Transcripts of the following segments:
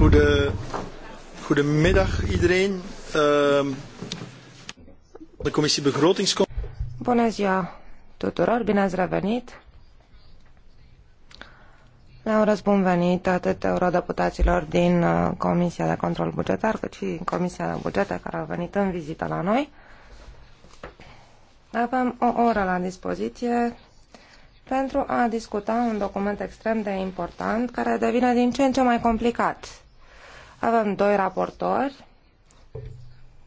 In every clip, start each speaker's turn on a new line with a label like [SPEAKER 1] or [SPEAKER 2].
[SPEAKER 1] Goede, goedemiddag iedereen. Uh, de Comisie Begrotingscommissie.
[SPEAKER 2] Bună ziua tuturor, bine ați revenit. Ne-au răspund venit atât eurodeputaților din uh, Comisia de Control Bugetar, cât și din Comisia de Bugete care au venit în vizită la noi. Avem o oră la dispoziție pentru a discuta un document extrem de important care devine din ce în ce mai complicat avem doi raportori,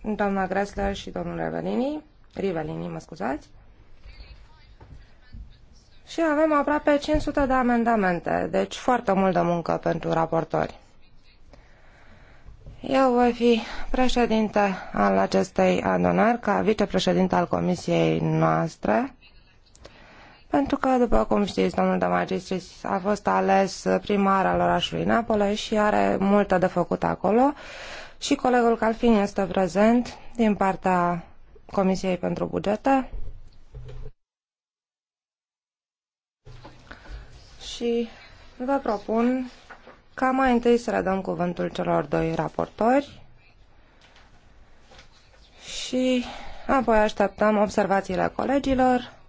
[SPEAKER 2] doamna Gressler și domnul Revelini, Rivelini, mă scuzați. Și avem aproape 500 de amendamente, deci foarte multă muncă pentru raportori. Eu voi fi președinte al acestei adunări ca vicepreședinte al comisiei noastre pentru că, după cum știți, domnul de Magistris a fost ales primar al orașului Napoli și are multă de făcut acolo. Și colegul Calfin este prezent din partea Comisiei pentru Bugete. Și vă propun ca mai întâi să le dăm cuvântul celor doi raportori și apoi așteptăm observațiile colegilor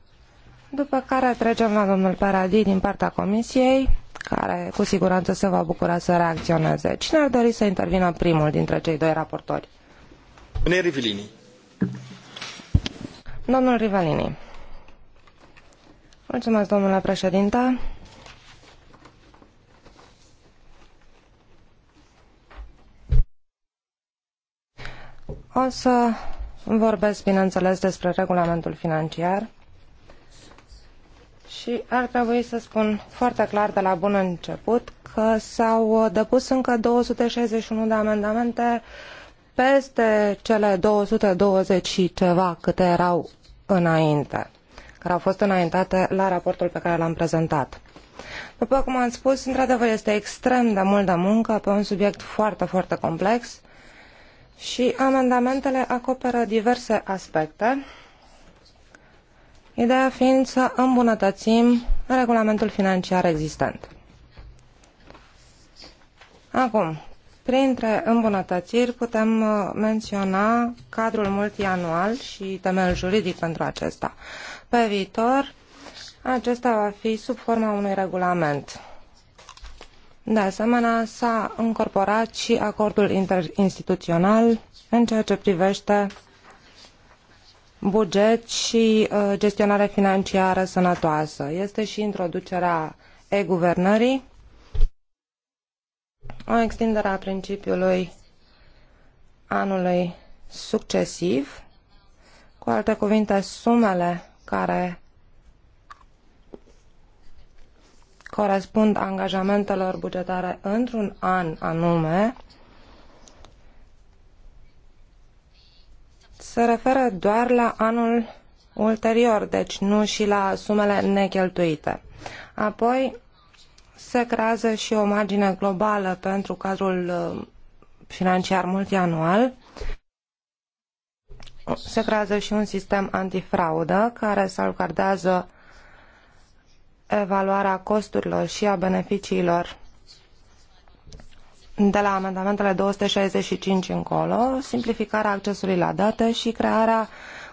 [SPEAKER 2] după care trecem la domnul Paradi din partea comisiei, care cu siguranță se va bucura să reacționeze. Cine ar dori să intervină primul dintre cei doi raportori? Domnul Rivelini. Domnul Rivelini. Mulțumesc, domnule președinte. O să vorbesc, bineînțeles, despre regulamentul financiar. Și ar trebui să spun foarte clar de la bun început că s-au depus încă 261 de amendamente peste cele 220 și ceva câte erau înainte, care au fost înaintate la raportul pe care l-am prezentat. După cum am spus, într-adevăr este extrem de mult de muncă pe un subiect foarte, foarte complex și amendamentele acoperă diverse aspecte ideea fiind să îmbunătățim regulamentul financiar existent. Acum, printre îmbunătățiri putem uh, menționa cadrul multianual și temel juridic pentru acesta. Pe viitor, acesta va fi sub forma unui regulament. De asemenea, s-a încorporat și acordul interinstituțional în ceea ce privește buget și uh, gestionare financiară sănătoasă. Este și introducerea e-guvernării, o extindere a principiului anului succesiv, cu alte cuvinte, sumele care corespund angajamentelor bugetare într-un an anume se referă doar la anul ulterior, deci nu și la sumele necheltuite. Apoi se creează și o margine globală pentru cadrul uh, financiar multianual. Se creează și un sistem antifraudă care salvgardează evaluarea costurilor și a beneficiilor de la amendamentele 265 încolo, simplificarea accesului la date și crearea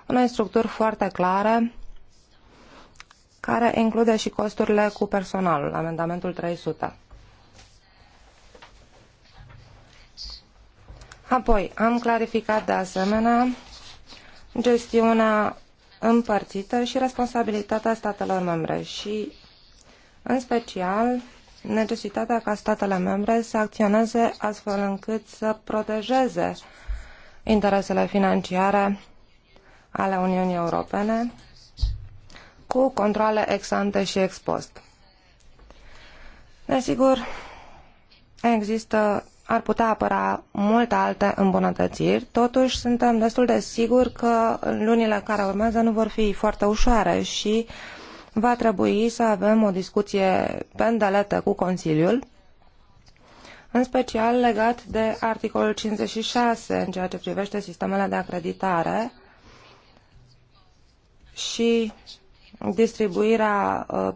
[SPEAKER 2] unei structuri foarte clare care include și costurile cu personalul, amendamentul 300. Apoi, am clarificat de asemenea gestiunea împărțită și responsabilitatea statelor membre și, în special, necesitatea ca statele membre să acționeze astfel încât să protejeze interesele financiare ale Uniunii Europene cu controle ex ante și ex post. Desigur, există ar putea apăra multe alte îmbunătățiri, totuși suntem destul de siguri că lunile care urmează nu vor fi foarte ușoare și uh, va trebui să avem o discuție pendelată cu Consiliul, în special legat de articolul 56 în ceea ce privește sistemele de acreditare și distribuirea uh,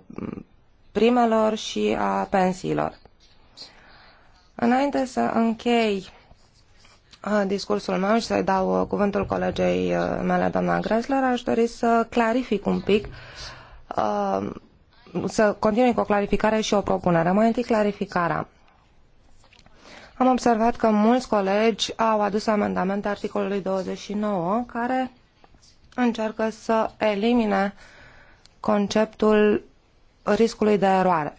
[SPEAKER 2] primelor și a pensiilor. Înainte să închei uh, discursul meu și să-i dau uh, cuvântul colegei mele, doamna Gresler, aș dori să clarific un pic Uh, să continui cu o clarificare și o propunere. Mai întâi clarificarea. Am observat că mulți colegi au adus amendamente articolului 29 care încearcă să elimine conceptul riscului de eroare.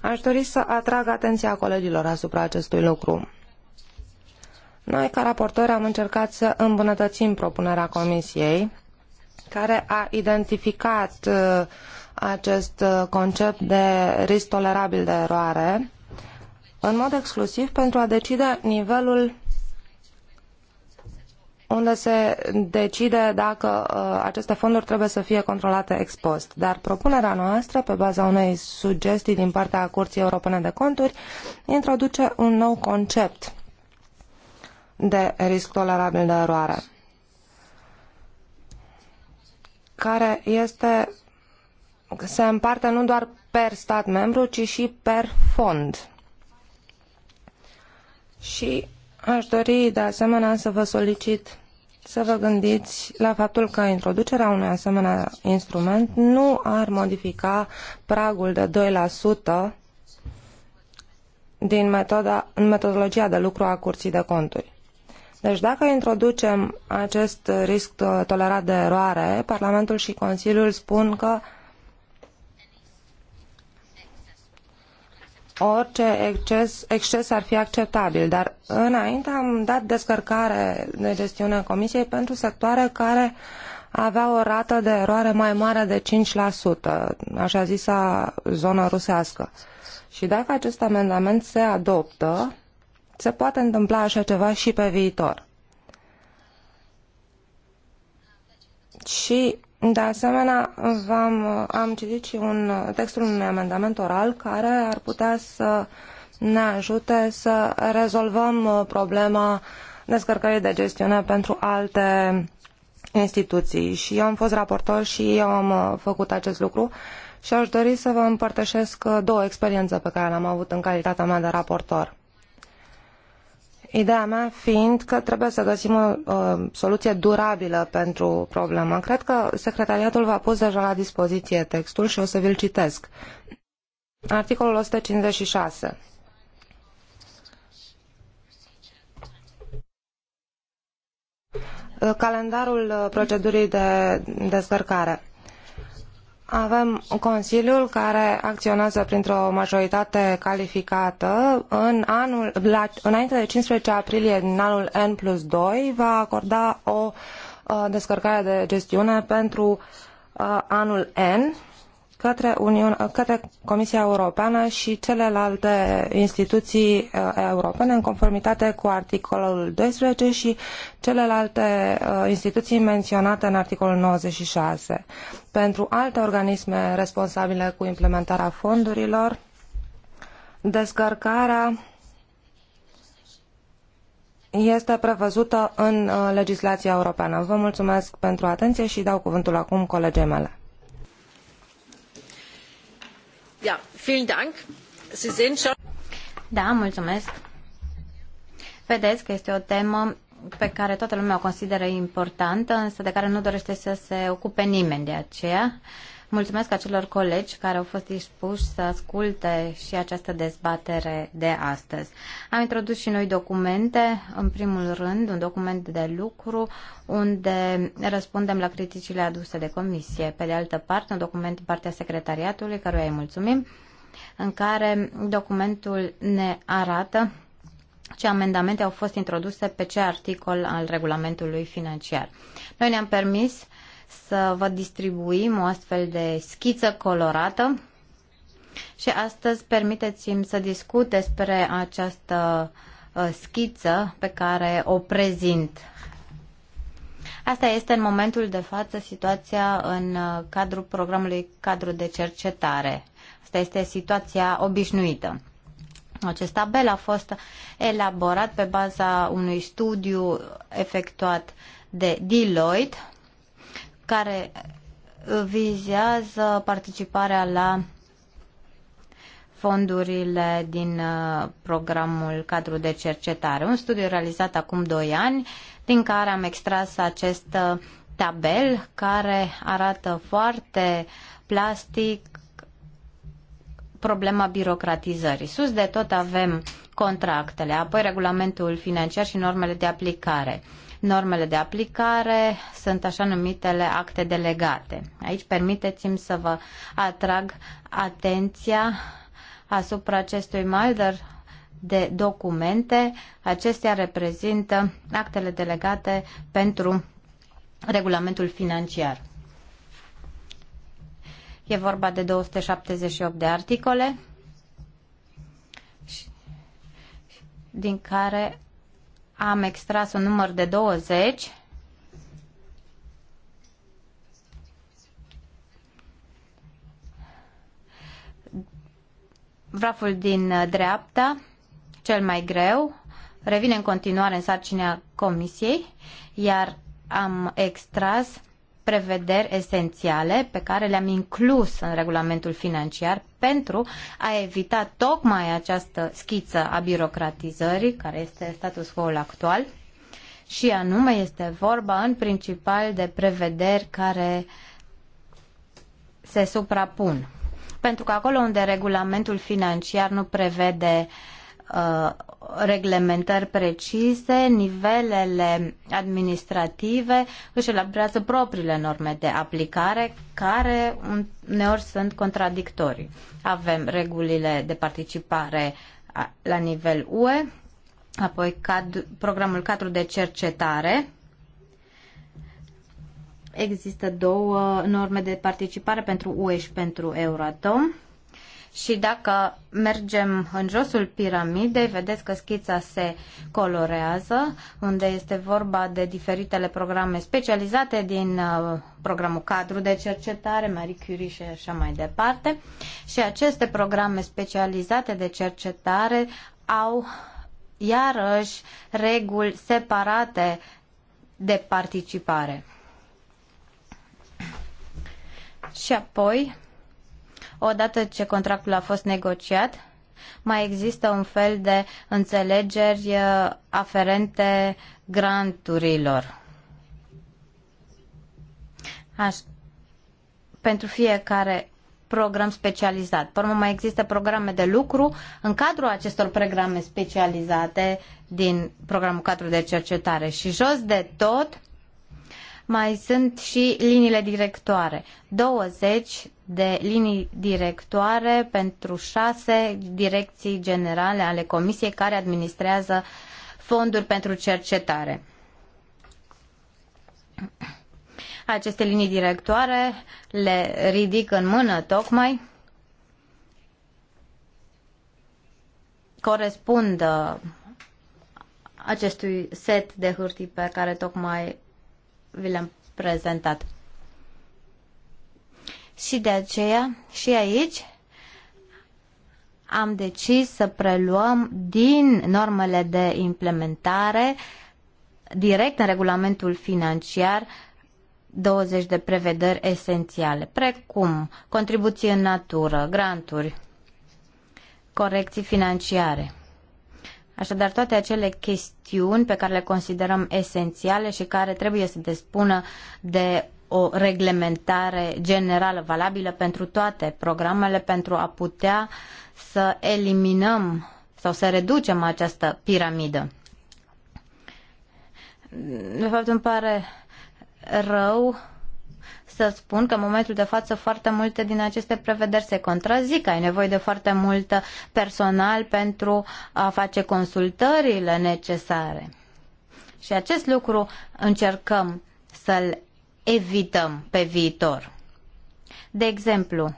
[SPEAKER 2] Aș dori să atrag atenția colegilor asupra acestui lucru. Noi, ca raportori, am încercat să îmbunătățim propunerea Comisiei care a identificat uh, acest uh, concept de risc tolerabil de eroare în mod exclusiv pentru a decide nivelul unde se decide dacă uh, aceste fonduri trebuie să fie controlate ex post. Dar propunerea noastră, pe baza unei sugestii din partea Curții Europene de Conturi, introduce un nou concept de risc tolerabil de eroare care este, se împarte nu doar per stat membru, ci și per fond. Și aș dori de asemenea să vă solicit să vă gândiți la faptul că introducerea unui asemenea instrument nu ar modifica pragul de 2% din metoda, în metodologia de lucru a curții de conturi. Deci dacă introducem acest risc tolerat de eroare, Parlamentul și Consiliul spun că orice exces, exces ar fi acceptabil, dar înainte am dat descărcare de gestiune Comisiei pentru sectoare care avea o rată de eroare mai mare de 5%, așa zisa zonă rusească. Și dacă acest amendament se adoptă, se poate întâmpla așa ceva și pe viitor. Și, de asemenea, am citit și un, textul unui amendament oral care ar putea să ne ajute să rezolvăm uh, problema descărcării de gestiune pentru alte instituții. Și eu am fost raportor și eu am uh, făcut acest lucru și aș dori să vă împărtășesc uh, două experiențe pe care le-am avut în calitatea mea de raportor. Ideea mea fiind că trebuie să găsim o, o soluție durabilă pentru problemă. Cred că secretariatul v-a pus deja la dispoziție textul și o să vi-l citesc. Articolul 156. Calendarul procedurii de descărcare. Avem Consiliul care acționează printr-o majoritate calificată. În anul, la, înainte de 15 aprilie din anul N plus 2 va acorda o uh, descărcare de gestiune pentru uh, anul N către, către Comisia Europeană și celelalte instituții uh, europene în conformitate cu articolul 12 și celelalte uh, instituții menționate în articolul 96. Pentru alte organisme responsabile cu implementarea fondurilor, descărcarea este prevăzută în uh, legislația europeană. Vă mulțumesc pentru atenție și dau cuvântul acum colegei mele.
[SPEAKER 3] Da, mulțumesc. Vedeți că este o temă pe care toată lumea o consideră importantă, însă de care nu dorește să se ocupe nimeni de aceea. Uh, Mulțumesc acelor colegi care au fost dispuși să asculte și această dezbatere de astăzi. Am introdus și noi documente, în primul rând un document de lucru unde răspundem la criticile aduse de comisie. Pe de altă parte, un document din partea secretariatului, căruia îi mulțumim, în care documentul ne arată ce amendamente au fost introduse pe ce articol al regulamentului financiar. Noi ne-am permis uh, să vă distribuim o astfel de schiță colorată și astăzi permiteți-mi să discut despre această uh, schiță pe care o prezint. Asta este în momentul de față situația în uh, cadrul programului cadru de cercetare. Asta este situația obișnuită. Acest tabel a fost elaborat pe baza unui studiu efectuat de Deloitte care uh, vizează participarea la fondurile din uh, programul cadru de cercetare. Un studiu realizat acum 2 ani, din care am extras acest uh, tabel care arată foarte plastic problema birocratizării. Sus de tot avem contractele, apoi regulamentul financiar și normele de aplicare normele de aplicare sunt așa numitele acte delegate. Aici permiteți-mi să vă atrag atenția asupra acestui malder de documente. Acestea reprezintă actele delegate pentru regulamentul financiar. E vorba de 278 de articole din care am extras un număr de 20 vraful din dreapta, cel mai greu, revine în continuare în sarcina comisiei, iar am extras prevederi esențiale pe care le-am inclus în regulamentul financiar pentru a evita tocmai această schiță a birocratizării, care este status quo actual, și anume este vorba în principal de prevederi care se suprapun. Pentru că acolo unde regulamentul financiar nu prevede uh, Uh, reglementări precise, nivelele administrative își elaborează propriile norme de aplicare care uneori sunt contradictorii. Avem regulile de participare la nivel UE, apoi cad, programul cadru de cercetare. Există două norme de participare pentru UE și pentru Euratom și dacă mergem în josul piramidei, vedeți că schița se colorează, unde este vorba de diferitele programe specializate din uh, programul cadru de cercetare, Marie Curie și așa mai departe. Și aceste programe specializate de cercetare au iarăși reguli separate de participare. Și apoi, odată ce contractul a fost negociat, mai există un fel de înțelegeri uh, aferente granturilor. Aș, pentru fiecare program specializat. Pe urmă mai există programe de lucru în cadrul acestor programe specializate din programul 4 de cercetare și jos de tot mai sunt și liniile directoare. 20 de linii directoare pentru șase direcții generale ale Comisiei care administrează fonduri pentru cercetare. Aceste linii directoare le ridic în mână tocmai corespund uh, acestui set de hârtii pe care tocmai vi le-am prezentat și de aceea și aici am decis să preluăm din normele de implementare direct în regulamentul financiar 20 de prevederi esențiale, precum contribuții în natură, granturi, corecții financiare. Așadar, toate acele chestiuni pe care le considerăm esențiale și care trebuie să despună de o reglementare generală valabilă pentru toate programele pentru a putea să eliminăm sau să reducem această piramidă. De fapt, îmi pare rău să spun că în momentul de față foarte multe din aceste prevederi se contrazic. Ai nevoie de foarte mult personal pentru a face consultările necesare. Și acest lucru încercăm să-l evităm pe viitor. De exemplu,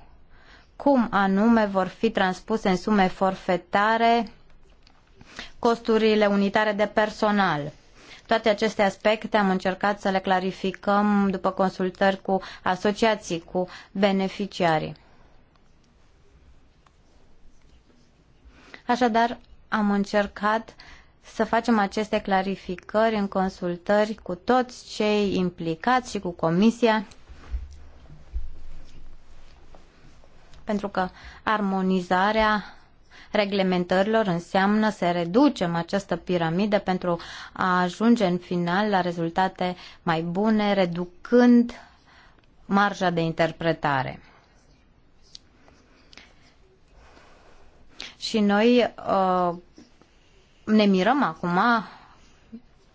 [SPEAKER 3] cum anume vor fi transpuse în sume forfetare costurile unitare de personal. Toate aceste aspecte am încercat să le clarificăm după consultări cu asociații, cu beneficiarii. Așadar, am încercat să facem aceste clarificări în consultări cu toți cei implicați și cu Comisia, pentru că armonizarea reglementărilor înseamnă să reducem această piramidă pentru a ajunge în final la rezultate mai bune, reducând marja de interpretare. Și noi uh, ne mirăm acum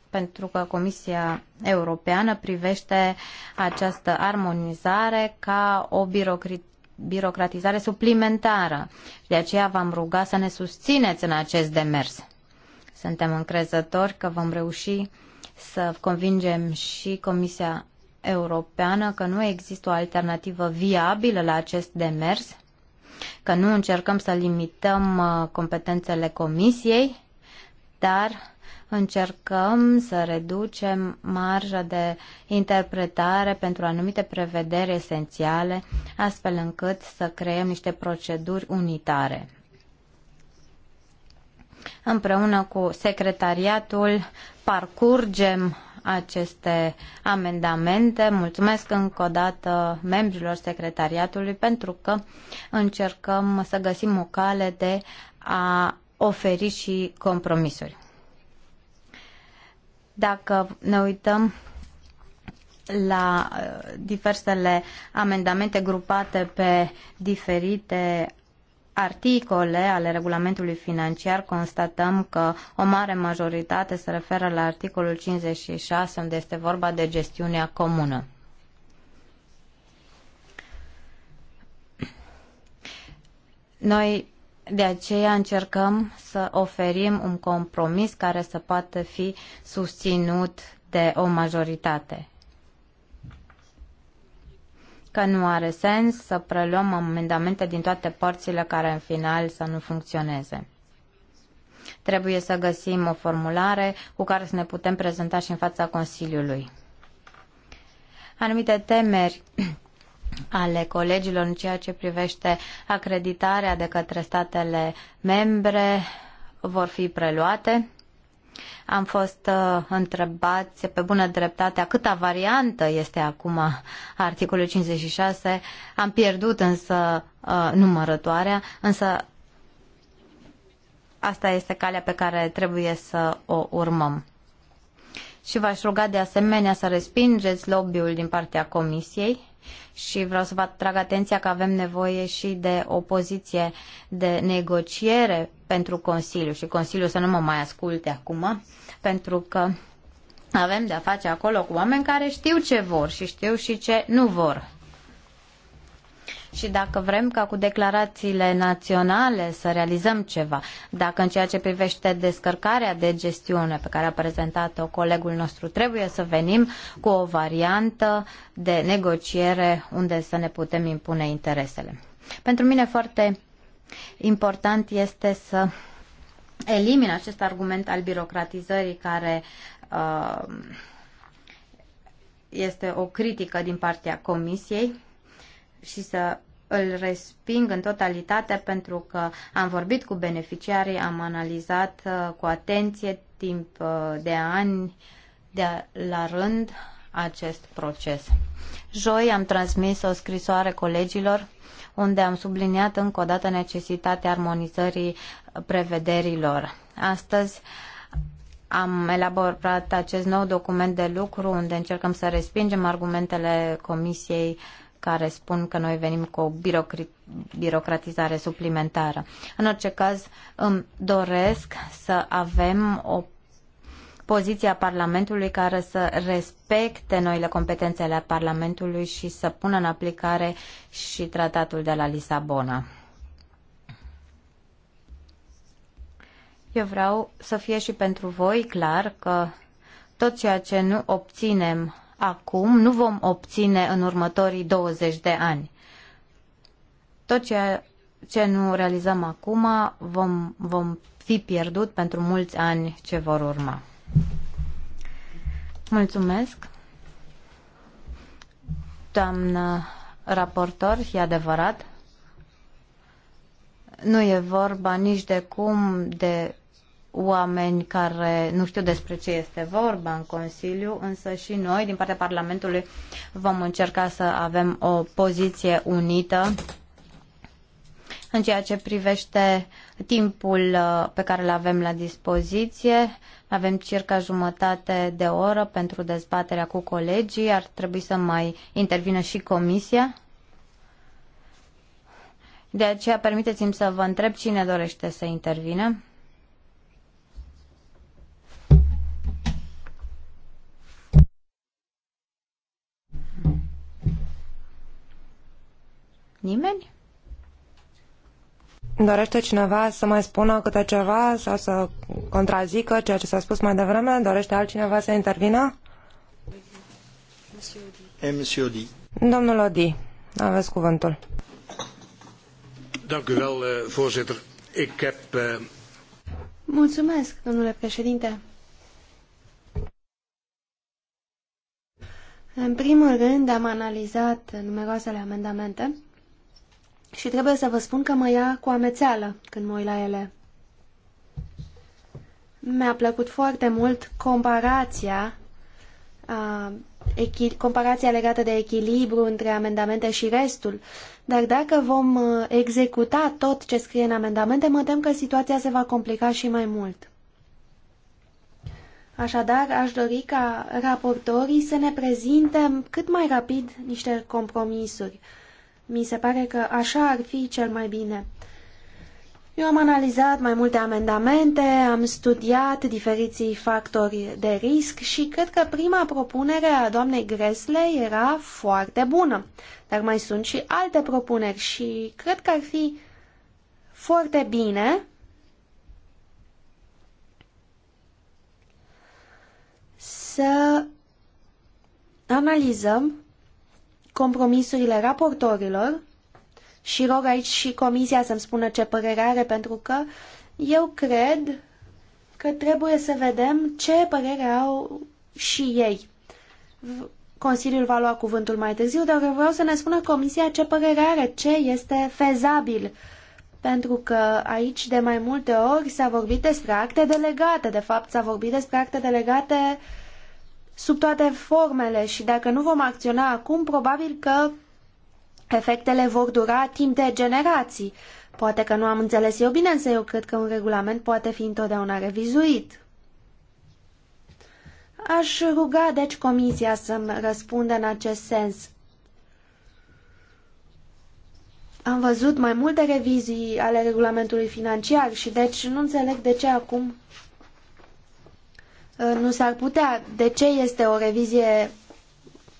[SPEAKER 3] pentru că Comisia Europeană privește această armonizare ca o birocratizare suplimentară. De aceea v-am rugat să ne susțineți în acest demers. Suntem încrezători că vom reuși să convingem și Comisia Europeană că nu există o alternativă viabilă la acest demers, că nu încercăm să limităm uh, competențele Comisiei, dar încercăm să reducem marja de interpretare pentru anumite prevederi esențiale, astfel încât să creăm niște proceduri unitare. Împreună cu secretariatul parcurgem aceste amendamente. Mulțumesc încă o dată membrilor secretariatului pentru că încercăm să găsim o cale de a oferi și compromisuri. Dacă ne uităm la uh, diversele amendamente grupate pe diferite articole ale regulamentului financiar constatăm că o mare majoritate se referă la articolul 56 unde este vorba de gestiunea comună. Noi de aceea încercăm să oferim un compromis care să poată fi susținut de o majoritate. Că nu are sens să preluăm amendamente din toate părțile care în final să nu funcționeze. Trebuie să găsim o formulare cu care să ne putem prezenta și în fața Consiliului. Anumite temeri ale colegilor în ceea ce privește acreditarea de către statele membre vor fi preluate. Am fost uh, întrebați pe bună dreptate a câta variantă este acum articolul 56. Am pierdut însă uh, numărătoarea, însă asta este calea pe care trebuie să o urmăm. Și v-aș ruga de asemenea să respingeți lobby-ul din partea Comisiei și vreau să vă atrag atenția că avem nevoie și de o poziție de negociere pentru Consiliu și Consiliul să nu mă mai asculte acum, pentru că avem de-a face acolo cu oameni care știu ce vor și știu și ce nu vor și dacă vrem ca cu declarațiile naționale să realizăm ceva, dacă în ceea ce privește descărcarea de gestiune pe care a prezentat-o colegul nostru, trebuie să venim cu o variantă de negociere unde să ne putem impune interesele. Pentru mine foarte important este să elimin acest argument al birocratizării care uh, este o critică din partea Comisiei și să îl resping în totalitate pentru că am vorbit cu beneficiarii, am analizat uh, cu atenție timp uh, de ani de la rând acest proces. Joi am transmis o scrisoare colegilor unde am subliniat încă o dată necesitatea armonizării prevederilor. Astăzi am elaborat acest nou document de lucru unde încercăm să respingem argumentele Comisiei uh, care spun că noi venim cu o birocratizare suplimentară. În orice caz, îmi doresc să avem o poziția Parlamentului care să respecte noile competențe ale Parlamentului și să pună în aplicare și tratatul de la Lisabona. Eu vreau să fie și pentru voi clar că tot ceea ce nu obținem acum nu vom obține în următorii 20 de ani. Tot ceea ce nu realizăm acum vom, vom fi pierdut pentru mulți ani ce vor urma. Mulțumesc. Doamnă raportor, e adevărat. Nu e vorba nici de cum de oameni care nu știu despre ce este vorba în Consiliu, însă și noi, din partea Parlamentului, vom încerca să avem o poziție unită în ceea ce privește timpul uh, pe care îl avem la dispoziție. Avem circa jumătate de oră pentru dezbaterea cu colegii. Ar trebui să mai intervină și comisia. De aceea, permiteți-mi să vă întreb cine dorește să intervină.
[SPEAKER 2] Nimeni? Dorește cineva să mai spună câte ceva sau să contrazică ceea ce s-a spus mai devreme? Dorește altcineva să intervină?
[SPEAKER 1] Eh, monsieur Odi.
[SPEAKER 2] Domnul Odi, aveți cuvântul.
[SPEAKER 1] Dank u wel, eh, voorzitter. Ik heb... Eh,
[SPEAKER 4] Mulțumesc, domnule președinte. În primul rând am analizat numeroasele amendamente și trebuie să vă spun că mă ia cu amețeală când mă uit la ele. Mi-a plăcut foarte mult comparația, a, echi, comparația legată de echilibru între amendamente și restul. Dar dacă vom uh, executa tot ce scrie în amendamente, mă tem că situația se va complica și mai mult. Așadar, aș dori ca raportorii să ne prezinte cât mai rapid niște compromisuri mi se pare că așa ar fi cel mai bine. Eu am analizat mai multe amendamente, am studiat diferiții factori de risc și cred că prima propunere a doamnei Gresle era foarte bună. Dar mai sunt și alte propuneri și cred că ar fi foarte bine să analizăm compromisurile raportorilor și rog aici și comisia să-mi spună ce părere are, pentru că eu cred că trebuie să vedem ce părere au și ei. Consiliul va lua cuvântul mai târziu, dar vreau să ne spună comisia ce părere are, ce este fezabil. Pentru că aici de mai multe ori s-a vorbit despre acte delegate, de fapt s-a vorbit despre acte delegate uh, sub toate formele și dacă nu vom acționa acum, probabil că efectele vor dura timp de generații. Poate că nu am înțeles eu bine, însă eu cred că un regulament poate fi întotdeauna revizuit. Aș ruga, deci, comisia să-mi răspundă în acest sens. Am văzut mai multe revizii ale regulamentului financiar și deci nu înțeleg de ce acum Uh, nu s-ar putea. De ce este o revizie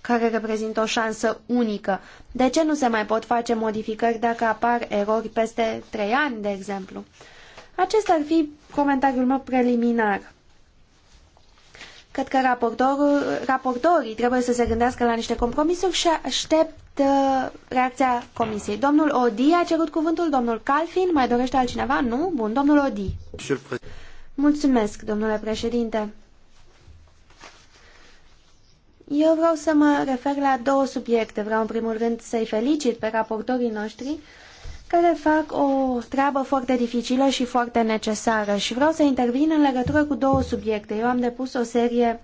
[SPEAKER 4] care reprezintă o șansă unică? De ce nu se mai pot face modificări dacă apar erori peste trei ani, de exemplu? Acesta ar fi comentariul meu preliminar. Cred că raportorii trebuie să se gândească la niște compromisuri și aștept uh, reacția comisiei. Domnul Odi a cerut cuvântul, domnul Calfin, mai dorește altcineva? Nu? Bun, domnul Odi. Mulțumesc, domnule președinte. Eu vreau să mă refer la două subiecte. Vreau în primul rând să-i felicit pe raportorii noștri care fac o treabă foarte dificilă și foarte necesară și vreau să intervin în legătură cu două subiecte. Eu am depus o serie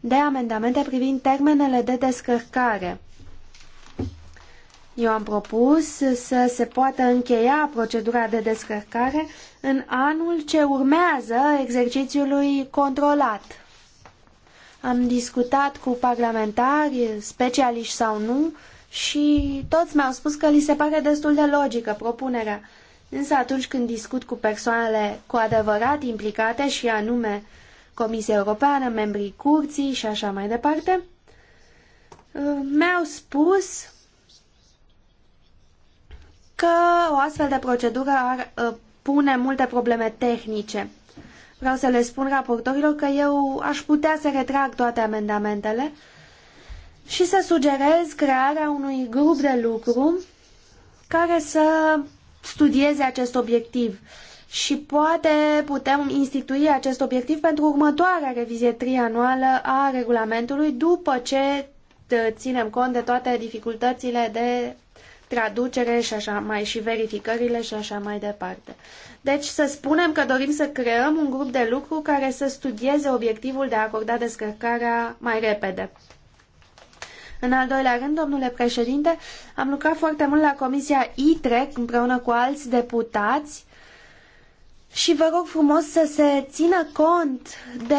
[SPEAKER 4] de amendamente privind termenele de descărcare. Eu am propus să se poată încheia procedura de descărcare în anul ce urmează exercițiului controlat. Am discutat cu parlamentari, specialiști sau nu, și toți mi-au spus că li se pare destul de logică propunerea. Însă atunci când discut cu persoanele cu adevărat implicate și anume Comisia Europeană, membrii curții și așa mai departe, mi-au spus că o astfel de procedură ar uh, pune multe probleme tehnice. Vreau să le spun raportorilor că eu aș putea să retrag toate amendamentele și să sugerez crearea unui grup de lucru care să studieze acest obiectiv și poate putem institui acest obiectiv pentru următoarea revizie trianuală a regulamentului după ce ținem cont de toate dificultățile de traducere și așa mai și verificările și așa mai departe. Deci să spunem că dorim să creăm un grup de lucru care să studieze obiectivul de a acorda descărcarea mai repede. În al doilea rând, domnule președinte, am lucrat foarte mult la Comisia ITREC împreună cu alți deputați și vă rog frumos să se țină cont de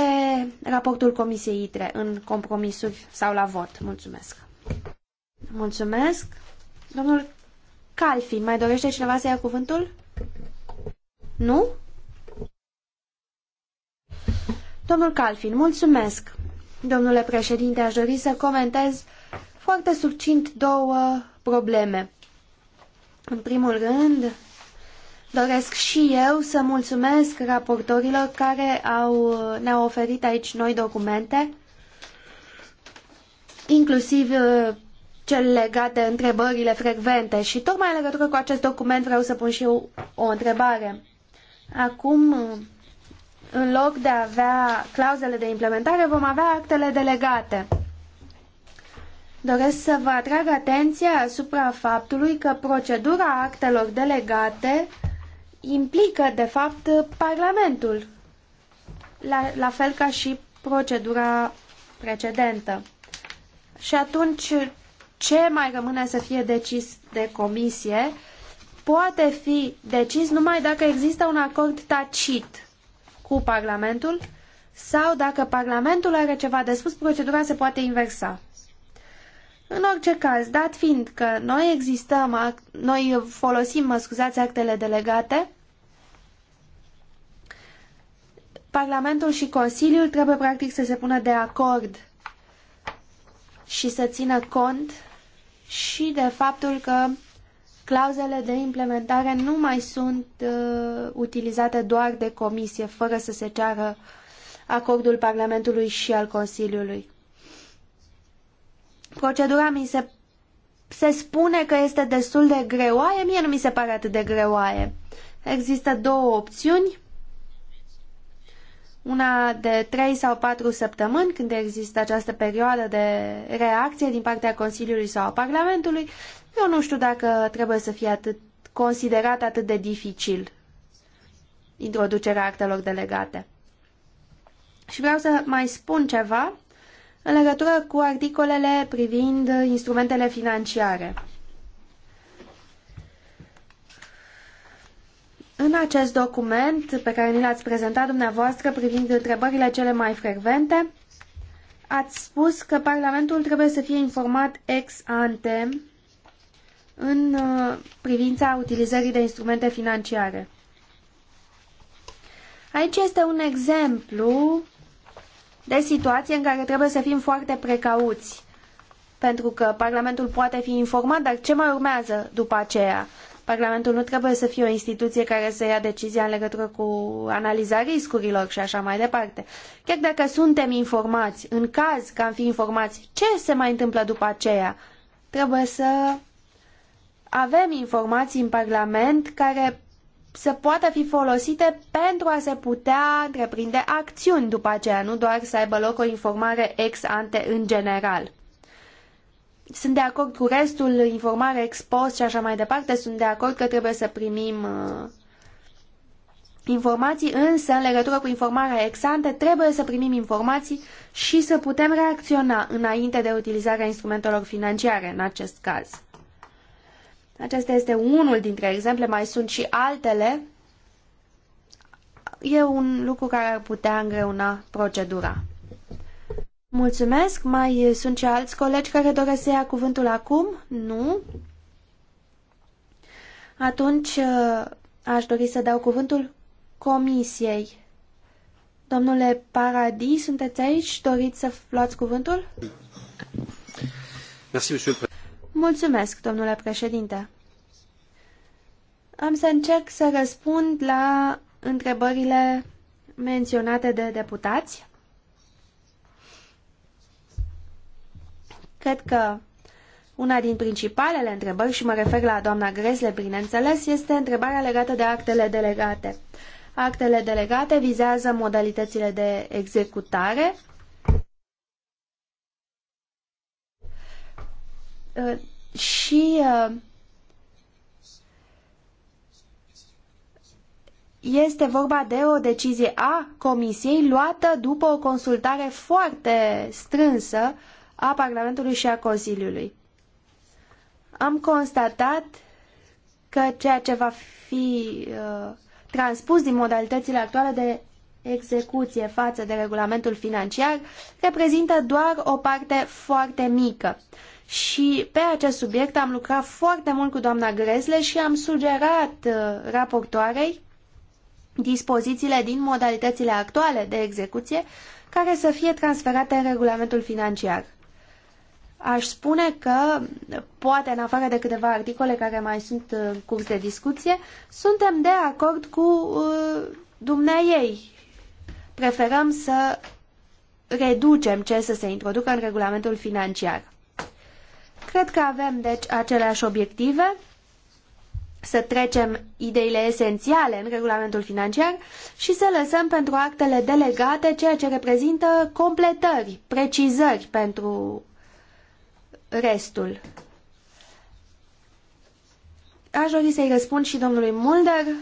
[SPEAKER 4] raportul Comisiei ITRE în compromisuri sau la vot. Mulțumesc! Mulțumesc! Domnul Calfin, mai dorește cineva să ia cuvântul? Nu? Domnul Calfin, mulțumesc. Domnule președinte, aș dori să comentez foarte succint două probleme. În primul rând, doresc și eu să mulțumesc raportorilor care au, ne-au oferit aici noi documente, inclusiv cel legat de întrebările frecvente și tocmai în legătură cu acest document vreau să pun și eu o întrebare. Acum, în loc de a avea clauzele de implementare, vom avea actele delegate. Doresc să vă atrag atenția asupra faptului că procedura actelor delegate implică, de fapt, Parlamentul, la, la fel ca și procedura precedentă. Și atunci, ce mai rămâne să fie decis de comisie poate fi decis numai dacă există un acord tacit cu Parlamentul sau dacă Parlamentul are ceva de spus, procedura se poate inversa. În orice caz, dat fiind că noi existăm, noi folosim, mă scuzați, actele delegate, Parlamentul și Consiliul trebuie practic să se pună de acord și să țină cont și de faptul că clauzele de implementare nu mai sunt uh, utilizate doar de comisie, fără să se ceară acordul Parlamentului și al Consiliului. Procedura mi se, se spune că este destul de greoaie, mie nu mi se pare atât de greoaie. Există două opțiuni una de trei sau patru săptămâni, când există această perioadă de reacție din partea Consiliului sau a Parlamentului, eu nu știu dacă trebuie să fie atât considerat atât de dificil introducerea actelor delegate. Și vreau să mai spun ceva în legătură cu articolele privind instrumentele financiare. În acest document pe care ni l-ați prezentat dumneavoastră privind întrebările cele mai frecvente, ați spus că Parlamentul trebuie să fie informat ex ante în uh, privința utilizării de instrumente financiare. Aici este un exemplu de situație în care trebuie să fim foarte precauți, pentru că Parlamentul poate fi informat, dar ce mai urmează după aceea? Parlamentul nu trebuie să fie o instituție care să ia decizia în legătură cu analiza riscurilor și așa mai departe. Chiar dacă suntem informați, în caz că am fi informați ce se mai întâmplă după aceea, trebuie să avem informații în Parlament care să poată fi folosite pentru a se putea întreprinde acțiuni după aceea, nu doar să aibă loc o informare ex ante în general. Sunt de acord cu restul, informare expost și așa mai departe. Sunt de acord că trebuie să primim uh, informații, însă în legătură cu informarea ex-ante trebuie să primim informații și să putem reacționa înainte de utilizarea instrumentelor financiare în acest caz. Acesta este unul dintre exemple, mai sunt și altele. E un lucru care ar putea îngreuna procedura. Mulțumesc. Mai sunt și alți colegi care doresc să ia cuvântul acum? Nu? Atunci uh, aș dori să dau cuvântul comisiei. Domnule paradis sunteți aici? Doriți să luați cuvântul? Mulțumesc, domnule președinte. Am să încerc să răspund la întrebările menționate de deputați. Cred că una din principalele întrebări, și mă refer la doamna Gresle, bineînțeles, este întrebarea legată de actele delegate. Actele delegate vizează modalitățile de executare. Uh, și uh, este vorba de o decizie a Comisiei luată după o consultare foarte strânsă a Parlamentului și a Consiliului. Am constatat că ceea ce va fi uh, transpus din modalitățile actuale de execuție față de regulamentul financiar reprezintă doar o parte foarte mică. Și pe acest subiect am lucrat foarte mult cu doamna Gresle și am sugerat uh, raportoarei dispozițiile din modalitățile actuale de execuție care să fie transferate în regulamentul financiar. Aș spune că, poate în afară de câteva articole care mai sunt uh, în curs de discuție, suntem de acord cu uh, ei. Preferăm să reducem ce să se introducă în regulamentul financiar. Cred că avem, deci, aceleași obiective, să trecem ideile esențiale în regulamentul financiar și să lăsăm pentru actele delegate ceea ce reprezintă completări, precizări pentru restul. Aș dori să-i răspund și domnului Mulder,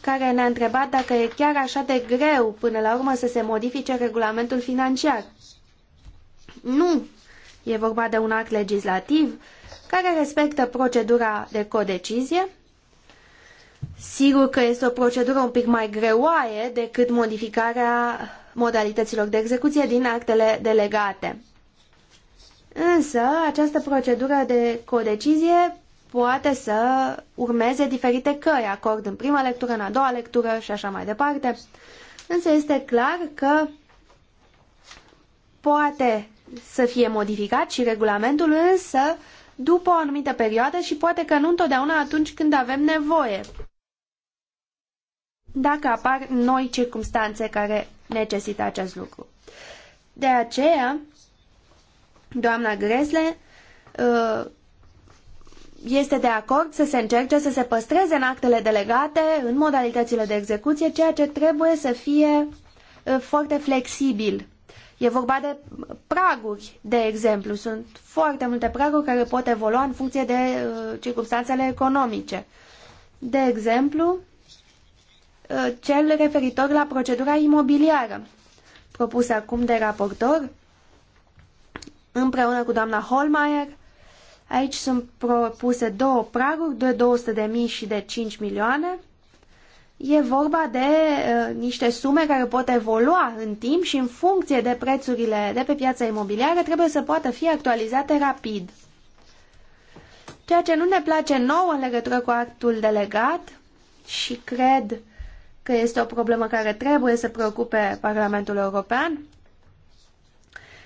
[SPEAKER 4] care ne-a întrebat dacă e chiar așa de greu până la urmă să se modifice regulamentul financiar. Nu, e vorba de un act legislativ care respectă procedura de codecizie. Sigur că este o procedură un pic mai greoaie decât modificarea modalităților de execuție din actele delegate. Însă, această procedură de codecizie poate să urmeze diferite căi, acord în prima lectură, în a doua lectură și așa mai departe. Însă este clar că poate să fie modificat și regulamentul, însă după o anumită perioadă și poate că nu întotdeauna atunci când avem nevoie. Dacă apar noi circumstanțe care necesită acest lucru. De aceea, Doamna Gresle uh, este de acord să se încerce să se păstreze în actele delegate, în modalitățile de execuție, ceea ce trebuie să fie uh, foarte flexibil. E vorba de praguri, de exemplu. Sunt foarte multe praguri care pot evolua în funcție de uh, circunstanțele economice. De exemplu, uh, cel referitor la procedura imobiliară, propus acum de raportor, împreună cu doamna Holmeier. Aici sunt propuse două praguri, de 200 de mii și de 5 milioane. E vorba de uh, niște sume care pot evolua în timp și în funcție de prețurile de pe piața imobiliară trebuie să poată fi actualizate rapid. Ceea ce nu ne place nouă în legătură cu actul delegat și cred că este o problemă care trebuie să preocupe Parlamentul European,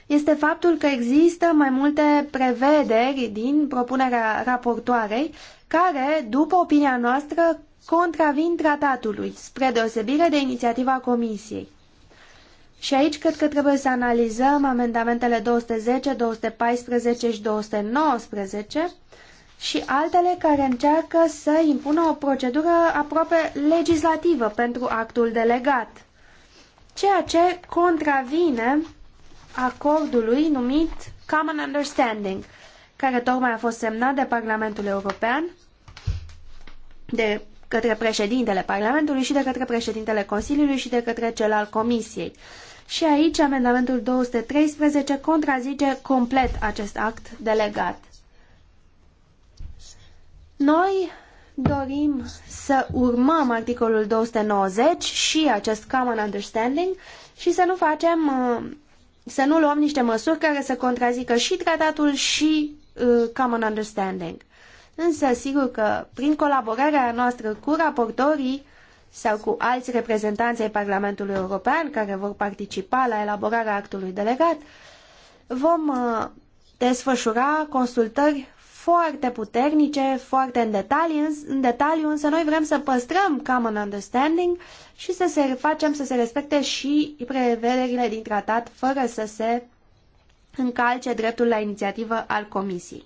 [SPEAKER 4] este faptul că există mai multe prevederi din propunerea raportoarei care, după opinia noastră, contravin tratatului, spre deosebire de inițiativa Comisiei. Și aici cred că trebuie să analizăm amendamentele 210, 214 și 219 și altele care încearcă să impună o procedură aproape legislativă pentru actul delegat, ceea ce contravine acordului numit Common Understanding, care tocmai a fost semnat de Parlamentul European, de către președintele Parlamentului și de către președintele Consiliului și de către cel al Comisiei. Și aici amendamentul 213 contrazice complet acest act delegat. Noi dorim să urmăm articolul 290 și acest common understanding și să nu facem uh, să nu luăm niște măsuri care să contrazică și tratatul și uh, common understanding. Însă, sigur că prin colaborarea noastră cu raportorii sau cu alți reprezentanți ai Parlamentului European care vor participa la elaborarea actului delegat, vom uh, desfășura consultări foarte puternice, foarte în detaliu, în detaliu, însă noi vrem să păstrăm common understanding și să se facem să se respecte și prevederile din tratat fără să se încalce dreptul la inițiativă al Comisiei.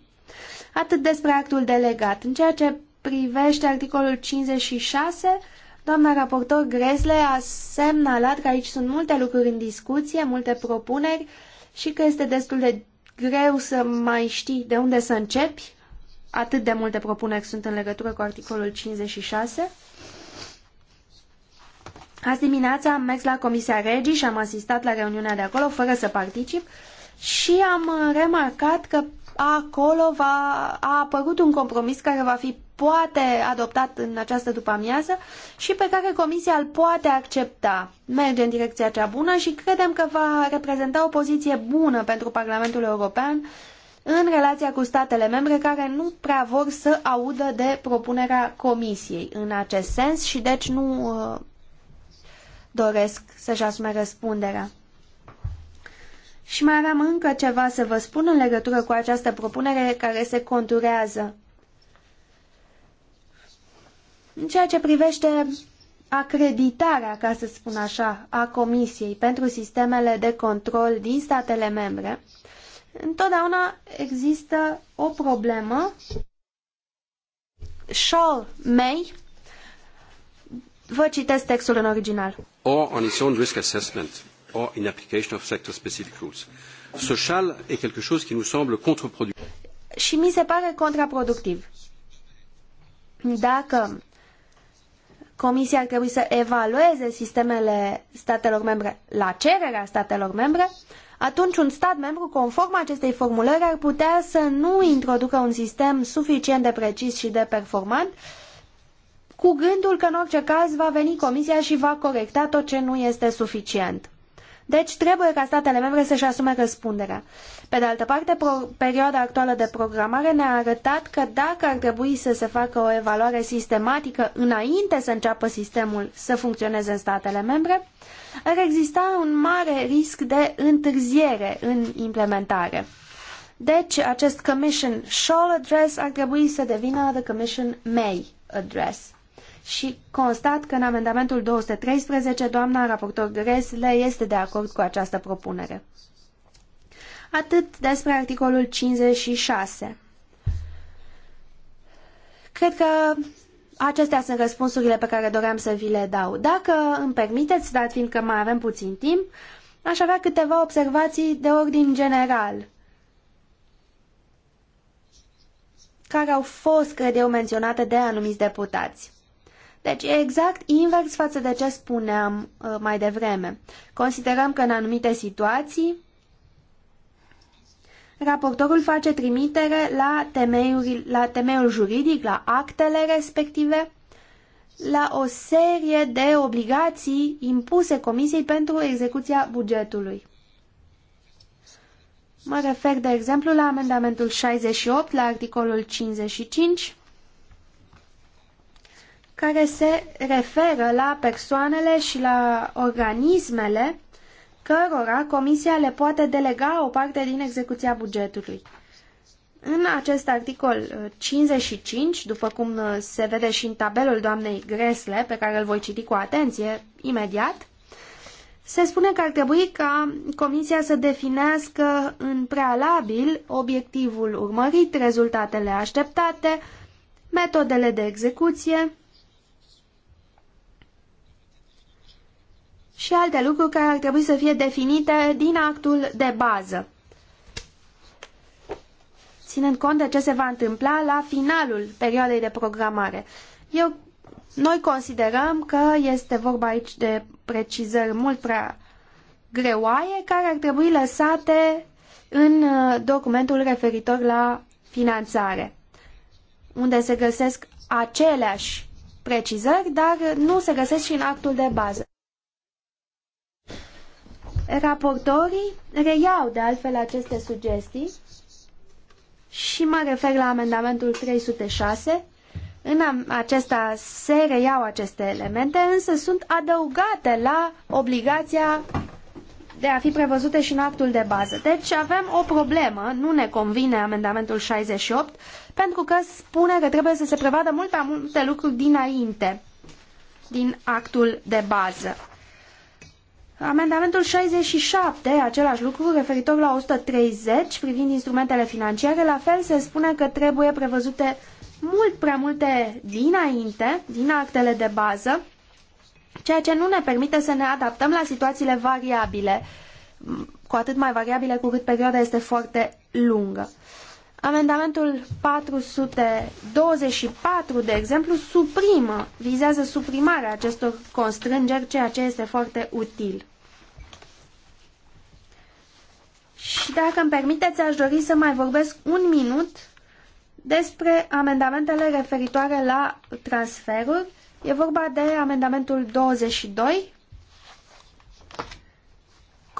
[SPEAKER 4] Atât despre actul delegat. În ceea ce privește articolul 56, doamna raportor Gresle a semnalat că aici sunt multe lucruri în discuție, multe propuneri și că este destul de greu să mai știi de unde să începi. Atât de multe propuneri sunt în legătură cu articolul 56. Azi dimineața am mers la Comisia Regii și am asistat la reuniunea de acolo fără să particip și am remarcat că acolo va, a apărut un compromis care va fi poate adoptat în această după-amiază și pe care Comisia îl poate accepta. Merge în direcția cea bună și credem că va reprezenta o poziție bună pentru Parlamentul European în relația cu statele membre care nu prea vor să audă de propunerea Comisiei în acest sens și deci nu uh, doresc să-și asume răspunderea. Și mai aveam încă ceva să vă spun în legătură cu această propunere care se conturează în ceea ce privește acreditarea, ca să spun așa, a Comisiei pentru sistemele de control din statele membre, întotdeauna există o problemă. Shaw May, vă citesc textul în original.
[SPEAKER 1] Or on its own risk assessment, or in application of sector specific rules. Ce shall est quelque chose qui nous semble contre-productif.
[SPEAKER 4] Și mi se pare contraproductiv. Dacă Comisia ar trebui să evalueze sistemele statelor membre la cererea statelor membre, atunci un stat membru conform acestei formulări ar putea să nu introducă un sistem suficient de precis și de performant, cu gândul că în orice caz va veni Comisia și va corecta tot ce nu este suficient. Deci trebuie ca statele membre să-și asume răspunderea. Pe de altă parte, perioada actuală de programare ne-a arătat că dacă ar trebui să se facă o evaluare sistematică înainte să înceapă sistemul să funcționeze în statele membre, ar exista un mare risc de întârziere în implementare. Deci, acest Commission Shall Address ar trebui să devină The Commission May Address și constat că în amendamentul 213 doamna raportor Gresle este de acord cu această propunere. Atât despre articolul 56. Cred că acestea sunt răspunsurile pe care doream să vi le dau. Dacă îmi permiteți, dar fiindcă mai avem puțin timp, aș avea câteva observații de ordin general care au fost, cred eu, menționate de anumiți deputați. Deci e exact invers față de ce spuneam uh, mai devreme. Considerăm că în anumite situații raportorul face trimitere la, temeiuri, la temeiul juridic, la actele respective, la o serie de obligații impuse Comisiei pentru execuția bugetului. Mă refer, de exemplu, la amendamentul 68, la articolul 55, care se referă la persoanele și la organismele cărora Comisia le poate delega o parte din execuția bugetului. În acest articol 55, uh, după cum uh, se vede și în tabelul doamnei Gresle, pe care îl voi citi cu atenție imediat, se spune că ar trebui ca Comisia să definească în prealabil obiectivul urmărit, rezultatele așteptate, metodele de execuție și alte lucruri care ar trebui să fie definite din actul de bază, ținând cont de ce se va întâmpla la finalul perioadei de programare. Eu, noi considerăm că este vorba aici de precizări mult prea greoaie care ar trebui lăsate în uh, documentul referitor la finanțare, unde se găsesc aceleași precizări, dar nu se găsesc și în actul de bază. Raportorii reiau de altfel aceste sugestii și mă refer la amendamentul 306. În acesta se reiau aceste elemente, însă sunt adăugate la obligația de a fi prevăzute și în actul de bază. Deci avem o problemă, nu ne convine amendamentul 68, pentru că spune că trebuie să se prevadă multe multe lucruri dinainte din actul de bază. Amendamentul 67, același lucru, referitor la 130, privind instrumentele financiare, la fel se spune că trebuie prevăzute mult prea multe dinainte, din actele de bază, ceea ce nu ne permite să ne adaptăm la situațiile variabile, cu atât mai variabile cu cât perioada este foarte lungă. Amendamentul 424, de exemplu, suprimă, vizează suprimarea acestor constrângeri, ceea ce este foarte util. Și dacă îmi permiteți, aș dori să mai vorbesc un minut despre amendamentele referitoare la transferuri. E vorba de amendamentul 22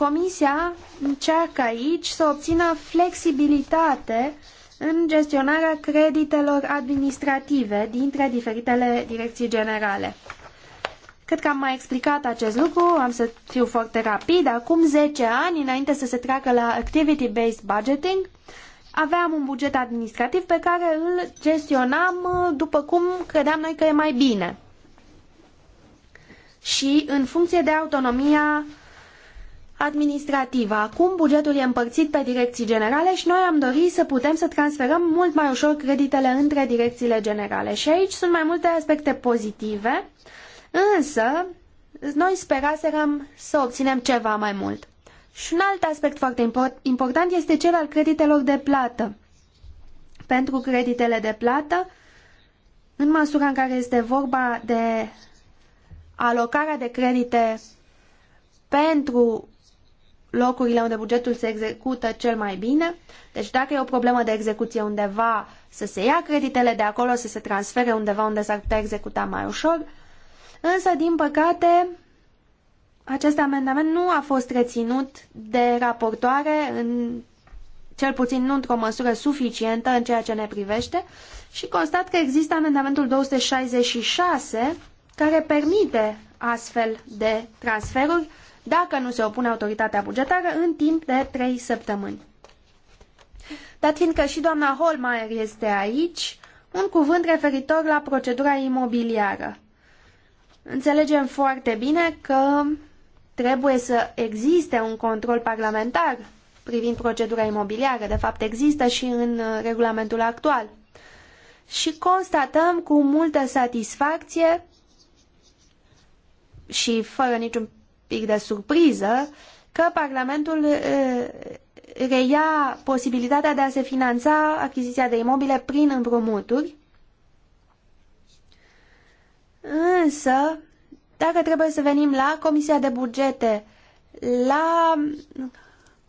[SPEAKER 4] Comisia încearcă aici să obțină flexibilitate în gestionarea creditelor administrative dintre diferitele direcții generale. Cred că am mai explicat acest lucru, am să fiu foarte rapid. Acum 10 ani, înainte să se treacă la activity-based budgeting, aveam un buget administrativ pe care îl gestionam uh, după cum credeam noi că e mai bine. Și în funcție de autonomia administrativă. Acum bugetul e împărțit pe direcții generale și noi am dorit să putem să transferăm mult mai ușor creditele între direcțiile generale. Și aici sunt mai multe aspecte pozitive, însă noi speraserăm să obținem ceva mai mult. Și un alt aspect foarte important este cel al creditelor de plată. Pentru creditele de plată, în măsura în care este vorba de alocarea de credite pentru locurile unde bugetul se execută cel mai bine. Deci dacă e o problemă de execuție undeva, să se ia creditele de acolo, să se transfere undeva unde s-ar putea executa mai ușor. Însă, din păcate, acest amendament nu a fost reținut de raportoare, în, cel puțin nu într-o măsură suficientă în ceea ce ne privește, și constat că există amendamentul 266 care permite astfel de transferuri, dacă nu se opune autoritatea bugetară în timp de trei săptămâni. Dat fiindcă și doamna Holmeier este aici, un cuvânt referitor la procedura imobiliară. Înțelegem foarte bine că trebuie să existe un control parlamentar privind procedura imobiliară. De fapt, există și în uh, regulamentul actual. Și constatăm cu multă satisfacție și fără niciun pic de surpriză că Parlamentul reia posibilitatea de a se finanța achiziția de imobile prin împrumuturi. Însă, dacă trebuie să venim la Comisia de Bugete, la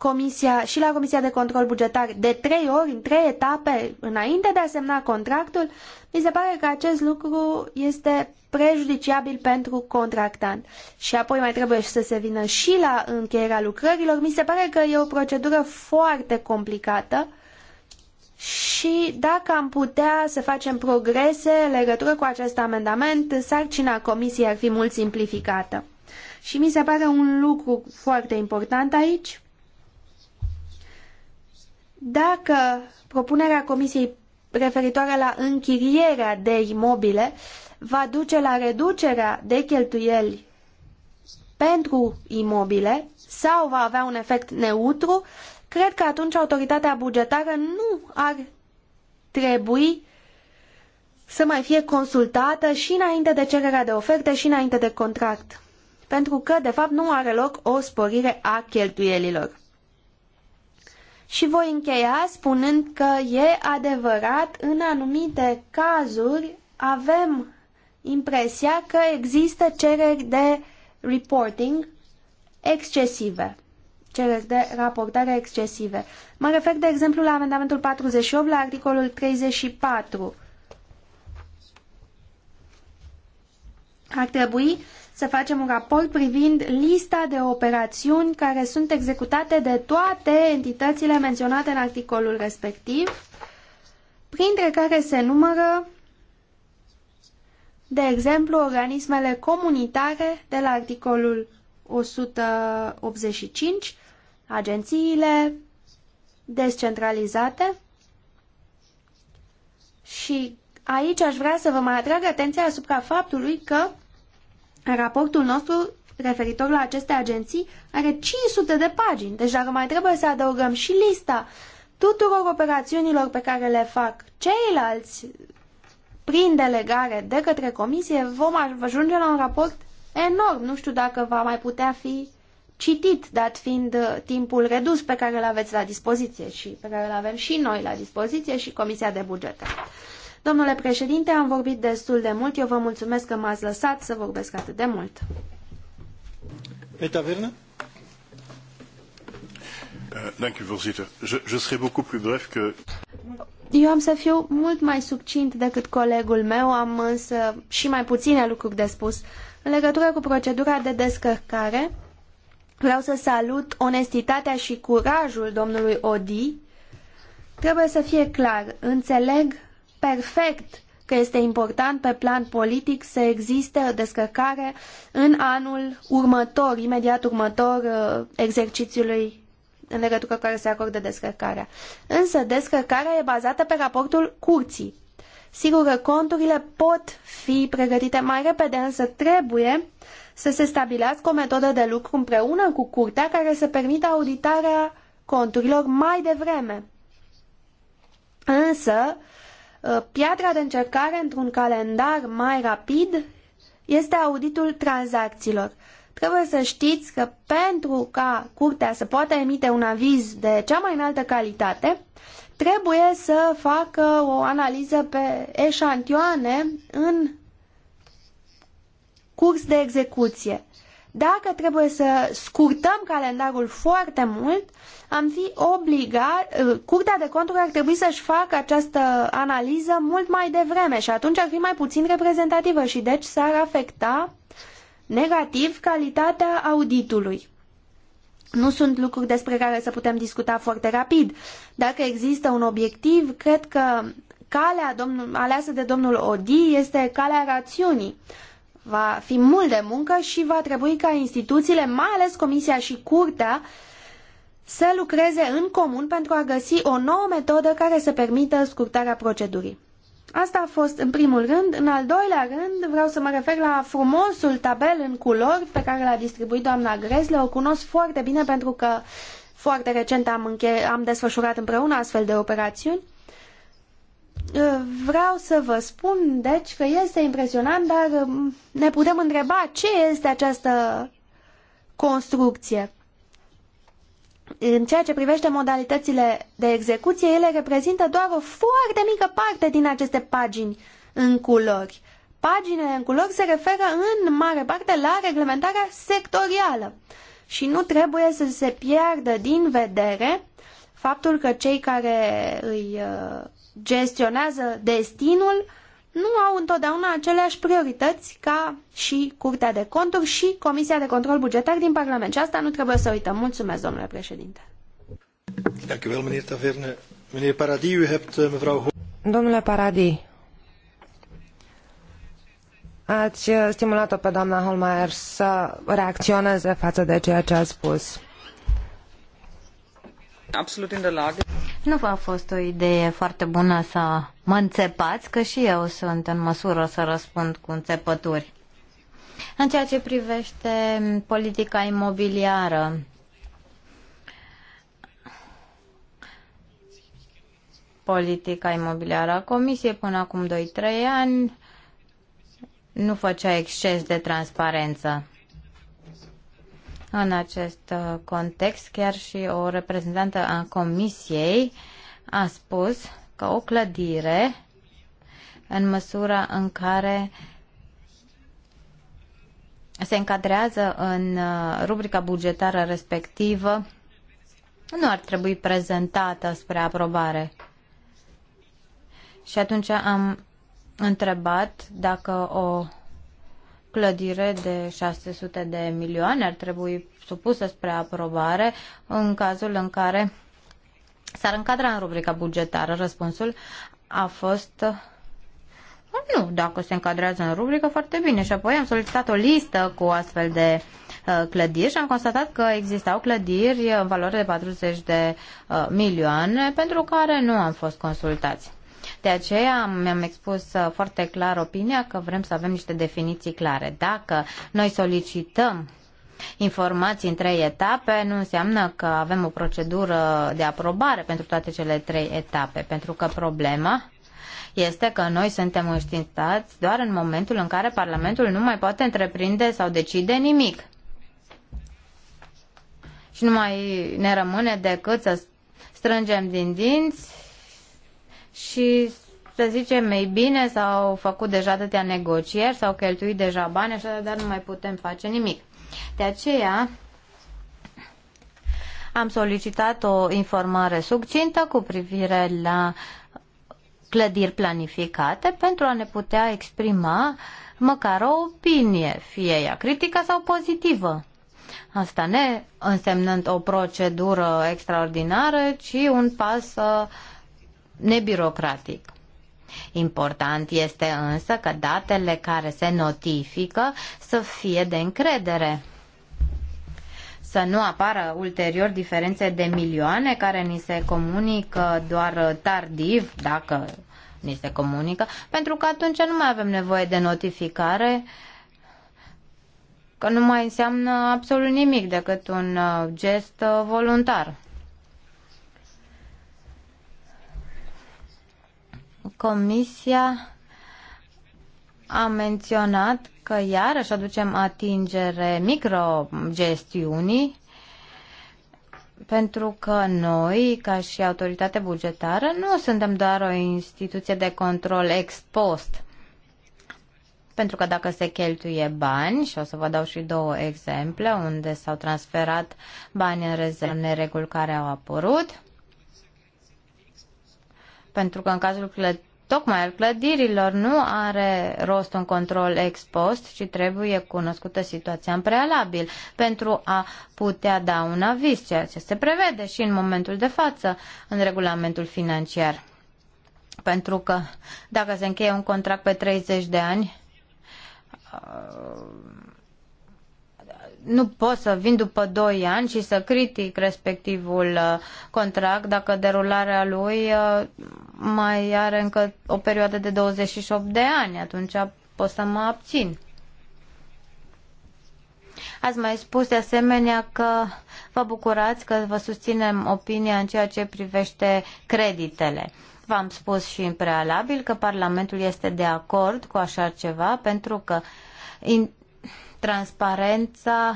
[SPEAKER 4] comisia, și la Comisia de Control Bugetar de trei ori, în trei etape, înainte de a semna contractul, mi se pare că acest lucru este prejudiciabil pentru contractant. Și apoi mai trebuie să se vină și la încheierea lucrărilor. Mi se pare că e o procedură foarte complicată și dacă am putea să facem progrese în legătură cu acest amendament, sarcina comisiei ar fi mult simplificată. Și mi se pare un lucru foarte important aici, dacă propunerea Comisiei referitoare la închirierea de imobile va duce la reducerea de cheltuieli pentru imobile sau va avea un efect neutru, cred că atunci autoritatea bugetară nu ar trebui să mai fie consultată și înainte de cererea de oferte și înainte de contract. Pentru că, de fapt, nu are loc o sporire a cheltuielilor. Și voi încheia spunând că e adevărat, în anumite cazuri avem impresia că există cereri de reporting excesive, cereri de raportare excesive. Mă refer, de exemplu, la amendamentul 48, la articolul 34. Ar trebui să facem un raport privind lista de operațiuni care sunt executate de toate entitățile menționate în articolul respectiv, printre care se numără, de exemplu, organismele comunitare de la articolul 185, agențiile descentralizate și aici aș vrea să vă mai atrag atenția asupra faptului că Raportul nostru referitor la aceste agenții are 500 de pagini, deci dacă mai trebuie să adăugăm și lista tuturor operațiunilor pe care le fac ceilalți prin delegare de către comisie, vom ajunge la un raport enorm. Nu știu dacă va mai putea fi citit, dat fiind uh, timpul redus pe care îl aveți la dispoziție și pe care îl avem și noi la dispoziție și Comisia de Bugete. Domnule președinte, am vorbit destul de mult. Eu vă mulțumesc că m-ați lăsat să vorbesc atât de mult.
[SPEAKER 1] Uh, e
[SPEAKER 4] Eu am să fiu mult mai succint decât colegul meu, am însă și mai puține lucruri de spus. În legătură cu procedura de descărcare, vreau să salut onestitatea și curajul domnului Odi. Trebuie să fie clar, înțeleg perfect că este important pe plan politic să existe o descărcare în anul următor, imediat următor uh, exercițiului în legătură cu care se acordă descărcarea. Însă descărcarea e bazată pe raportul curții. Sigur că conturile pot fi pregătite mai repede, însă trebuie să se stabilească o metodă de lucru împreună cu curtea care să permită auditarea conturilor mai devreme. Însă, uh, Uh, piatra de încercare într-un calendar mai rapid este auditul tranzacțiilor. Trebuie să știți că pentru ca curtea să poată emite un aviz de cea mai înaltă calitate, trebuie să facă o analiză pe eșantioane în curs de execuție. Dacă trebuie să scurtăm calendarul foarte mult, am fi obligat, uh, Curtea de Conturi ar trebui să-și facă această analiză mult mai devreme și atunci ar fi mai puțin reprezentativă și deci s-ar afecta negativ calitatea auditului. Nu sunt lucruri despre care să putem discuta foarte rapid. Dacă există un obiectiv, cred că calea domnul, aleasă de domnul Odi este calea rațiunii va fi mult de muncă și va trebui ca instituțiile, mai ales Comisia și Curtea, să lucreze în comun pentru a găsi o nouă metodă care să permită scurtarea procedurii. Asta a fost în primul rând. În al doilea rând vreau să mă refer la frumosul tabel în culori pe care l-a distribuit doamna Gresle. O cunosc foarte bine pentru că foarte recent am, am desfășurat împreună astfel de operațiuni. Vreau să vă spun, deci, că este impresionant, dar mm, ne putem întreba ce este această construcție. În ceea ce privește modalitățile de execuție, ele reprezintă doar o foarte mică parte din aceste pagini în culori. Paginile în culori se referă în mare parte la reglementarea sectorială și nu trebuie să se piardă din vedere faptul că cei care îi uh, gestionează destinul nu au întotdeauna aceleași priorități ca și Curtea de Conturi și Comisia de Control Bugetar din Parlament. Și asta nu trebuie să uităm. Mulțumesc, domnule președinte.
[SPEAKER 1] Eh,
[SPEAKER 2] domnule Paradis, ați eh, stimulat-o pe doamna Holmeier să reacționeze față de ceea ce ați spus. Absolut in the
[SPEAKER 3] Nu v-a fost o idee foarte bună să mă înțepați, că și eu sunt în măsură să răspund cu înțepături. În ceea ce privește politica imobiliară, politica imobiliară a Comisiei până acum 2-3 ani nu făcea exces de transparență. În acest uh, context, chiar și o reprezentantă a Comisiei a spus că o clădire, în măsura în care se încadrează în uh, rubrica bugetară respectivă, nu ar trebui prezentată spre aprobare. Și atunci am întrebat dacă o clădire de 600 de milioane ar trebui supusă spre aprobare în cazul în care s-ar încadra în rubrica bugetară. Răspunsul a fost nu, dacă se încadrează în rubrică, foarte bine. Și apoi am solicitat o listă cu astfel de uh, clădiri și am constatat că existau clădiri în valoare de 40 de uh, milioane pentru care nu am fost consultați. De aceea mi-am expus uh, foarte clar opinia că vrem să avem niște definiții clare. Dacă noi solicităm informații în trei etape nu înseamnă că avem o procedură de aprobare pentru toate cele trei etape, pentru că problema este că noi suntem înștiințați doar în momentul în care Parlamentul nu mai poate întreprinde sau decide nimic. Și nu mai ne rămâne decât să strângem din dinți și să zicem, mai bine, s-au făcut deja atâtea negocieri, s-au cheltuit deja bani, așa, dar nu mai putem face nimic. De aceea am solicitat o informare succintă cu privire la clădiri planificate pentru a ne putea exprima măcar o opinie, fie ea critică sau pozitivă. Asta ne însemnând o procedură extraordinară, ci un pas uh, nebirocratic. Important este însă că datele care se notifică să fie de încredere. Să nu apară ulterior diferențe de milioane care ni se comunică doar tardiv, dacă ni se comunică, pentru că atunci nu mai avem nevoie de notificare, că nu mai înseamnă absolut nimic decât un uh, gest uh, voluntar. Comisia a menționat că iarăși aducem atingere microgestiunii pentru că noi, ca și autoritate bugetară, nu suntem doar o instituție de control ex post. Pentru că dacă se cheltuie bani, și o să vă dau și două exemple unde s-au transferat bani în rezervă, nereguli care au apărut, pentru că în cazul clăd- tocmai al clădirilor nu are rost un control ex post, ci trebuie cunoscută situația în prealabil pentru a putea da un aviz, ceea ce se prevede și în momentul de față în regulamentul financiar. Pentru că dacă se încheie un contract pe 30 de ani, nu pot să vin după 2 ani și să critic respectivul uh, contract dacă derularea lui uh, mai are încă o perioadă de 28 de ani. Atunci pot să mă abțin. Ați mai spus de asemenea că vă bucurați că vă susținem opinia în ceea ce privește creditele. V-am spus și în prealabil că Parlamentul este de acord cu așa ceva pentru că transparența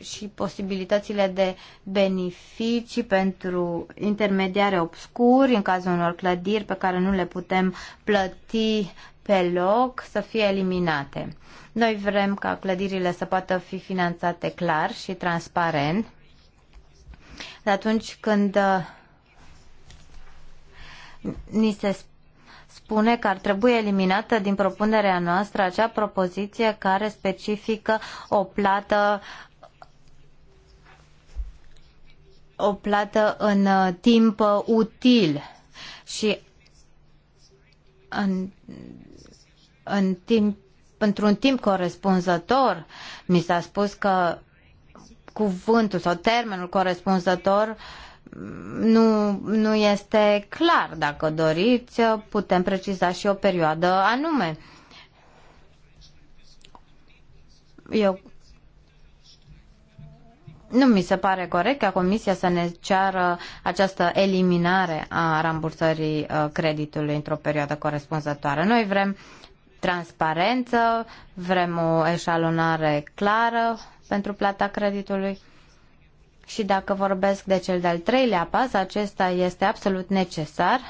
[SPEAKER 3] și posibilitățile de beneficii pentru intermediare obscuri în cazul unor clădiri pe care nu le putem plăti pe loc să fie eliminate. Noi vrem ca clădirile să poată fi finanțate clar și transparent. Atunci când uh, ni se spune spune că ar trebui eliminată din propunerea noastră acea propoziție care specifică o plată o plată în uh, timp util și în, în timp, într-un timp corespunzător mi s-a spus că cuvântul sau termenul corespunzător uh, nu, nu este clar. Dacă doriți, putem preciza și o perioadă anume. Eu nu mi se pare corect ca Comisia să ne ceară această eliminare a rambursării uh, creditului într-o perioadă corespunzătoare. Noi vrem transparență, vrem o eșalonare clară pentru plata creditului. Și dacă vorbesc de cel de-al treilea pas, acesta este absolut necesar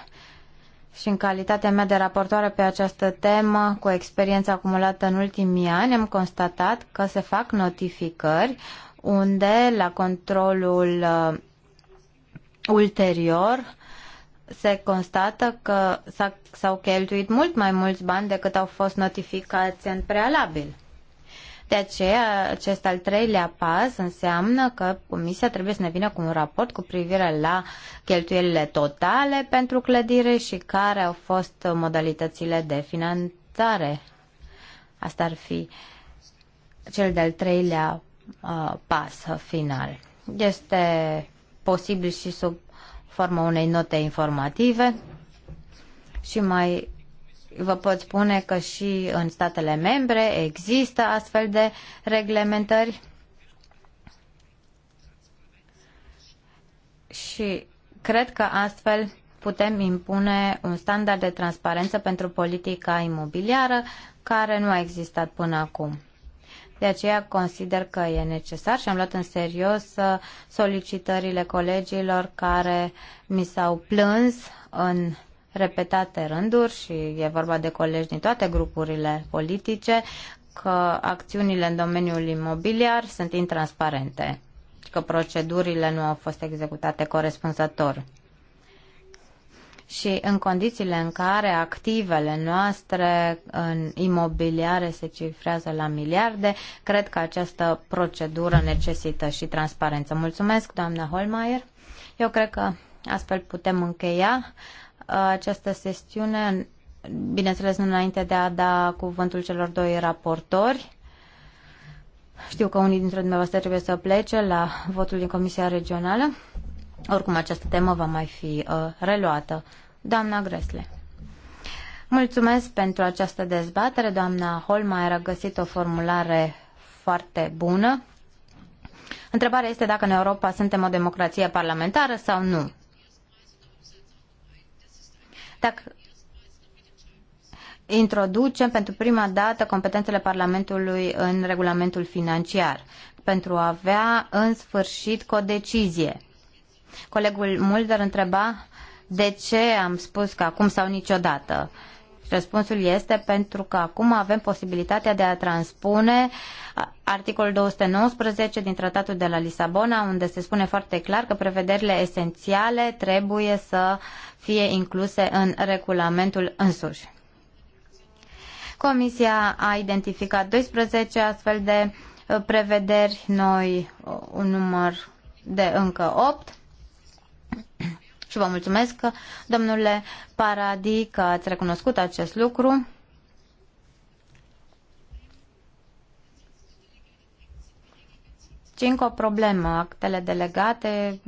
[SPEAKER 3] și în calitatea mea de raportoare pe această temă, cu experiența acumulată în ultimii ani, am constatat că se fac notificări unde la controlul uh, ulterior se constată că s-au cheltuit mult mai mulți bani decât au fost notificați în prealabil. De aceea, acest al treilea pas înseamnă că Comisia trebuie să ne vină cu un raport cu privire la cheltuielile totale pentru clădire și care au fost modalitățile de finanțare. Asta ar fi cel de-al treilea uh, pas uh, final. Este posibil și sub forma unei note informative și mai vă pot spune că și în statele membre există astfel de reglementări și cred că astfel putem impune un standard de transparență pentru politica imobiliară care nu a existat până acum. De aceea consider că e necesar și am luat în serios uh, solicitările colegilor care mi s-au plâns în repetate rânduri și e vorba de colegi din toate grupurile politice că acțiunile în domeniul imobiliar sunt intransparente și că procedurile nu au fost executate corespunzător. Și în condițiile în care activele noastre în imobiliare se cifrează la miliarde, cred că această procedură necesită și transparență. Mulțumesc, doamna Holmeier. Eu cred că astfel putem încheia această sesiune, bineînțeles înainte de a da cuvântul celor doi raportori. Știu că unii dintre dumneavoastră trebuie să plece la votul din Comisia Regională. Oricum, această temă va mai fi uh, reluată. Doamna Gresle. Mulțumesc pentru această dezbatere. Doamna Holmeier a găsit o formulare foarte bună. Întrebarea este dacă în Europa suntem o democrație parlamentară sau nu. Dacă introducem pentru prima dată competențele Parlamentului în regulamentul financiar, pentru a avea în sfârșit o decizie. Colegul Mulder întreba de ce am spus că acum sau niciodată. Uh, Răspunsul este pentru că acum avem posibilitatea de a transpune articolul 219 din Tratatul de la Lisabona, unde se spune foarte clar că prevederile esențiale trebuie să fie incluse în regulamentul însuși. Comisia a identificat 12 astfel de uh, prevederi, noi uh, un număr de încă 8 și vă mulțumesc, domnule Paradi, că ați recunoscut acest lucru. ci încă o problemă. Actele delegate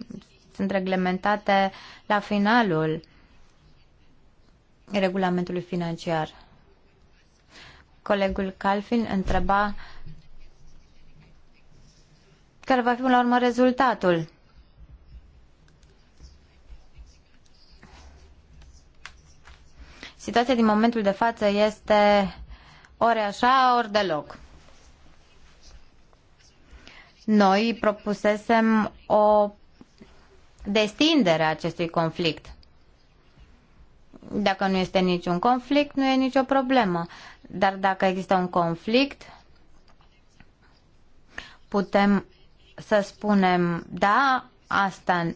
[SPEAKER 3] sunt reglementate la finalul regulamentului financiar. Colegul Calfin întreba care va fi, la urmă, rezultatul. Situația din momentul de față este ori așa, ori deloc. Noi propusesem o destindere a acestui conflict. Dacă nu este niciun conflict, nu e nicio problemă. Dar dacă există un conflict, putem să spunem, da, asta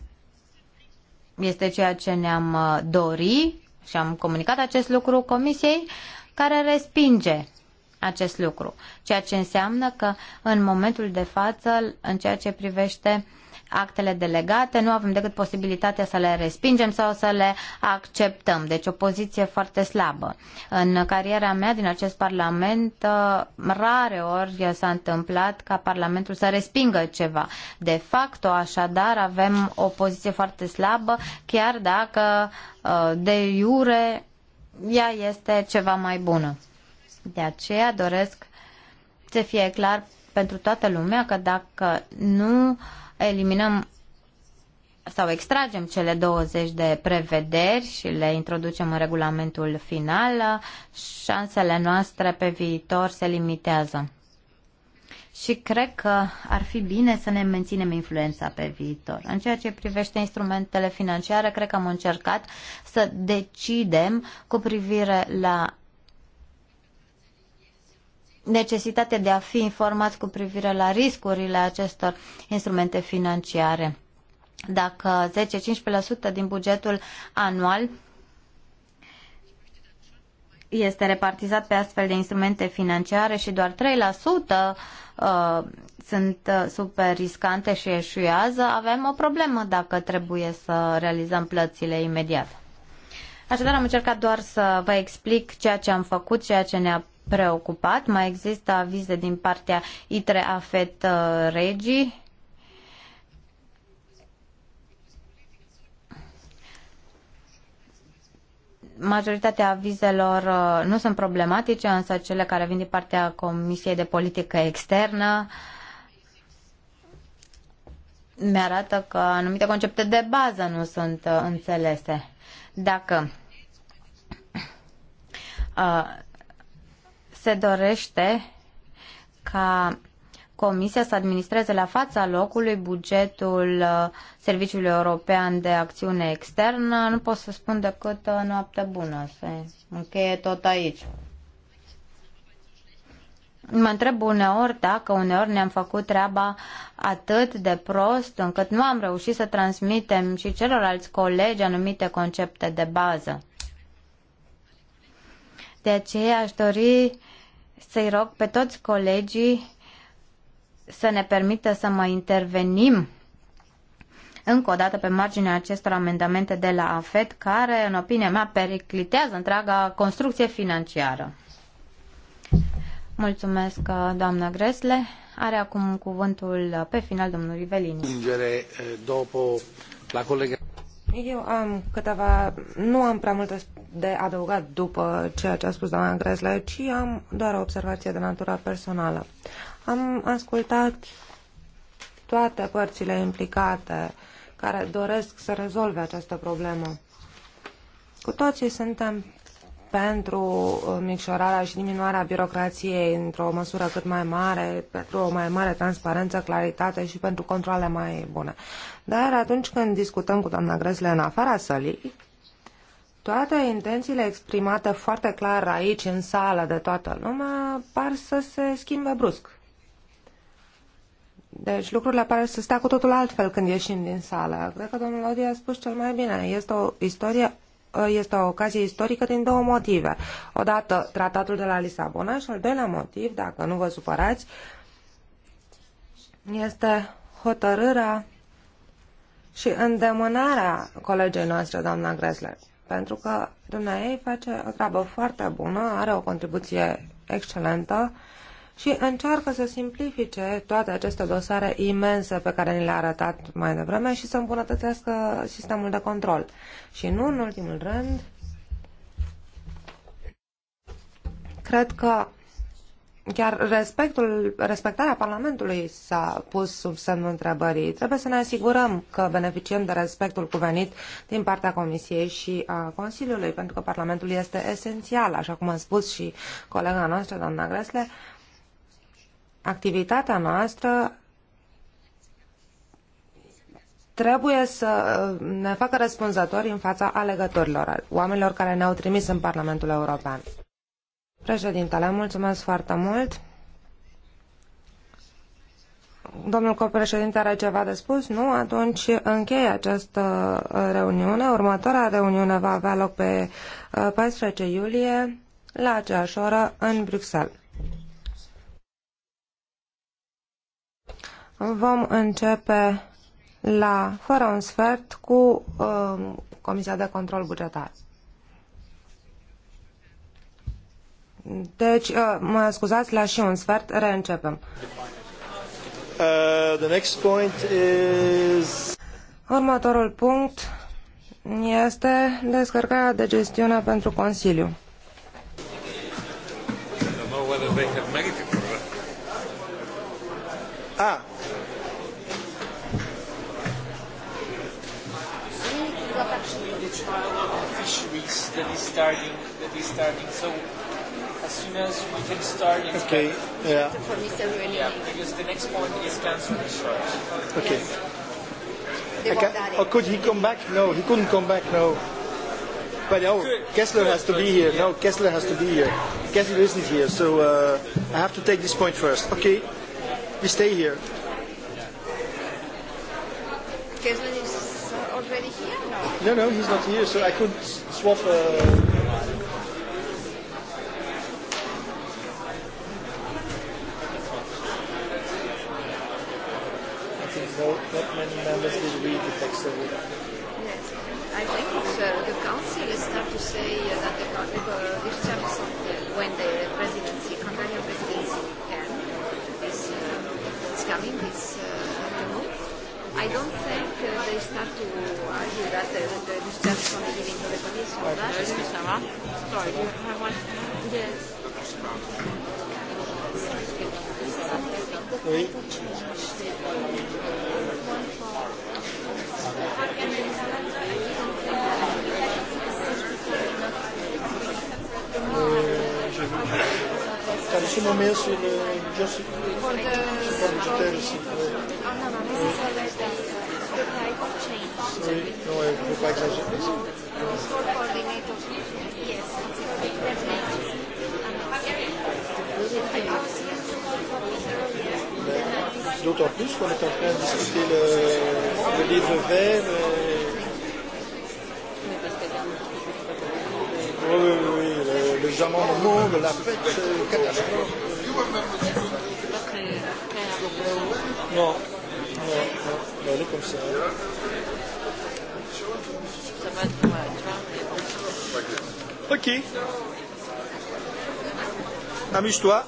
[SPEAKER 3] este ceea ce ne-am uh, dori și am comunicat acest lucru Comisiei care respinge acest lucru, ceea ce înseamnă că în momentul de față, în ceea ce privește uh, actele delegate, nu avem decât posibilitatea să le respingem sau să le acceptăm. Deci o poziție foarte slabă. În cariera mea din acest Parlament, uh, rare ori s-a întâmplat ca Parlamentul să respingă ceva. De fapt, așadar, avem o poziție foarte slabă, chiar dacă uh, de iure ea este ceva mai bună. De aceea doresc să fie clar pentru toată lumea că dacă nu uh, eliminăm sau extragem cele 20 de prevederi și le introducem în regulamentul final, șansele noastre pe viitor se limitează. Și cred că ar fi bine să ne menținem influența pe viitor. În ceea ce privește instrumentele financiare, cred că am încercat să decidem cu privire la necesitatea de a fi informați cu privire la riscurile acestor instrumente financiare. Dacă 10-15% din bugetul anual este repartizat pe astfel de instrumente financiare și doar 3% uh, sunt uh, super riscante și eșuează, avem o problemă dacă trebuie să realizăm plățile imediat. Așadar, am încercat doar să vă explic ceea ce am făcut, ceea ce ne-a preocupat. Mai există avize din partea ITRE AFET uh, Regii. Majoritatea avizelor uh, nu sunt problematice, însă cele care vin din partea Comisiei de Politică Externă mi-arată că anumite concepte de bază nu sunt uh, înțelese. Dacă se dorește ca Comisia să administreze la fața locului bugetul uh, Serviciului European de Acțiune Externă, nu pot să spun decât uh, noapte bună. Se încheie tot aici. Mă întreb uneori dacă uneori ne-am făcut treaba atât de prost încât nu am reușit să transmitem și celorlalți colegi anumite concepte de bază. De aceea aș dori să-i rog pe toți colegii să ne permită să mai intervenim încă o dată pe marginea acestor amendamente de la AFET, care, în opinia mea, periclitează întreaga construcție financiară. Mulțumesc, uh, doamna Gresle. Are acum cuvântul uh, pe
[SPEAKER 2] final domnul Rivelini.
[SPEAKER 1] Uh, după la colegă.
[SPEAKER 2] Eu am câteva, nu am prea multe de adăugat după ceea ce a spus doamna Gresle, ci am doar o observație de natură personală. Am ascultat toate părțile implicate care doresc să rezolve această problemă. Cu toții suntem pentru uh, micșorarea și diminuarea birocrației într-o măsură cât mai mare, pentru o mai mare transparență, claritate și pentru controle mai bune. Dar atunci când discutăm cu doamna Gresle în afara sălii, toate intențiile exprimate foarte clar aici, în sală, de toată lumea, par să se schimbe brusc. Deci lucrurile pare să stea cu totul altfel când ieșim din sală. Cred că domnul Odi a spus cel mai bine. Este o istorie Uh, este o ocazie istorică din două motive. Odată, tratatul de la Lisabona și al doilea motiv, dacă nu vă supărați, este hotărârea și îndemânarea colegei noastre, doamna Gresler. Pentru că dumneavoastră face o treabă foarte bună, are o contribuție excelentă uh, și încearcă să simplifice toate aceste dosare imense pe care ni le-a arătat mai devreme și să îmbunătățească sistemul de control. Și nu în ultimul rând, cred că chiar respectul, respectarea Parlamentului s-a pus sub semnul întrebării. Trebuie să ne asigurăm că beneficiem de respectul cuvenit din partea Comisiei și a Consiliului, pentru că Parlamentul este esențial, așa cum a spus și colega noastră, doamna Gresle, uh, activitatea noastră trebuie să uh, ne facă răspunzători în fața alegătorilor, oamenilor care ne-au trimis în Parlamentul European. Președintele, mulțumesc foarte mult. Domnul copreședinte are ceva de spus? Nu? Atunci încheie această uh, reuniune. Următoarea reuniune va avea loc pe 14 uh, iulie la aceeași oră în Bruxelles. Vom începe la fără un sfert cu um, Comisia de Control Bugetar. Deci, uh, mă scuzați, la și un sfert, reîncepem.
[SPEAKER 1] Uh, the next
[SPEAKER 2] point is... Următorul punct este descărcarea de gestiune pentru Consiliu.
[SPEAKER 1] Ah, huge
[SPEAKER 3] dialogue on fisheries that is starting. That is starting. So as soon as we can start. It's okay. Yeah. For Mr. Really yeah, because the next point is cancer research. Okay. Yes.
[SPEAKER 1] Okay. Or oh, could he come back? No, he couldn't come back. No. But oh, could, Kessler has to be here. No, Kessler has to be here. Kessler isn't here, so uh, I have to take this point first. Okay, we stay here.
[SPEAKER 4] Kessler is already here? No. No, no, he's not here,
[SPEAKER 1] so I could swap. Uh, think not many members did read the text of it. Yes, I think uh,
[SPEAKER 4] the council is start to say uh, that the uh, this chapter, uh, when the presidency, Hungarian presidency can, is, uh, is coming, is uh, I don't think uh, they start to argue that the, the discharge committee into the commission. That.
[SPEAKER 3] Sorry, do you
[SPEAKER 1] have one? Yes. Oui. Euh, care și OMS-urile, just Sorry, D'autant plus qu'on est en train de discuter le, le livre vert. Euh... Oui, oui, oui. Le le jamon rouge, la fête, euh, catastrophe. Non, non, non, non, elle est comme ça. Ça va, tu vois. Ok. Amuse-toi.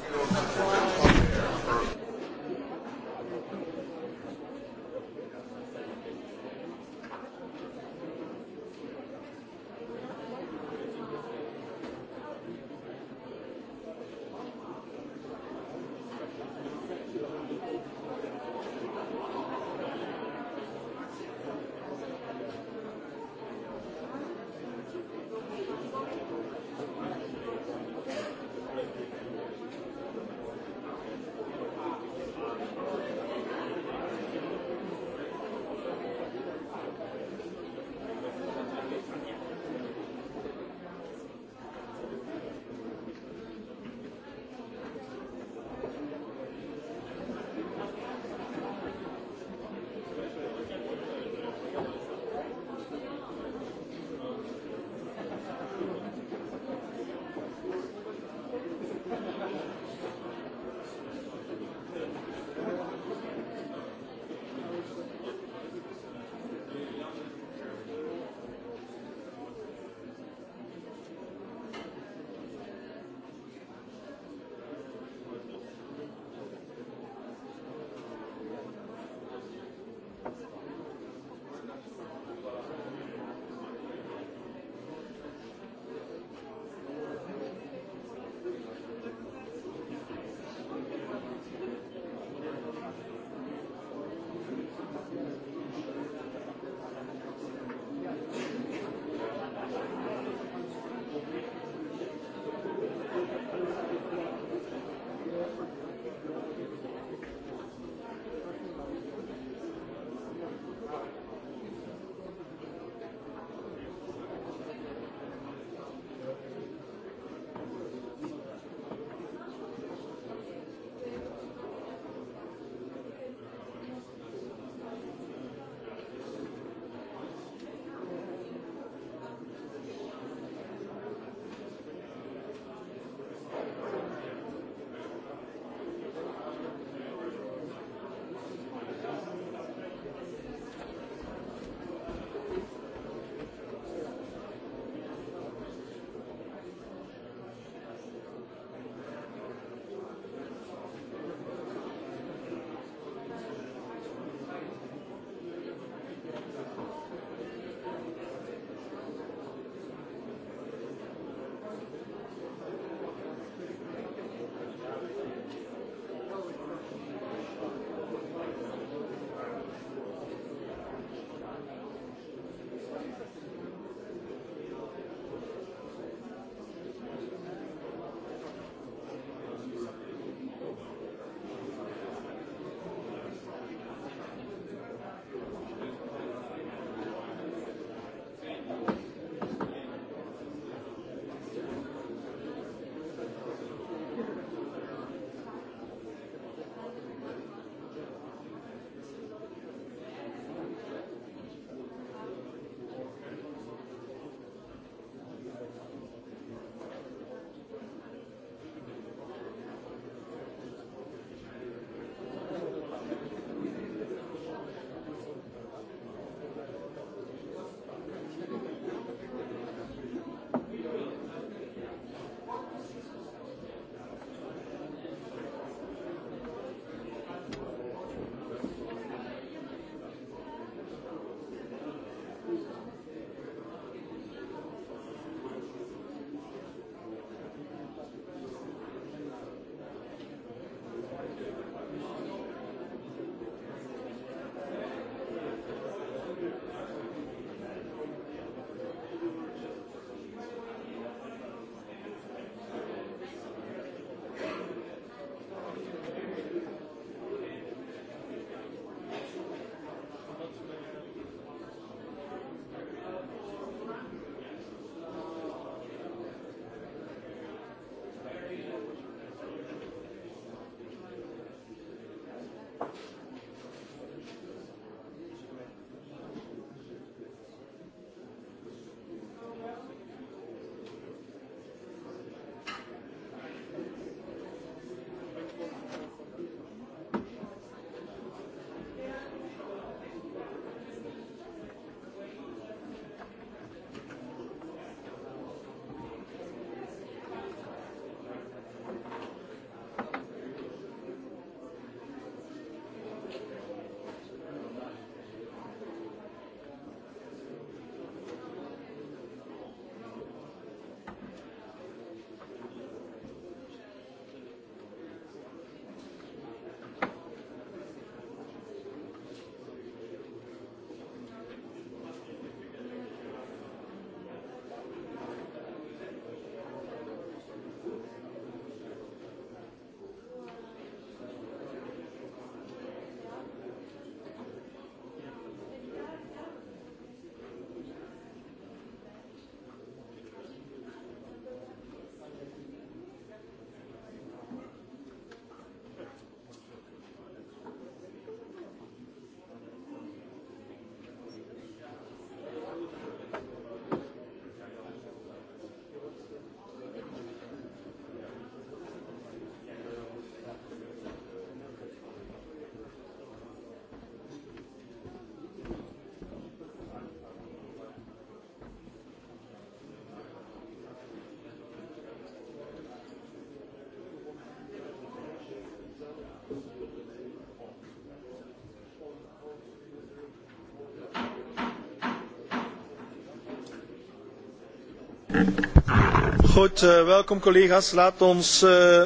[SPEAKER 1] Goed, eh, welkom collega's. Laat ons eh,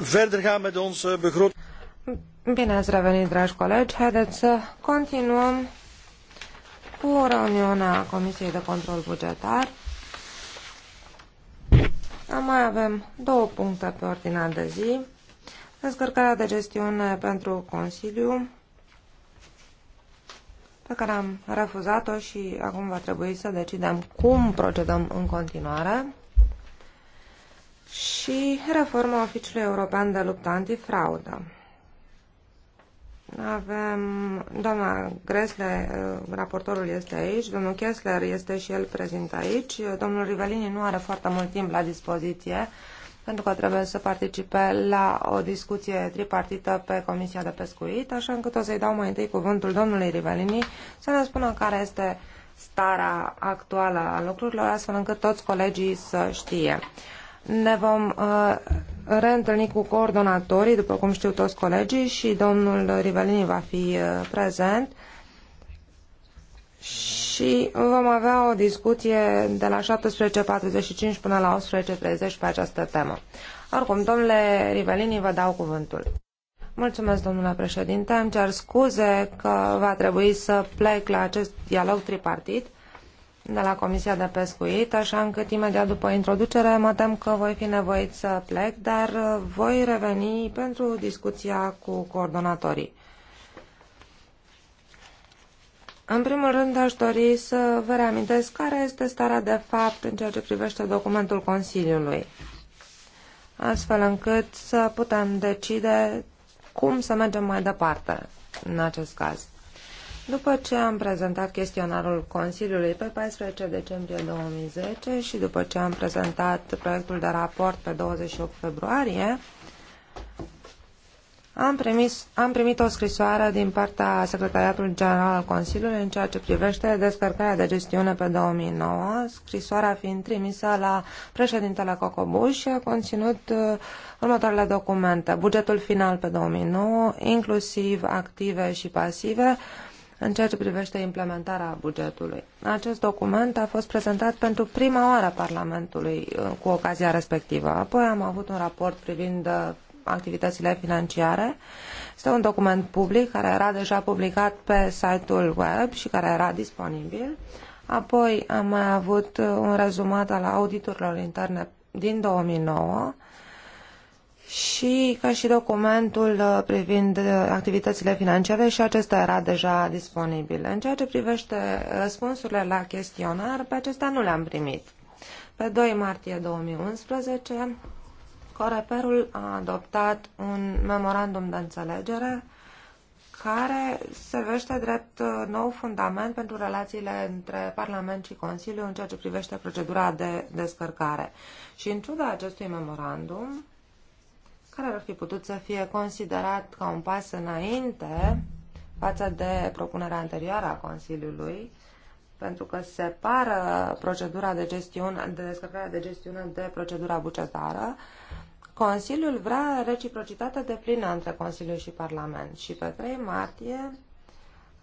[SPEAKER 1] verder gaan met onze begroting.
[SPEAKER 2] Bine ați revenit, dragi colegi. Haideți să continuăm cu reuniunea Comisiei de Control Bugetar. Mai avem două puncte pe ordinea de zi. Descărcarea de gestiune pentru Consiliu, pe care am refuzat-o și acum va trebui să decidem cum procedăm în continuare și reforma Oficiului European de Luptă Antifraudă. Avem doamna Gresle, eh, raportorul este aici, domnul Kessler este și el prezent aici, domnul Rivelini nu are foarte mult timp la dispoziție pentru că trebuie să participe la o discuție tripartită pe Comisia de Pescuit, așa încât o să-i dau mai întâi cuvântul domnului Rivelini să ne spună care este starea actuală a lucrurilor, astfel încât toți colegii să știe. Ne vom uh, reîntâlni cu coordonatorii, după cum știu toți colegii, și domnul Rivelini va fi uh, prezent. Și vom avea o discuție de la 17.45 până la 18.30 pe această temă. Oricum, domnule Rivelini, vă dau cuvântul. Mulțumesc, domnule președinte. Îmi cer scuze că va trebui să plec la acest dialog tripartit de la Comisia de Pescuit, așa încât imediat după introducere mă tem că voi fi nevoit să plec, dar voi reveni pentru discuția cu coordonatorii. În primul rând aș dori să vă reamintesc care este starea de fapt în ceea ce privește documentul Consiliului, astfel încât să putem decide cum să mergem mai departe în acest caz. După ce am prezentat chestionarul Consiliului pe 14 decembrie 2010 și după ce am prezentat proiectul de raport pe 28 februarie, am, primis, am primit o scrisoare din partea Secretariatului General al Consiliului în ceea ce privește descărcarea de gestiune pe 2009, scrisoarea fiind trimisă la președintele Cocobuș și a conținut uh, următoarele documente. Bugetul final pe 2009, inclusiv active și pasive, în ceea ce privește implementarea bugetului. Acest document a fost prezentat pentru prima oară Parlamentului uh, cu ocazia respectivă. Apoi am avut un raport privind uh, activitățile financiare. Este un document public care era deja publicat pe site-ul web și care era disponibil. Apoi am mai avut un rezumat al auditurilor interne din 2009 și ca și documentul uh, privind uh, activitățile financiare și acesta era deja disponibil. În ceea ce privește uh, răspunsurile la chestionar, pe acestea nu le-am primit. Pe 2 martie 2011 Coreperul a adoptat un memorandum de înțelegere care servește drept uh, nou fundament pentru relațiile între Parlament și Consiliu în ceea ce privește procedura de descărcare. Și în ciuda acestui memorandum, care ar fi putut să fie considerat ca un pas înainte față de propunerea anterioară a Consiliului, pentru că separă procedura de, gestiune, de descărcare de gestiune de procedura bugetară, Consiliul vrea reciprocitate de plină între Consiliu și Parlament și pe 3 martie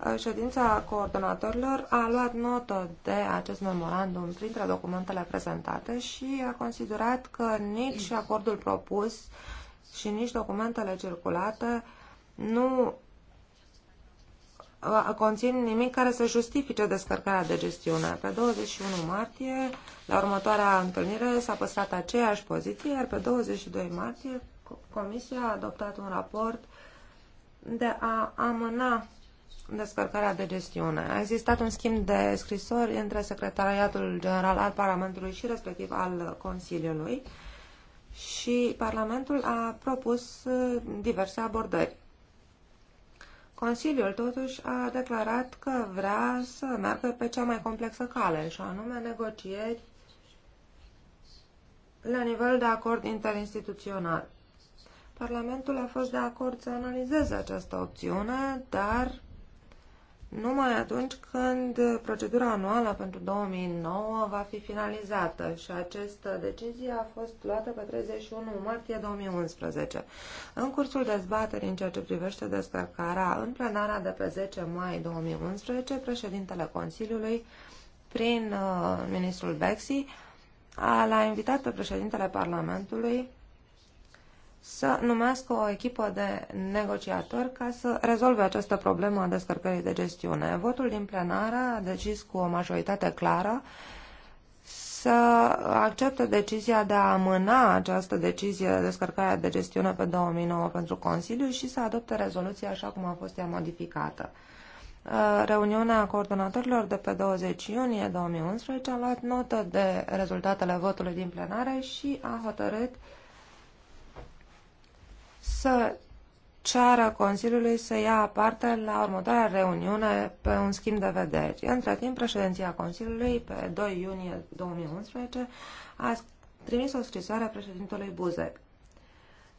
[SPEAKER 2] uh, ședința coordonatorilor a luat notă de acest memorandum printre documentele prezentate și a considerat că nici acordul propus și nici documentele circulate nu conțin nimic care să justifice descărcarea de gestiune. Pe 21 martie, la următoarea întâlnire, s-a păstrat aceeași poziție, iar pe 22 martie, Comisia a adoptat un raport de a amâna descărcarea de gestiune. A existat un schimb de scrisori între Secretariatul General al Parlamentului și respectiv al Consiliului și Parlamentul a propus uh, diverse abordări. Consiliul totuși a declarat că vrea să meargă pe cea mai complexă cale, și anume negocieri la nivel de acord interinstituțional. Parlamentul a fost de acord să analizeze această opțiune, dar numai atunci când procedura anuală pentru 2009 va fi finalizată și această decizie a fost luată pe 31 martie 2011. În cursul dezbaterii în ceea ce privește descărcarea în plenara de pe 10 mai 2011, președintele Consiliului, prin uh, ministrul Bexi, l-a invitat pe președintele Parlamentului să numească o echipă de negociatori ca să rezolve această problemă a descărcării de gestiune. Votul din plenară a decis cu o majoritate clară să accepte decizia de a amâna această decizie de descărcare de gestiune pe 2009 pentru Consiliu și să adopte rezoluția așa cum a fost ea modificată. Uh, reuniunea coordonatorilor de pe 20 iunie 2011 a luat notă de rezultatele votului din plenare și a hotărât uh, să ceară Consiliului să ia parte la următoarea reuniune pe un schimb de vederi. Între timp, președinția Consiliului, pe 2 iunie 2011, a trimis o scrisoare a președintelui Buzek.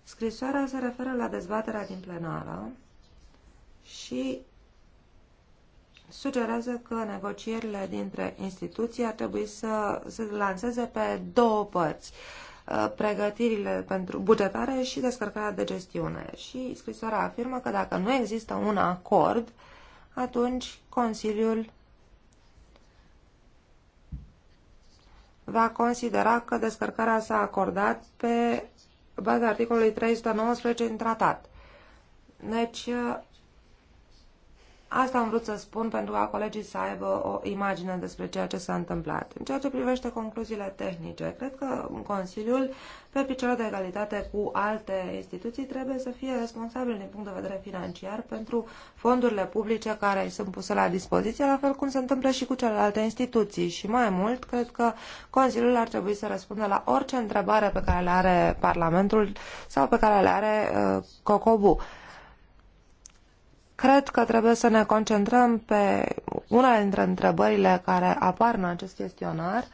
[SPEAKER 2] Scrisoarea se referă la dezbaterea din plenară și sugerează că negocierile dintre instituții ar trebui să se lanseze pe două părți. Uh, Uh, pregătirile pentru bugetare și descărcarea de gestiune. Și scrisoarea afirmă că dacă nu există un acord, atunci Consiliul va considera că descărcarea s-a acordat pe baza articolului 319 din tratat. Deci uh, Asta am vrut să spun pentru ca colegii să aibă o imagine despre ceea ce s-a întâmplat. În ceea ce privește concluziile tehnice, cred că Consiliul, pe picior de egalitate cu alte instituții, trebuie să fie responsabil din punct de vedere financiar pentru fondurile publice care îi sunt puse la dispoziție, la fel cum se întâmplă și cu celelalte instituții. Și mai mult, cred că Consiliul ar trebui să răspundă la orice întrebare pe care le are Parlamentul sau pe care le are uh, COCOBU Cred că trebuie să ne concentrăm pe una dintre întrebările care apar în acest chestionar,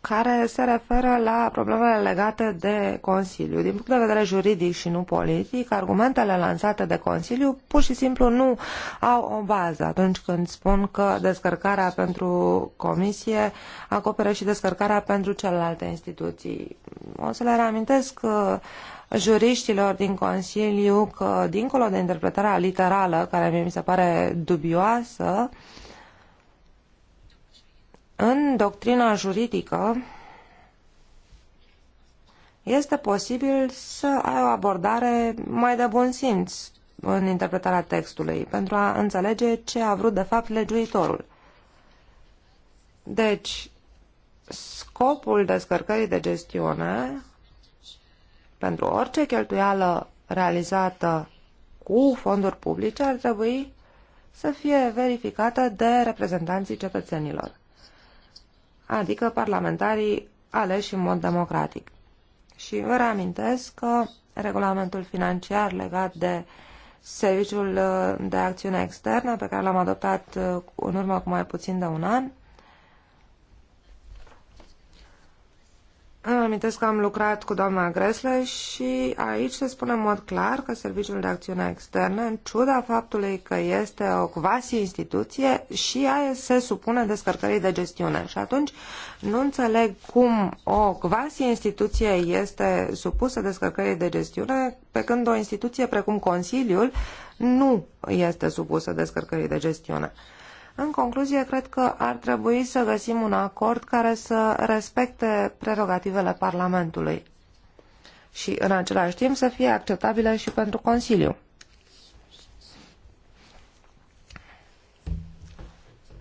[SPEAKER 2] care se referă la problemele legate de Consiliu. Din punct de vedere juridic și nu politic, argumentele lansate de Consiliu pur și simplu nu au o bază atunci când spun că descărcarea pentru Comisie acoperă și descărcarea pentru celelalte instituții. O să le reamintesc uh, juriștilor din Consiliu că, dincolo de interpretarea literală, care mie mi se pare dubioasă, în doctrina juridică este posibil să ai o abordare mai de bun simț în interpretarea textului, pentru a înțelege ce a vrut de fapt legiuitorul. Deci, scopul descărcării de gestiune pentru orice cheltuială realizată cu fonduri publice ar trebui să fie verificată de reprezentanții cetățenilor, adică parlamentarii aleși în mod democratic. Și vă reamintesc că regulamentul financiar legat de serviciul de acțiune externă pe care l-am adoptat uh, în urmă cu mai puțin de un an Îmi amintesc că am lucrat cu doamna Gresle și aici se spune în mod clar că Serviciul de Acțiune Externă, în ciuda faptului că este o quasi-instituție, și ea se supune descărcării de gestiune. Și atunci nu înțeleg cum o quasi-instituție este supusă descărcării de gestiune, pe când o instituție precum Consiliul nu este supusă descărcării de gestiune. În concluzie, cred că ar trebui să găsim un acord care să respecte prerogativele Parlamentului și, în același timp, să fie acceptabile și pentru Consiliu.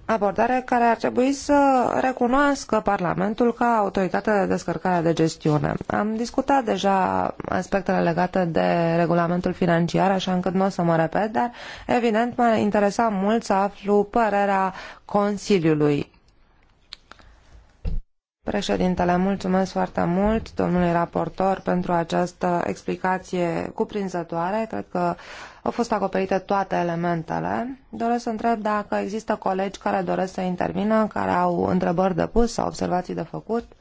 [SPEAKER 2] abordare care ar trebui să recunoască Parlamentul ca autoritate de descărcare de gestiune. Am discutat deja aspectele legate de regulamentul financiar, așa încât nu o să mă repet, dar evident mă interesa mult să aflu părerea Consiliului. Președintele, mulțumesc foarte mult domnului raportor pentru această explicație cuprinzătoare. Cred că au fost acoperite toate elementele. Doresc să întreb dacă există colegi care doresc să intervină, care au întrebări de pus sau observații de făcut.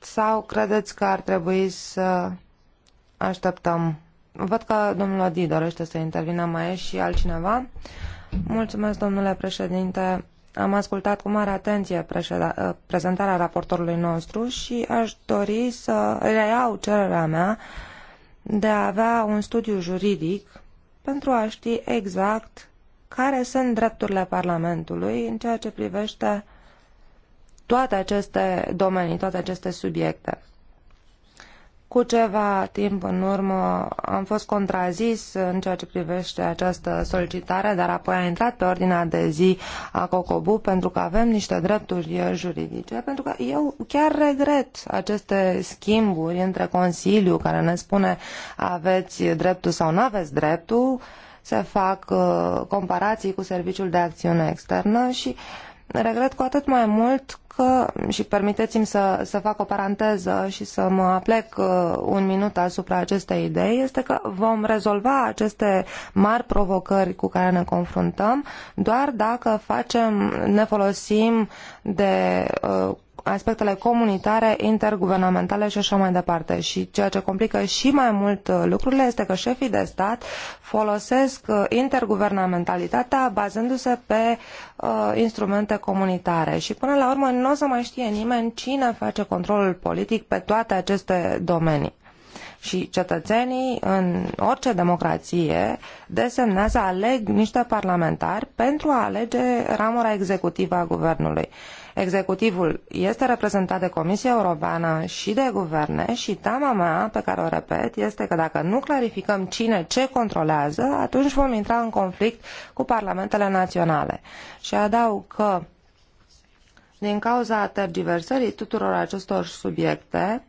[SPEAKER 2] Sau credeți că ar trebui să așteptăm? Văd că domnul Adi dorește să intervină, mai e și altcineva. Mulțumesc, domnule președinte. Am ascultat cu mare atenție prezentarea raportorului nostru și aș dori să reiau cererea mea uh, de a avea un studiu juridic pentru a ști exact care sunt drepturile Parlamentului în ceea ce privește toate aceste domenii, toate aceste subiecte. Cu ceva timp în urmă am fost contrazis în ceea ce privește această solicitare, dar apoi a intrat pe ordinea de zi a COCOBU pentru că avem niște drepturi juridice, pentru că eu chiar regret aceste schimburi între Consiliu care ne spune aveți dreptul sau nu aveți dreptul, se fac uh, comparații cu Serviciul de Acțiune Externă și uh, Regret cu atât mai mult că, și permiteți-mi să, să fac o paranteză și să mă aplec uh, un minut asupra acestei idei, este că vom rezolva aceste mari provocări cu care ne confruntăm doar dacă facem, ne folosim de uh, aspectele comunitare, interguvernamentale și așa mai departe. Și ceea ce complică și mai mult uh, lucrurile este că șefii de stat folosesc uh, interguvernamentalitatea bazându-se pe uh, instrumente comunitare. Și până la urmă nu o să mai știe nimeni cine face controlul politic pe toate aceste domenii și cetățenii în orice democrație desemnează, aleg niște parlamentari pentru a alege ramura executivă a guvernului. Uh, Executivul este reprezentat de Comisia Europeană și de guverne și teama mea, pe care o repet, este că dacă nu clarificăm cine ce controlează, atunci vom intra în conflict cu parlamentele naționale. Și adaug că din cauza tergiversării tuturor acestor subiecte,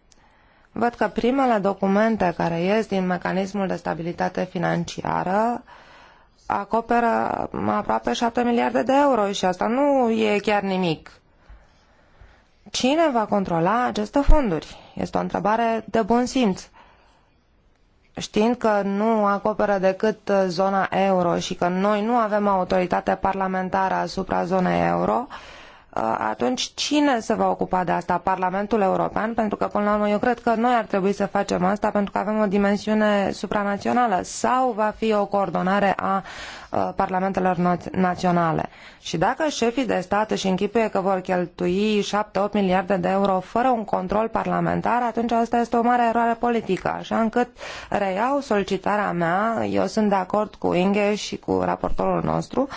[SPEAKER 2] văd că primele documente care ies din mecanismul de stabilitate financiară acoperă aproape 7 miliarde de euro și asta nu e chiar nimic. Cine va controla aceste fonduri? Este o întrebare de bun simț. Știind că nu acoperă decât zona euro și că noi nu avem autoritate parlamentară asupra zonei euro, uh, Uh, atunci cine se va ocupa de asta? Parlamentul European? Pentru că, până la urmă, eu cred că noi ar trebui să facem asta pentru că avem o dimensiune supranațională sau va fi o coordonare a uh, parlamentelor naționale. Și dacă șefii de stat își închipuie că vor cheltui 7-8 miliarde de euro fără un control parlamentar, atunci asta este o mare eroare politică. Așa încât reiau solicitarea mea, eu sunt de acord cu Inge și cu raportorul nostru, uh,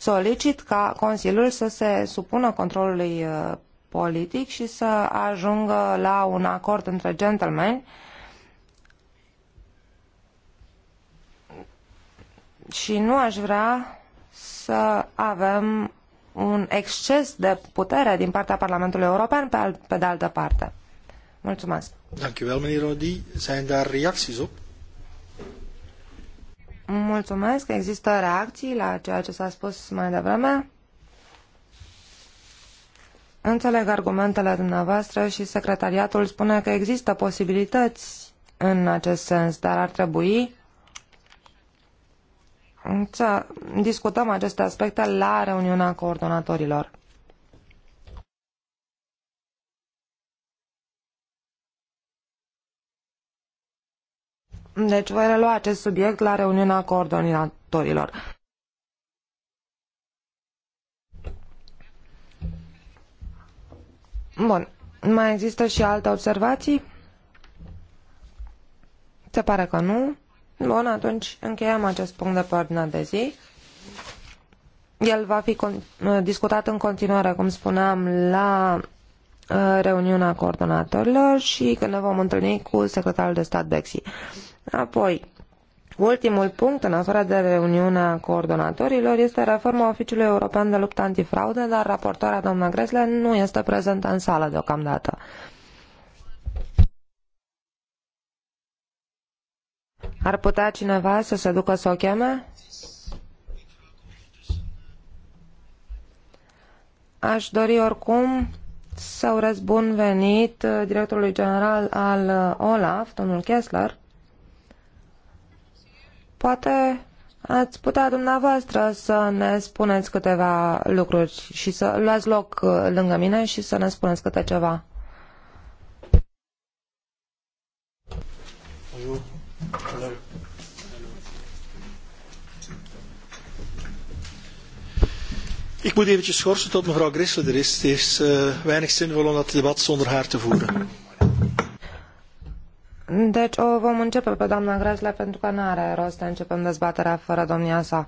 [SPEAKER 2] solicit ca Consiliul să se supună controlului uh, politic și să ajungă la un acord între gentlemen și nu aș vrea să avem un exces de putere din partea Parlamentului European pe, al, pe de altă parte. Mulțumesc.
[SPEAKER 1] Thank you, well, Rodi. Zijn daar reacties op?
[SPEAKER 2] Mulțumesc. Există reacții la ceea ce s-a spus mai devreme? Înțeleg argumentele dumneavoastră și secretariatul spune că există posibilități în acest sens, dar ar trebui să discutăm aceste aspecte la reuniunea coordonatorilor. Deci voi relua acest subiect la reuniunea coordonatorilor. Bun. Mai există și alte observații? Se pare că nu. Bun, atunci încheiem acest punct de pe ordinea de zi. El va fi discutat în continuare, cum spuneam, la uh, reuniunea coordonatorilor și când ne vom întâlni cu secretarul de stat Bexi. Apoi, ultimul punct, în afară de reuniunea coordonatorilor, este reforma Oficiului European de Luptă Antifraudă, dar raportoarea doamna Gresle nu este prezentă în sală deocamdată. Ar putea cineva să se ducă să o cheme? Aș dori oricum să urez bun venit uh, directorului general al uh, OLAF, domnul Kessler, Poate ați putea dumneavoastră să ne spuneți câteva lucruri și să luați loc uh, lângă mine și să ne spuneți câte ceva.
[SPEAKER 1] Ik moet eventjes schorsen tot mevrouw Grissler er is. Het er is uh, weinig zinvol om dat debat zonder haar te voeren.
[SPEAKER 2] Deci o vom începe pe doamna grle pentru că nu are rost să începem dezbaterea fără domnia sa.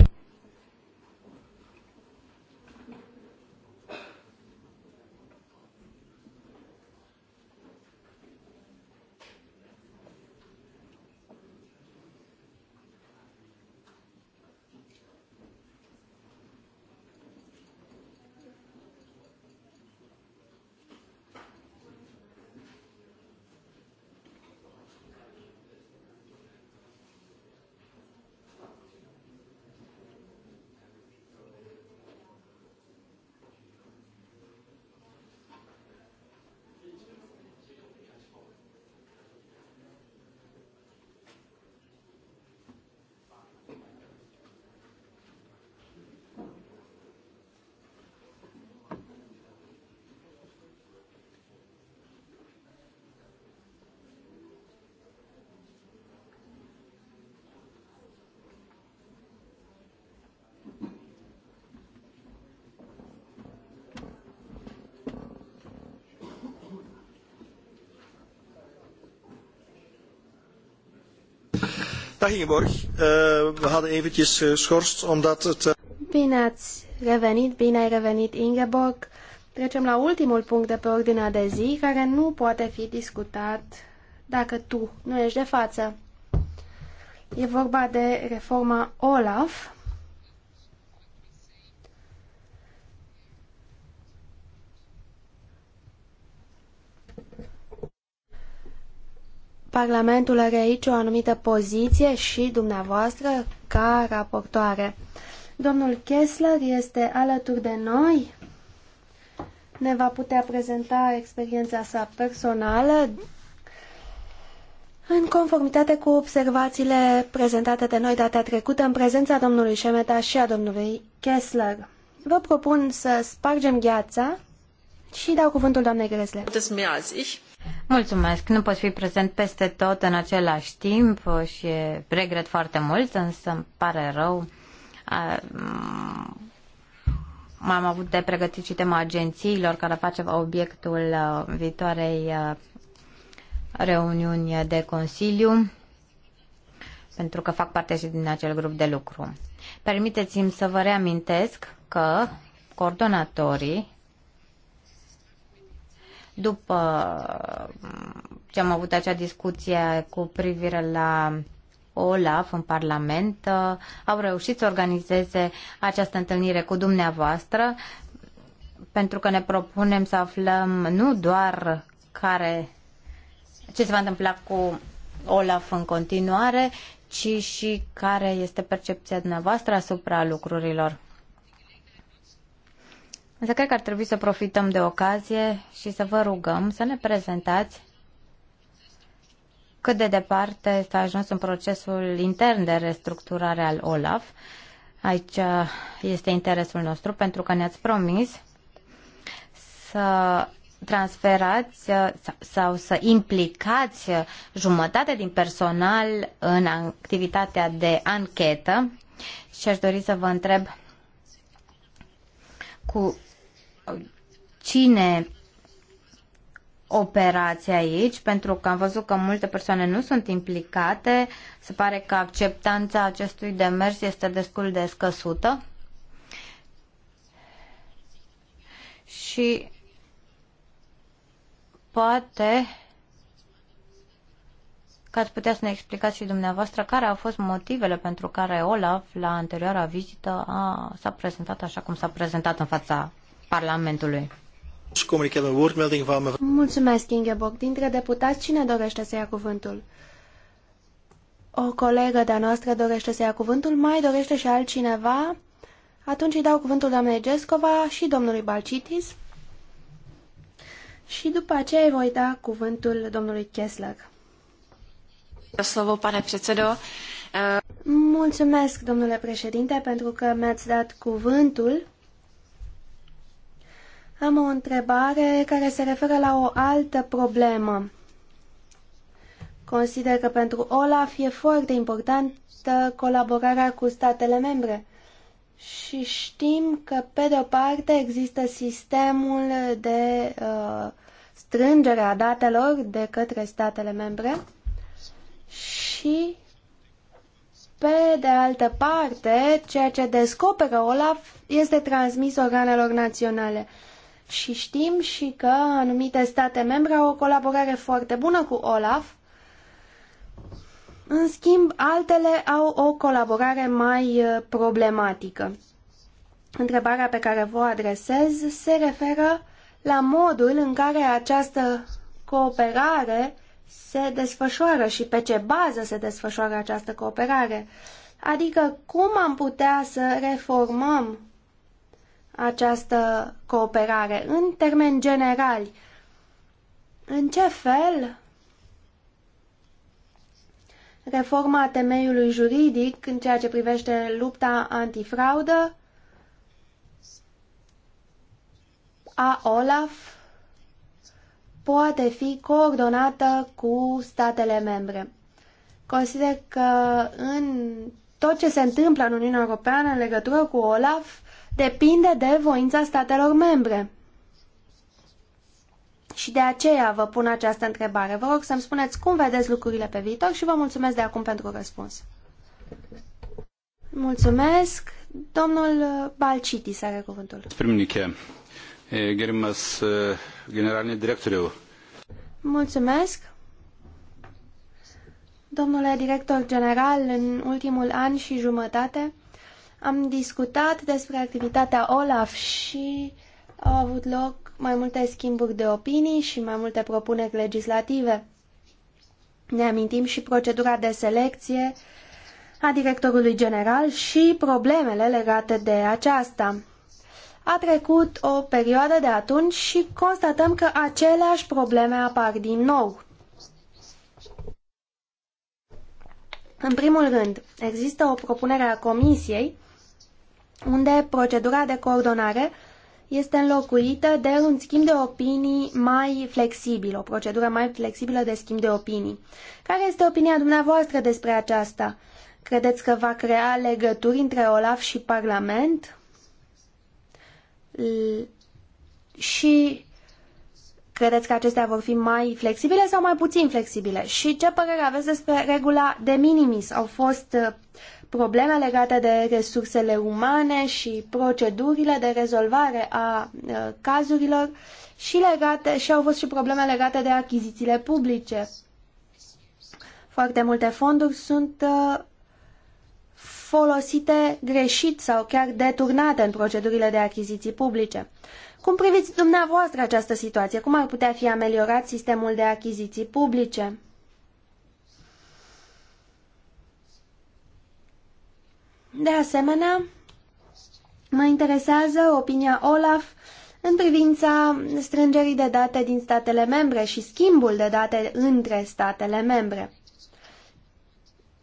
[SPEAKER 1] Dag Ingeborg, eh, we hadden eventjes geschorst eh, omdat het... Eh,
[SPEAKER 4] bine ați revenit, bine ai revenit Ingeborg. Trecem la ultimul punct de pe ordinea de zi, care nu poate fi discutat dacă tu nu ești de față. E vorba de reforma OLAF, Parlamentul are aici o anumită poziție și dumneavoastră ca raportoare. Domnul Kessler este alături de noi. Ne va putea prezenta experiența sa personală în conformitate cu observațiile prezentate de noi data trecută în prezența domnului Șemeta și a domnului Kessler. Vă propun să spargem gheața și dau cuvântul doamnei Gresler.
[SPEAKER 3] Mulțumesc. Nu pot fi prezent peste tot în același timp și regret foarte mult, însă îmi pare rău. M-am avut de pregătit și tema agențiilor care face obiectul uh, viitoarei uh, reuniuni de Consiliu, pentru că fac parte și din acel grup de lucru. Permiteți-mi să vă reamintesc că coordonatorii după ce am avut acea discuție cu privire la Olaf în Parlament, uh, au reușit să organizeze această întâlnire cu dumneavoastră pentru că ne propunem să aflăm nu doar care ce se va întâmpla cu Olaf în continuare, ci și care este percepția dumneavoastră asupra lucrurilor. Însă cred că ar trebui să profităm de ocazie și să vă rugăm să ne prezentați cât de departe s-a ajuns în procesul intern de restructurare al OLAF. Aici uh, este interesul nostru pentru că ne-ați promis să transferați uh, sau să implicați uh, jumătate din personal în activitatea de anchetă și aș dori să vă întreb cu cine operați aici, pentru că am văzut că multe persoane nu sunt implicate. Se pare că acceptanța acestui demers este destul de scăsută. Și poate că ați putea să ne explicați și dumneavoastră care au fost motivele pentru care Olaf, la anterioara vizită, a, s-a prezentat așa cum s-a prezentat în fața Parlamentului.
[SPEAKER 1] Mulțumesc,
[SPEAKER 4] Ingeborg. Dintre deputați, cine dorește să ia cuvântul? O colegă de-a noastră dorește să ia cuvântul, mai dorește și altcineva? Atunci îi dau cuvântul doamnei Gescova și domnului Balcitis. Și după aceea voi da cuvântul domnului Kessler.
[SPEAKER 2] Slovo, pane předsedo.
[SPEAKER 4] Mulțumesc, domnule președinte, pentru că mi-ați dat cuvântul. Am o întrebare care se referă la o altă problemă. Consider că pentru OLAF e foarte importantă colaborarea cu statele membre. Și știm că, pe de-o parte, există sistemul de uh, strângere a datelor de către statele membre și, pe de altă parte, ceea ce descoperă OLAF este transmis organelor naționale. Uh, și știm și că anumite state membre au o colaborare foarte bună cu OLAF, în schimb altele au o colaborare mai uh, problematică. Întrebarea pe care vă adresez se referă la modul în care această cooperare se desfășoară și pe ce bază se desfășoară această cooperare. Adică cum am putea să reformăm această cooperare în termeni generali? În ce fel reforma temeiului juridic în ceea ce privește lupta antifraudă a OLAF poate fi coordonată cu statele membre. Consider că în tot ce se întâmplă în Uniunea Europeană în legătură cu OLAF depinde de voința statelor membre. Și de aceea vă pun această întrebare. Vă rog să-mi spuneți cum vedeți lucrurile pe viitor și vă mulțumesc de acum pentru răspuns. Mulțumesc. Domnul Balciti să are cuvântul.
[SPEAKER 1] Primniche, gerimas generalne directoriu.
[SPEAKER 4] Mulțumesc. Domnule director general, în ultimul an și jumătate am discutat despre activitatea OLAF și au avut loc mai multe schimburi de opinii și mai multe propuneri legislative. Ne amintim și procedura de selecție a directorului general și problemele legate de aceasta. A trecut o perioadă de atunci și constatăm că aceleași probleme apar din nou. În primul rând, există o propunere a Comisiei unde procedura de coordonare este înlocuită de un schimb de opinii mai flexibil, o procedură mai flexibilă de schimb de opinii. Care este opinia dumneavoastră despre aceasta? Credeți că va crea legături între OLAF și Parlament? și credeți că acestea vor fi mai flexibile sau mai puțin flexibile? Și ce părere aveți despre regula de minimis? Au fost probleme legate de resursele umane și procedurile de rezolvare a cazurilor și, legate, și au fost și probleme legate de achizițiile publice. Foarte multe fonduri sunt folosite greșit sau chiar deturnate în procedurile de achiziții publice. Cum priviți dumneavoastră această situație? Cum ar putea fi ameliorat sistemul de achiziții publice? De asemenea, mă interesează opinia Olaf în privința strângerii de date din statele membre și schimbul de date între statele membre.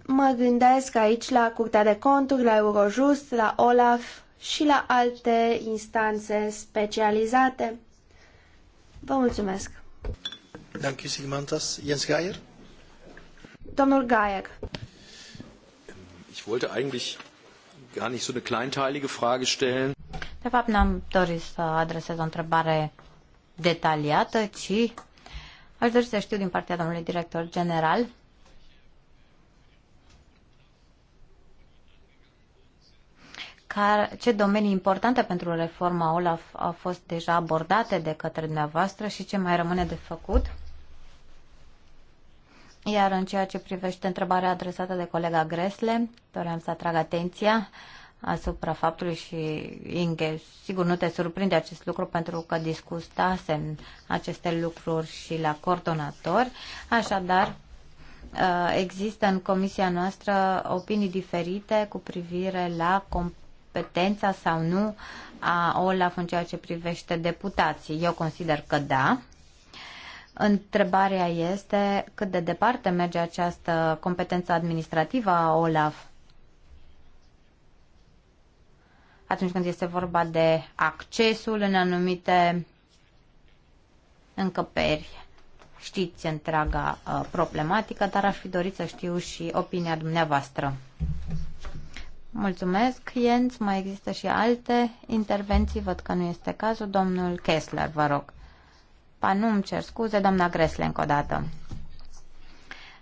[SPEAKER 4] Mă gândesc aici la Curtea de Conturi, la Eurojust, la Olaf și la alte instanțe specializate. Vă mulțumesc!
[SPEAKER 1] you, Sigmantas. Jens Geier?
[SPEAKER 4] Domnul
[SPEAKER 3] Geier.
[SPEAKER 1] Ich wollte eigentlich gar nicht so eine kleinteilige Frage stellen.
[SPEAKER 3] De fapt, n-am dorit să adresez o întrebare detaliată, ci aș dori să știu din partea domnului director general ce domenii importante pentru reforma OLAF au fost deja abordate de către dumneavoastră și ce mai rămâne de făcut. Iar în ceea ce privește întrebarea adresată de colega Gresle, doream să atrag atenția asupra faptului și Inge, sigur nu te surprinde acest lucru pentru că discutasem aceste lucruri și la coordonator. așadar uh, există în comisia noastră opinii diferite cu privire la competența sau nu a OLAF în ceea ce privește deputații. Eu consider că da, Întrebarea este cât de departe merge această competență administrativă a OLAF atunci când este vorba de accesul în anumite încăperi. Știți întreaga uh, problematică, dar aș fi dorit să știu și opinia dumneavoastră. Mulțumesc, Jens. Mai există și alte intervenții? Văd că nu este cazul. Domnul Kessler, vă rog. Pa nu, îmi cer scuze, doamna Gresle, încă o dată.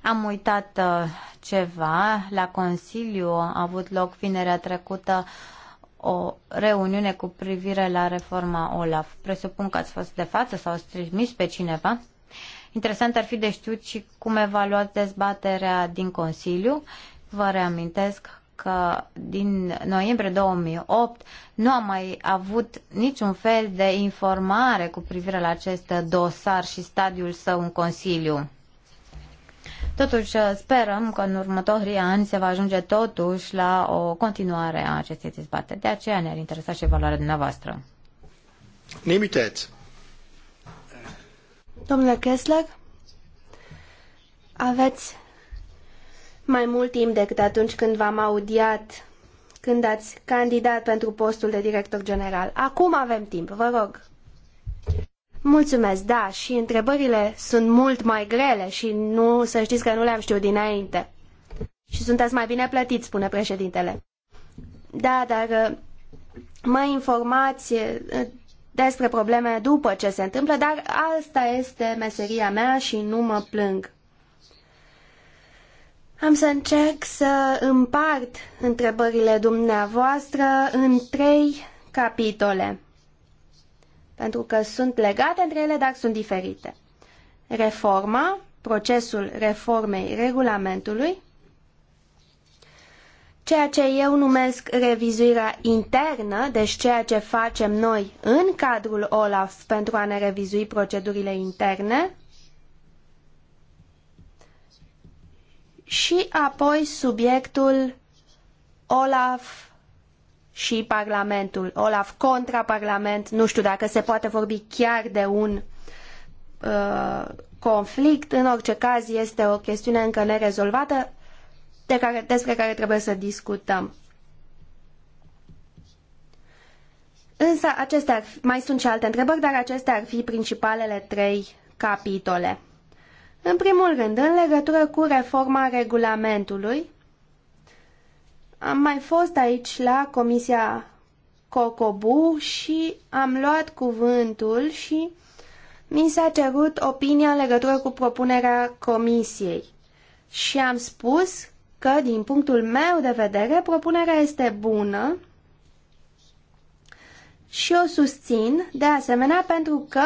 [SPEAKER 3] Am uitat uh, ceva. La Consiliu a avut loc vinerea trecută o reuniune cu privire la reforma OLAF. Presupun că ați fost de față sau ați trimis pe cineva. Interesant ar fi de știut și cum evaluați dezbaterea din Consiliu. Vă reamintesc că din noiembrie 2008 nu am mai avut niciun fel de informare cu privire la acest dosar și stadiul său în Consiliu. Totuși, sperăm că în următorii ani se va ajunge totuși la o continuare a acestei dezbate. De aceea ne-ar interesa și evaluarea dumneavoastră.
[SPEAKER 1] Nimiteți.
[SPEAKER 3] Domnule Kessler, aveți
[SPEAKER 4] mai mult timp decât atunci când v-am audiat când ați candidat pentru postul de director general. Acum avem timp, vă rog. Mulțumesc, da, și întrebările sunt mult mai grele și nu, să știți că nu le-am știut dinainte. Și sunteți mai bine plătiți, spune președintele. Da, dar uh, mă informați uh, despre probleme după ce se întâmplă, dar asta este meseria mea și nu mă plâng. Am să încerc să împart întrebările dumneavoastră în trei capitole, pentru că sunt legate între ele, dar sunt diferite. Reforma, procesul reformei regulamentului, ceea ce eu numesc revizuirea internă, deci ceea ce facem noi în cadrul OLAF pentru a ne revizui procedurile interne, și apoi subiectul Olaf și Parlamentul. Olaf contra Parlament. Nu știu dacă se poate vorbi chiar de un uh, conflict. În orice caz, este o chestiune încă nerezolvată de care, despre care trebuie să discutăm. Însă acestea fi, mai sunt și alte întrebări, dar acestea ar fi principalele trei capitole. În primul rând, în legătură cu reforma regulamentului, am mai fost aici la Comisia Cocobu și am luat cuvântul și mi s-a cerut opinia în legătură cu propunerea Comisiei. Și am spus că, din punctul meu de vedere, propunerea este bună și o susțin, de asemenea, pentru că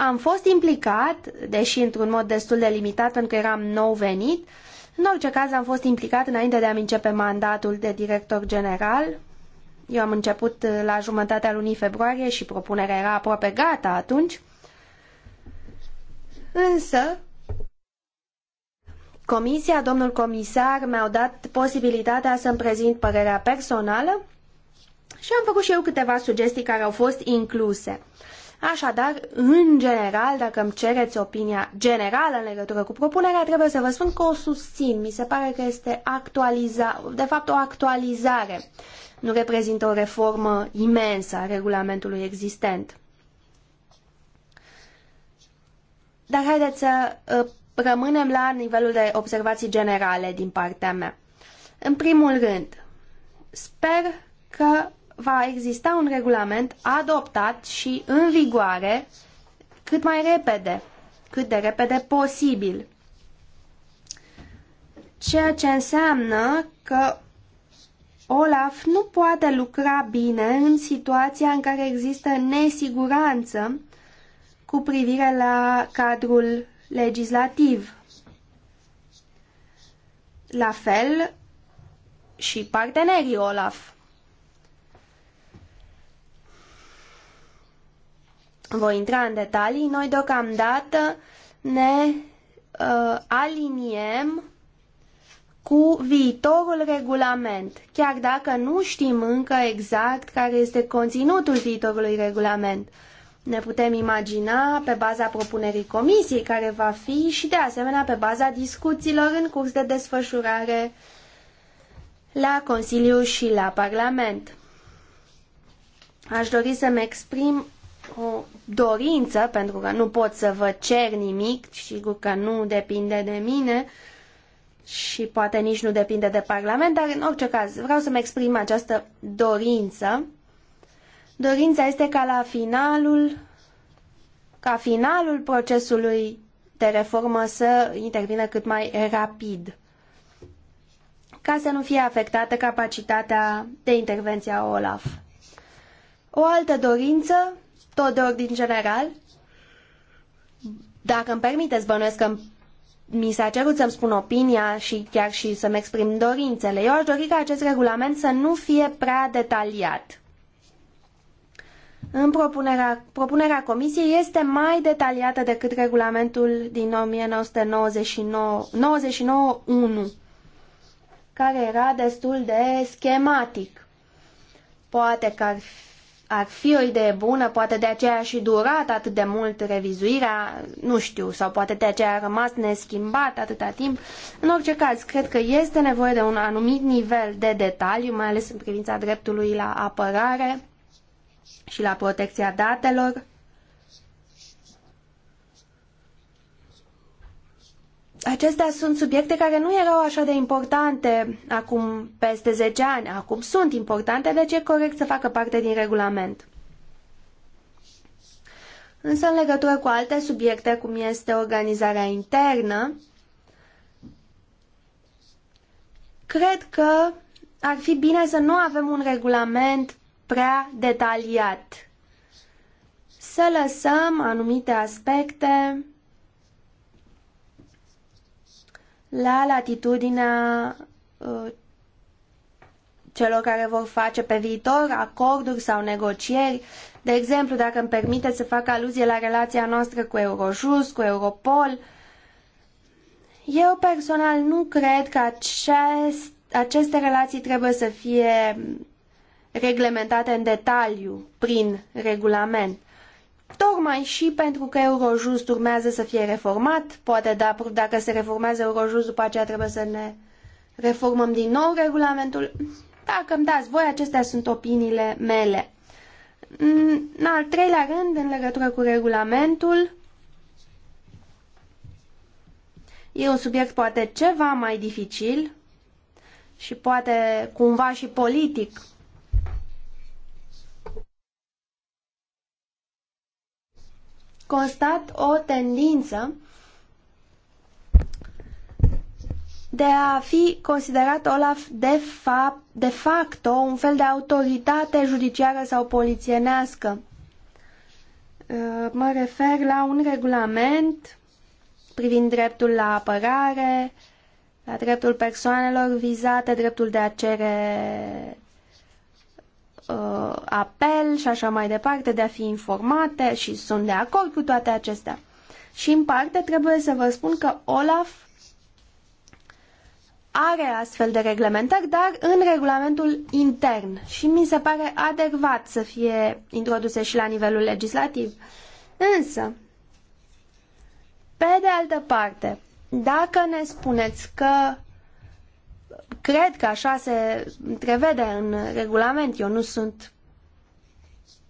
[SPEAKER 4] am fost implicat, deși într-un mod destul de limitat pentru că eram nou venit, în orice caz am fost implicat înainte de a-mi începe mandatul de director general. Eu am început uh, la jumătatea lunii februarie și propunerea era aproape gata atunci. Însă, comisia, domnul comisar mi-au dat posibilitatea să-mi prezint părerea personală și am făcut și eu câteva sugestii care au fost incluse. Așadar, în general, dacă îmi cereți opinia generală în legătură cu propunerea, trebuie să vă spun că o susțin. Mi se pare că este actualiza, de fapt o actualizare. Nu reprezintă o reformă imensă a regulamentului existent. Dar haideți să uh, rămânem la nivelul de observații generale din partea mea. În primul rând, sper că va exista un regulament adoptat și în vigoare cât mai repede, cât de repede posibil. Ceea ce înseamnă că Olaf nu poate lucra bine în situația în care există nesiguranță cu privire la cadrul legislativ. La fel și partenerii Olaf. voi intra în detalii. Noi deocamdată ne uh, aliniem cu viitorul regulament, chiar dacă nu știm încă exact care este conținutul viitorului regulament. Ne putem imagina pe baza propunerii comisiei care va fi și de asemenea pe baza discuțiilor în curs de desfășurare la Consiliu și la Parlament. Aș dori să-mi exprim o dorință, pentru că nu pot să vă cer nimic, sigur că nu depinde de mine și poate nici nu depinde de Parlament, dar în orice caz vreau să-mi exprim această dorință. Dorința este ca la finalul, ca finalul procesului de reformă să intervină cât mai rapid ca să nu fie afectată capacitatea de intervenție a OLAF. O altă dorință Todor din general? Dacă îmi permiteți, bănuiesc că mi s-a cerut să-mi spun opinia și chiar și să-mi exprim dorințele. Eu aș dori ca acest regulament să nu fie prea detaliat. În propunerea, propunerea comisiei este mai detaliată decât regulamentul din 1999-1, care era destul de schematic. Poate că ar ar fi o idee bună, poate de aceea și durat atât de mult revizuirea, nu știu, sau poate de aceea a rămas neschimbat atâta timp. În orice caz, cred că este nevoie de un anumit nivel de detaliu, mai ales în privința dreptului la apărare și la protecția datelor. acestea sunt subiecte care nu erau așa de importante acum peste zece ani. Acum sunt importante, deci e corect să facă parte din regulament. Însă în legătură cu alte subiecte, cum este organizarea internă, cred că ar fi bine să nu avem un regulament prea detaliat. Să lăsăm anumite aspecte la latitudinea uh, celor care vor face pe viitor acorduri sau negocieri. De exemplu, dacă îmi permite, să fac aluzie la relația noastră cu Eurojust, cu Europol, eu personal nu cred că acest, aceste relații trebuie să fie reglementate în detaliu prin regulament. Tocmai și pentru că Eurojust urmează să fie reformat, poate da, dacă se reformează Eurojust, după aceea trebuie să ne reformăm din nou regulamentul. Dacă îmi dați voi, acestea sunt opiniile mele. În al treilea rând, în legătură cu regulamentul, e un subiect poate ceva mai dificil și poate cumva și politic, constat o tendință de a fi considerat Olaf de, fa- de facto un fel de autoritate judiciară sau polițienească. Uh, mă refer la un regulament privind dreptul la apărare, la dreptul persoanelor vizate, dreptul de a cere uh, apel și așa mai departe, de a fi informate și sunt de acord cu toate acestea. Și în parte trebuie să vă spun că Olaf are astfel de reglementări, dar în regulamentul intern și mi se pare adecvat să fie introduse și la nivelul legislativ. Însă, pe de altă parte, dacă ne spuneți că cred că așa se prevede în regulament. Eu nu sunt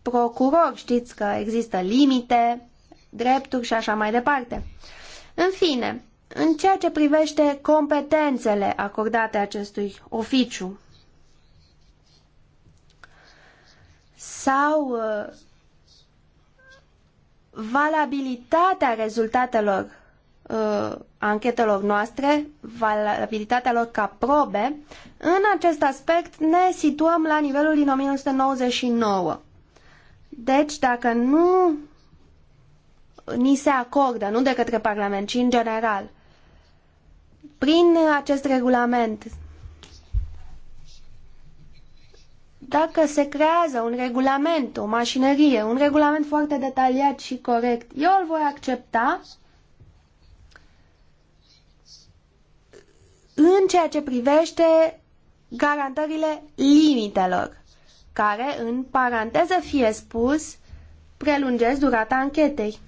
[SPEAKER 4] procuror, știți că există limite, drepturi și așa mai departe. În fine, în ceea ce privește competențele acordate acestui oficiu sau uh, valabilitatea rezultatelor Uh, anchetelor noastre, valabilitatea lor ca probe, în acest aspect ne situăm la nivelul din 1999. Deci, dacă nu ni se acordă, nu de către Parlament, ci în general, prin acest regulament, dacă se creează un regulament, o mașinărie, un regulament foarte detaliat și corect, eu îl voi accepta, în ceea ce privește garantările limitelor, care, în paranteză fie spus, prelungesc durata anchetei.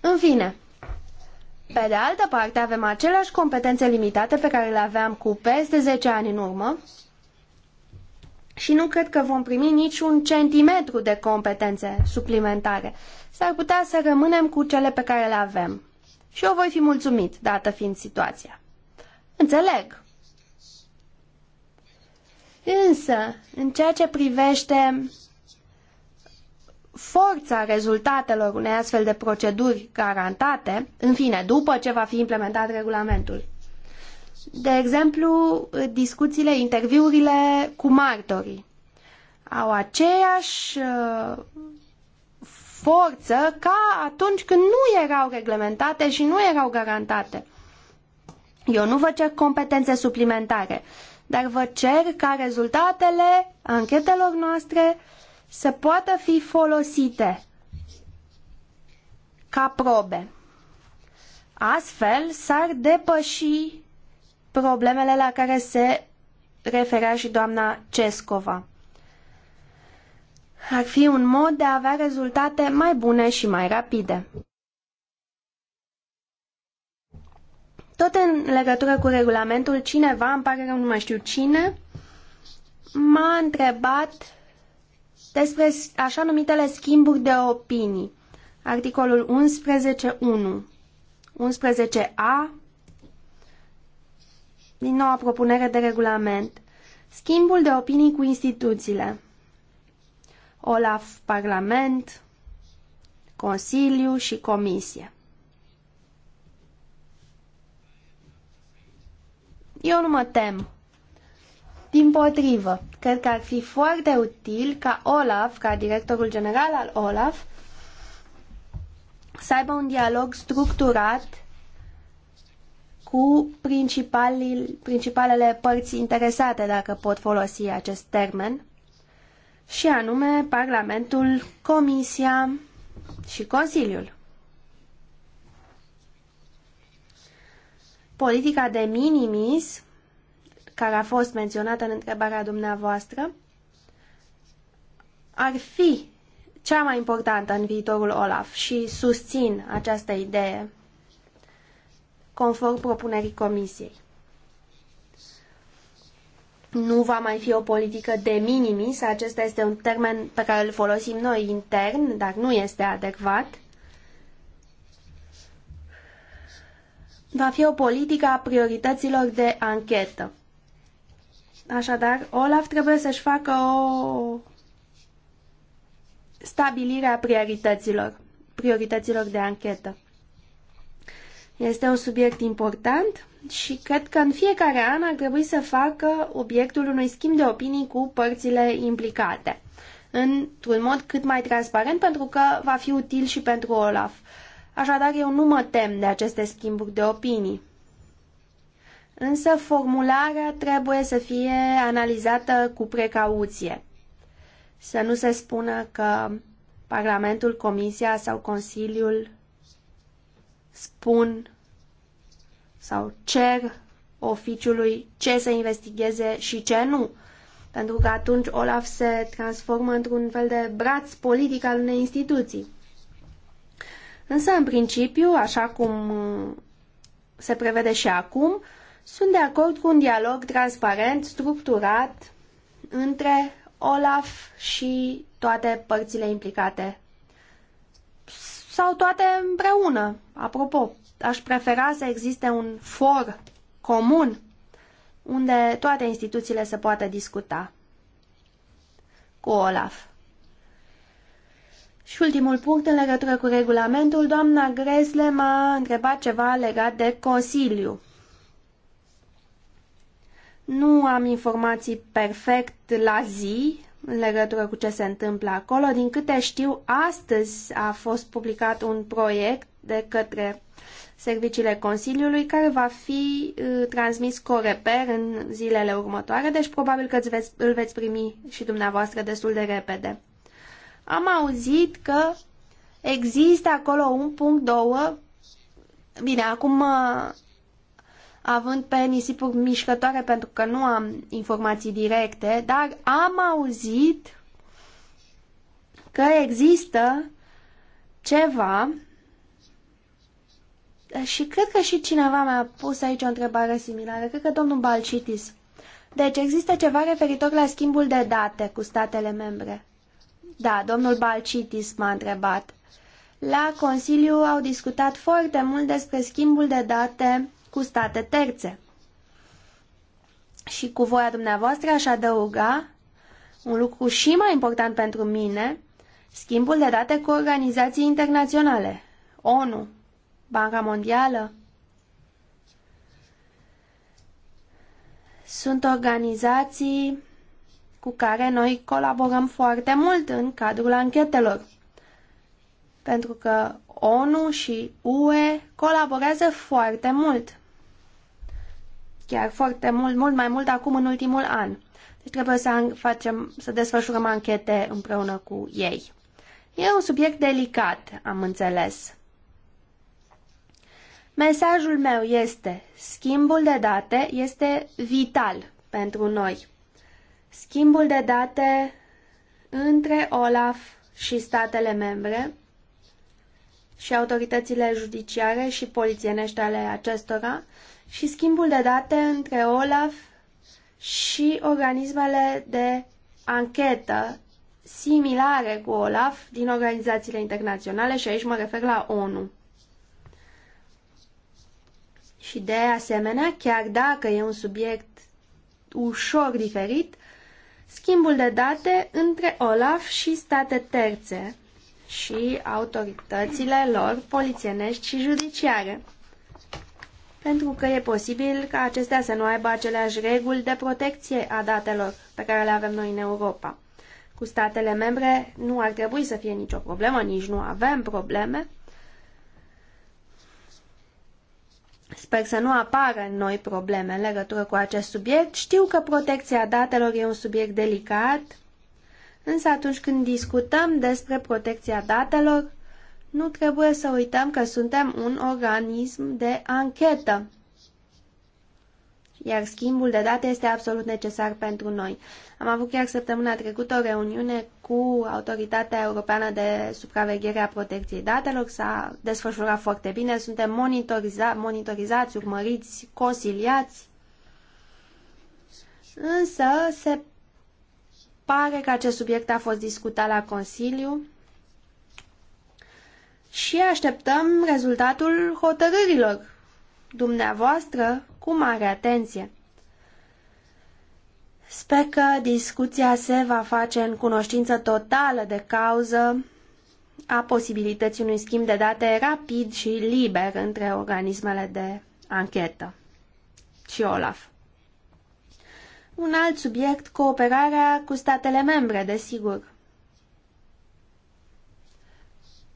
[SPEAKER 4] În fine, pe de altă parte avem aceleași competențe limitate pe care le aveam cu peste 10 ani în urmă, și nu cred că vom primi niciun centimetru de competențe suplimentare. S-ar putea să rămânem cu cele pe care le avem. Și eu voi fi mulțumit, dată fiind situația. Înțeleg. Însă, în ceea ce privește forța rezultatelor unei astfel de proceduri garantate, în fine, după ce va fi implementat regulamentul, de exemplu, discuțiile, interviurile cu martorii au aceeași uh, forță ca atunci când nu erau reglementate și nu erau garantate. Eu nu vă cer competențe suplimentare, dar vă cer ca rezultatele anchetelor noastre să poată fi folosite ca probe. Astfel s-ar depăși problemele la care se referea și doamna Cescova. Ar fi un mod de a avea rezultate mai bune și mai rapide. Tot în legătură cu regulamentul, cineva, îmi pare că nu mai știu cine, m-a întrebat despre așa numitele schimburi de opinii. Articolul 11.1, 11a din noua propunere de regulament. Schimbul de opinii cu instituțiile. OLAF, Parlament, Consiliu și Comisie. Eu nu mă tem. Din potrivă, cred că ar fi foarte util ca Olaf, ca directorul general al Olaf, să aibă un dialog structurat cu principalele părți interesate, dacă pot folosi acest termen, și anume Parlamentul, Comisia și Consiliul. Politica de minimis, care a fost menționată în întrebarea dumneavoastră, ar fi cea mai importantă în viitorul OLAF și susțin această idee conform propunerii Comisiei. Nu va mai fi o politică de minimis, acesta este un termen pe care îl folosim noi intern, dar nu este adecvat. Va fi o politică a priorităților de anchetă. Așadar, Olaf trebuie să-și facă o stabilire a priorităților, priorităților de anchetă. Este un subiect important și cred că în fiecare an ar trebui să facă obiectul unui schimb de opinii cu părțile implicate, într-un mod cât mai transparent, pentru că va fi util și pentru Olaf. Așadar, eu nu mă tem de aceste schimburi de opinii. Însă, formularea trebuie să fie analizată cu precauție. Să nu se spună că Parlamentul, Comisia sau Consiliul spun sau cer oficiului ce să investigheze și ce nu. Pentru că atunci Olaf se transformă într-un fel de braț politic al unei instituții. Însă, în principiu, așa cum uh, se prevede și acum, sunt de acord cu un dialog transparent, structurat, între Olaf și toate părțile implicate sau toate împreună. Apropo, aș prefera să existe un for comun unde toate instituțiile se poată discuta cu Olaf. Și ultimul punct în legătură cu regulamentul, doamna Gresle m-a întrebat ceva legat de Consiliu. Nu am informații perfect la zi în legătură cu ce se întâmplă acolo. Din câte știu, astăzi a fost publicat un proiect de către serviciile Consiliului care va fi uh, transmis coreper în zilele următoare, deci probabil că veți, îl veți primi și dumneavoastră destul de repede. Am auzit că există acolo un punct două. Bine, acum uh, având pe nisipuri mișcătoare pentru că nu am informații directe, dar am auzit că există ceva și cred că și cineva mi-a pus aici o întrebare similară, cred că domnul Balcitis. Deci există ceva referitor la schimbul de date cu statele membre. Da, domnul Balcitis m-a întrebat. La Consiliu au discutat foarte mult despre schimbul de date cu state terțe. Și cu voia dumneavoastră aș adăuga un lucru și mai important pentru mine, schimbul de date cu organizații internaționale, ONU, Banca Mondială. Sunt organizații cu care noi colaborăm foarte mult în cadrul anchetelor, pentru că ONU și UE colaborează foarte mult chiar foarte mult, mult mai mult acum în ultimul an. Deci trebuie să, facem, să desfășurăm anchete împreună cu ei. E un subiect delicat, am înțeles. Mesajul meu este, schimbul de date este vital pentru noi. Schimbul de date între OLAF și statele membre și autoritățile judiciare și polițienești ale acestora și schimbul de date între OLAF și organismele de anchetă similare cu OLAF din organizațiile internaționale și aici mă refer la ONU. Și de asemenea, chiar dacă e un subiect ușor diferit, schimbul de date între OLAF și state terțe și autoritățile lor polițienești și judiciare pentru că e posibil ca acestea să nu aibă aceleași reguli de protecție a datelor pe care le avem noi în Europa. Cu statele membre nu ar trebui să fie nicio problemă, nici nu avem probleme. Sper să nu apară noi probleme în legătură cu acest subiect. Știu că protecția datelor e un subiect delicat, însă atunci când discutăm despre protecția datelor, nu trebuie să uităm că suntem un organism de anchetă. Iar schimbul de date este absolut necesar pentru noi. Am avut chiar săptămâna trecută o reuniune cu Autoritatea Europeană de Supraveghere a Protecției Datelor. S-a desfășurat foarte bine. Suntem monitoriza monitorizați, urmăriți, consiliați. Însă se pare că acest subiect a fost discutat la Consiliu și așteptăm rezultatul hotărârilor dumneavoastră cu mare atenție. Sper că discuția se va face în cunoștință totală de cauză a posibilității unui schimb de date rapid și liber între organismele de anchetă și OLAF. Un alt subiect, cooperarea cu statele membre, desigur.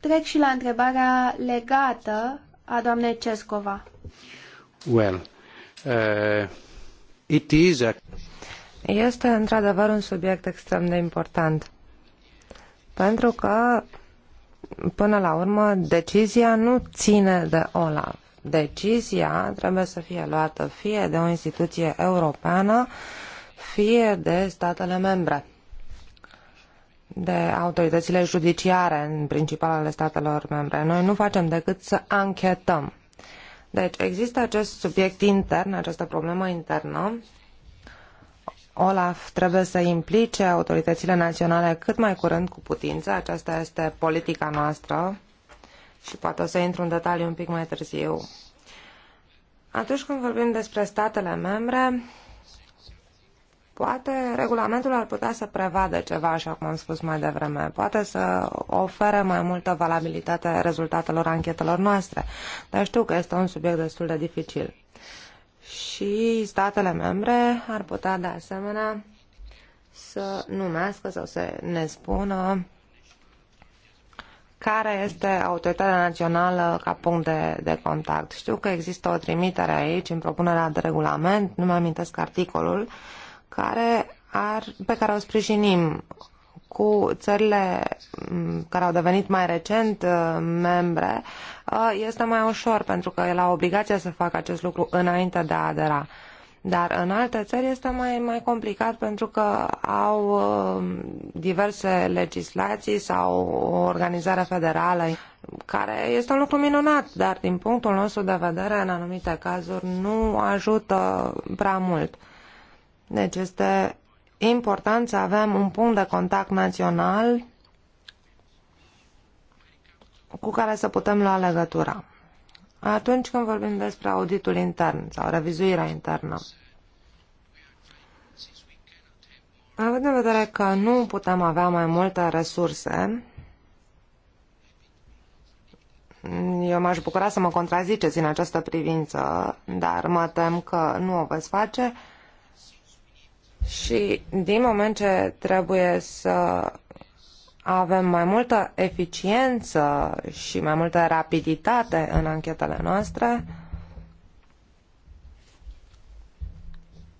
[SPEAKER 4] Trec și la întrebarea legată a doamnei Cescova.
[SPEAKER 2] Well, uh, it is a... Este într-adevăr un subiect extrem de important. Pentru că, până la urmă, decizia nu ține de OLAF. Decizia trebuie să fie luată fie de o instituție europeană, fie de statele membre de autoritățile judiciare, în principal ale statelor membre. Noi nu facem decât să anchetăm. Deci există acest subiect intern, această problemă internă. Olaf trebuie să implice autoritățile naționale cât mai curând cu putință. Aceasta este politica noastră și poate o să intru în detaliu un pic mai târziu. Atunci când vorbim despre statele membre, Poate regulamentul ar putea să prevadă ceva, așa cum am spus mai devreme. Poate să ofere mai multă valabilitate rezultatelor anchetelor noastre. Dar știu că este un subiect destul de dificil. Și statele membre ar putea, de asemenea, să numească sau să ne spună care este autoritatea națională ca punct de, de contact. Știu că există o trimitere aici în propunerea de regulament, nu mi amintesc articolul, uh, care ar, pe care o sprijinim cu țările mm, care au devenit mai recent uh, membre, uh, este mai ușor pentru că el au obligația să facă acest lucru înainte de a adera. Dar în alte țări este mai, mai complicat pentru că au uh, diverse legislații sau o organizare federală, care este un lucru minunat, dar din punctul nostru de vedere, în anumite cazuri, nu ajută prea mult. Deci este important să avem un punct de contact național cu care să putem lua legătura. Atunci când vorbim despre auditul intern sau revizuirea internă, având în vedere că nu putem avea mai multe resurse, eu m-aș bucura să mă contraziceți în această privință, dar mă tem că nu o veți face, uh, și din moment ce trebuie să avem mai multă eficiență și mai multă rapiditate în anchetele noastre,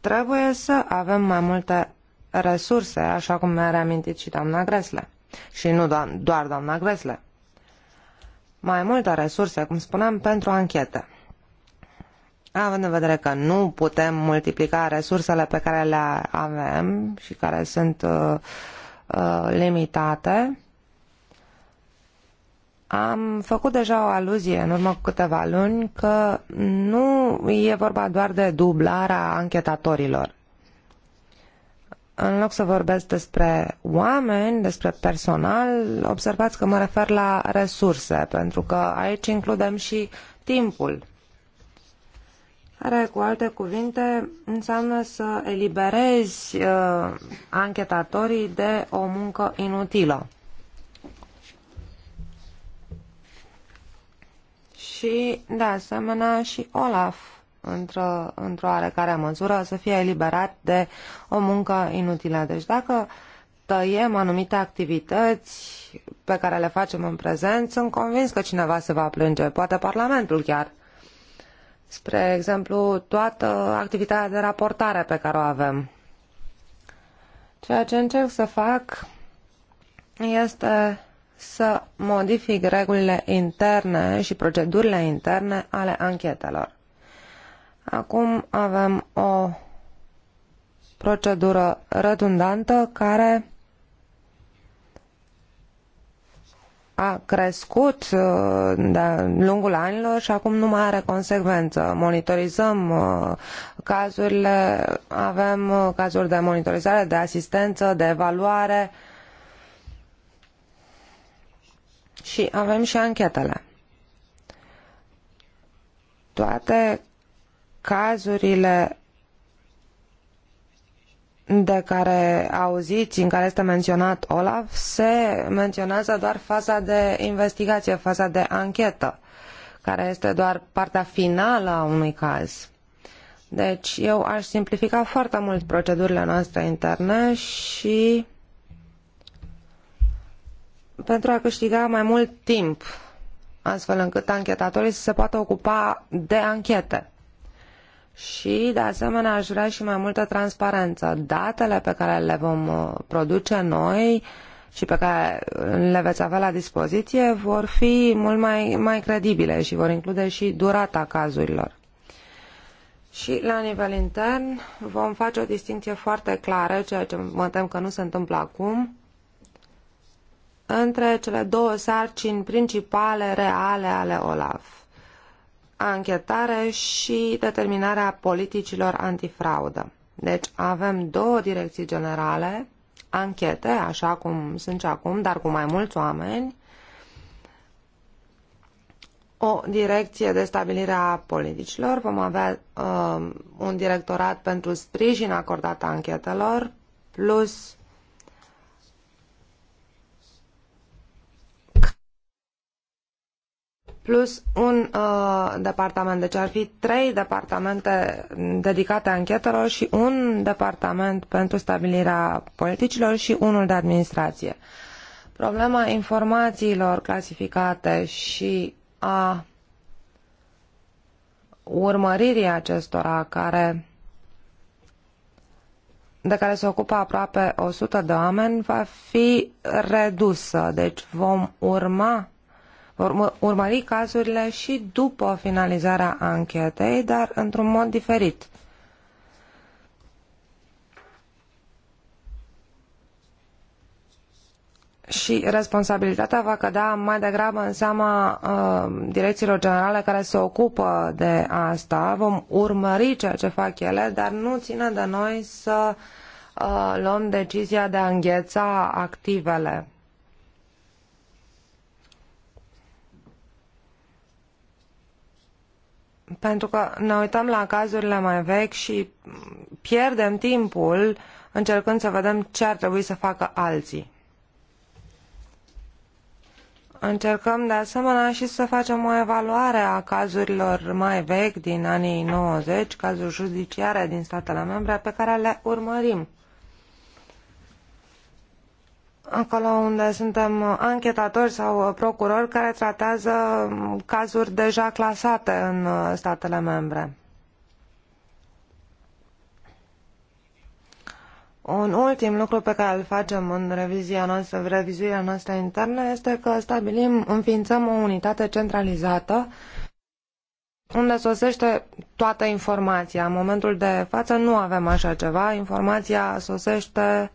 [SPEAKER 2] trebuie să avem mai multe resurse, așa cum mi-a reamintit și doamna Gresle. Și nu doar doamna Gresle. Mai multe resurse, cum spuneam, pentru anchete. Având în vedere că nu putem multiplica resursele pe care le avem și care sunt uh, uh, limitate, am făcut deja o aluzie în urmă cu câteva luni că nu e vorba doar de dublarea anchetatorilor. În loc să vorbesc despre oameni, despre personal, observați că mă refer la resurse, pentru că aici includem și timpul care, cu alte cuvinte, înseamnă să eliberezi uh, anchetatorii de o muncă inutilă. Și, de asemenea, și Olaf, într-o, într oarecare măsură, să fie eliberat de o muncă inutilă. Deci, dacă tăiem anumite activități pe care le facem în prezent, sunt convins că cineva se va plânge, poate Parlamentul chiar spre exemplu, toată activitatea de raportare pe care o avem. Ceea ce încerc să fac este să modific regulile interne și procedurile interne ale anchetelor. Acum avem o procedură redundantă care a crescut uh, de-a lungul anilor și acum nu mai are consecvență. Monitorizăm uh, cazurile, avem uh, cazuri de monitorizare, de asistență, de evaluare și avem și anchetele. Toate cazurile de care auziți, în care este menționat Olaf, se menționează doar faza de investigație, faza de anchetă, care este doar partea finală a unui caz. Deci eu aș simplifica foarte mult procedurile noastre interne și pentru a câștiga mai mult timp, astfel încât anchetatorii să se poată ocupa de anchete și, de asemenea, aș vrea și mai multă transparență. Datele pe care le vom uh, produce noi și pe care le veți avea la dispoziție vor fi mult mai, mai credibile și vor include și durata cazurilor. Și la nivel intern vom face o distinție foarte clară, ceea ce mă tem că nu se întâmplă acum, între cele două sarcini principale reale ale OLAF anchetare și determinarea politicilor antifraudă. Deci avem două direcții generale, anchete, așa cum sunt și acum, dar cu mai mulți oameni, o direcție de stabilire a politicilor, vom avea uh, un directorat pentru sprijin acordat anchetelor, plus plus un uh, departament. Deci ar fi trei departamente dedicate anchetelor și un departament pentru stabilirea politicilor și unul de administrație. Problema informațiilor clasificate și a urmăririi acestora care de care se ocupă aproape 100 de oameni va fi redusă. Deci vom urma urmări cazurile și după finalizarea anchetei, dar într-un mod diferit. și responsabilitatea va cădea mai degrabă în seama uh, direcțiilor generale care se ocupă de asta. Vom urmări ceea ce fac ele, dar nu ține de noi să uh, luăm decizia de a îngheța activele. pentru că ne uităm la cazurile mai vechi și pierdem timpul încercând să vedem ce ar trebui să facă alții. Încercăm de asemenea și să facem o evaluare a cazurilor mai vechi din anii 90, cazuri judiciare din statele membre pe care le urmărim acolo unde suntem anchetatori sau procurori care tratează cazuri deja clasate în statele membre. Un ultim lucru pe care îl facem în revizia noastră, revizuirea noastră internă este că stabilim, înființăm o unitate centralizată unde sosește toată informația. În momentul de față nu avem așa ceva. Informația sosește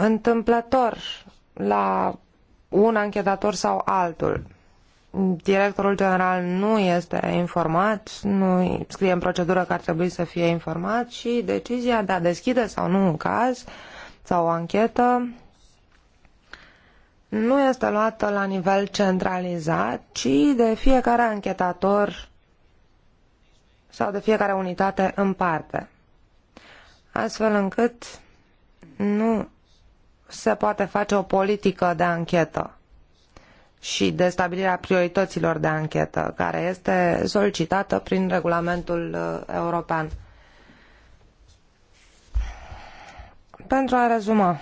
[SPEAKER 2] întâmplător la un anchetator sau altul. Directorul general nu este informat, nu scrie în procedură că ar trebui să fie informat și decizia de a deschide sau nu un caz sau o anchetă nu este luată la nivel centralizat, ci de fiecare anchetator sau de fiecare unitate în parte. Astfel încât nu se poate face o politică de anchetă și de stabilirea priorităților de anchetă, care este solicitată prin regulamentul uh, european. Pentru a rezuma,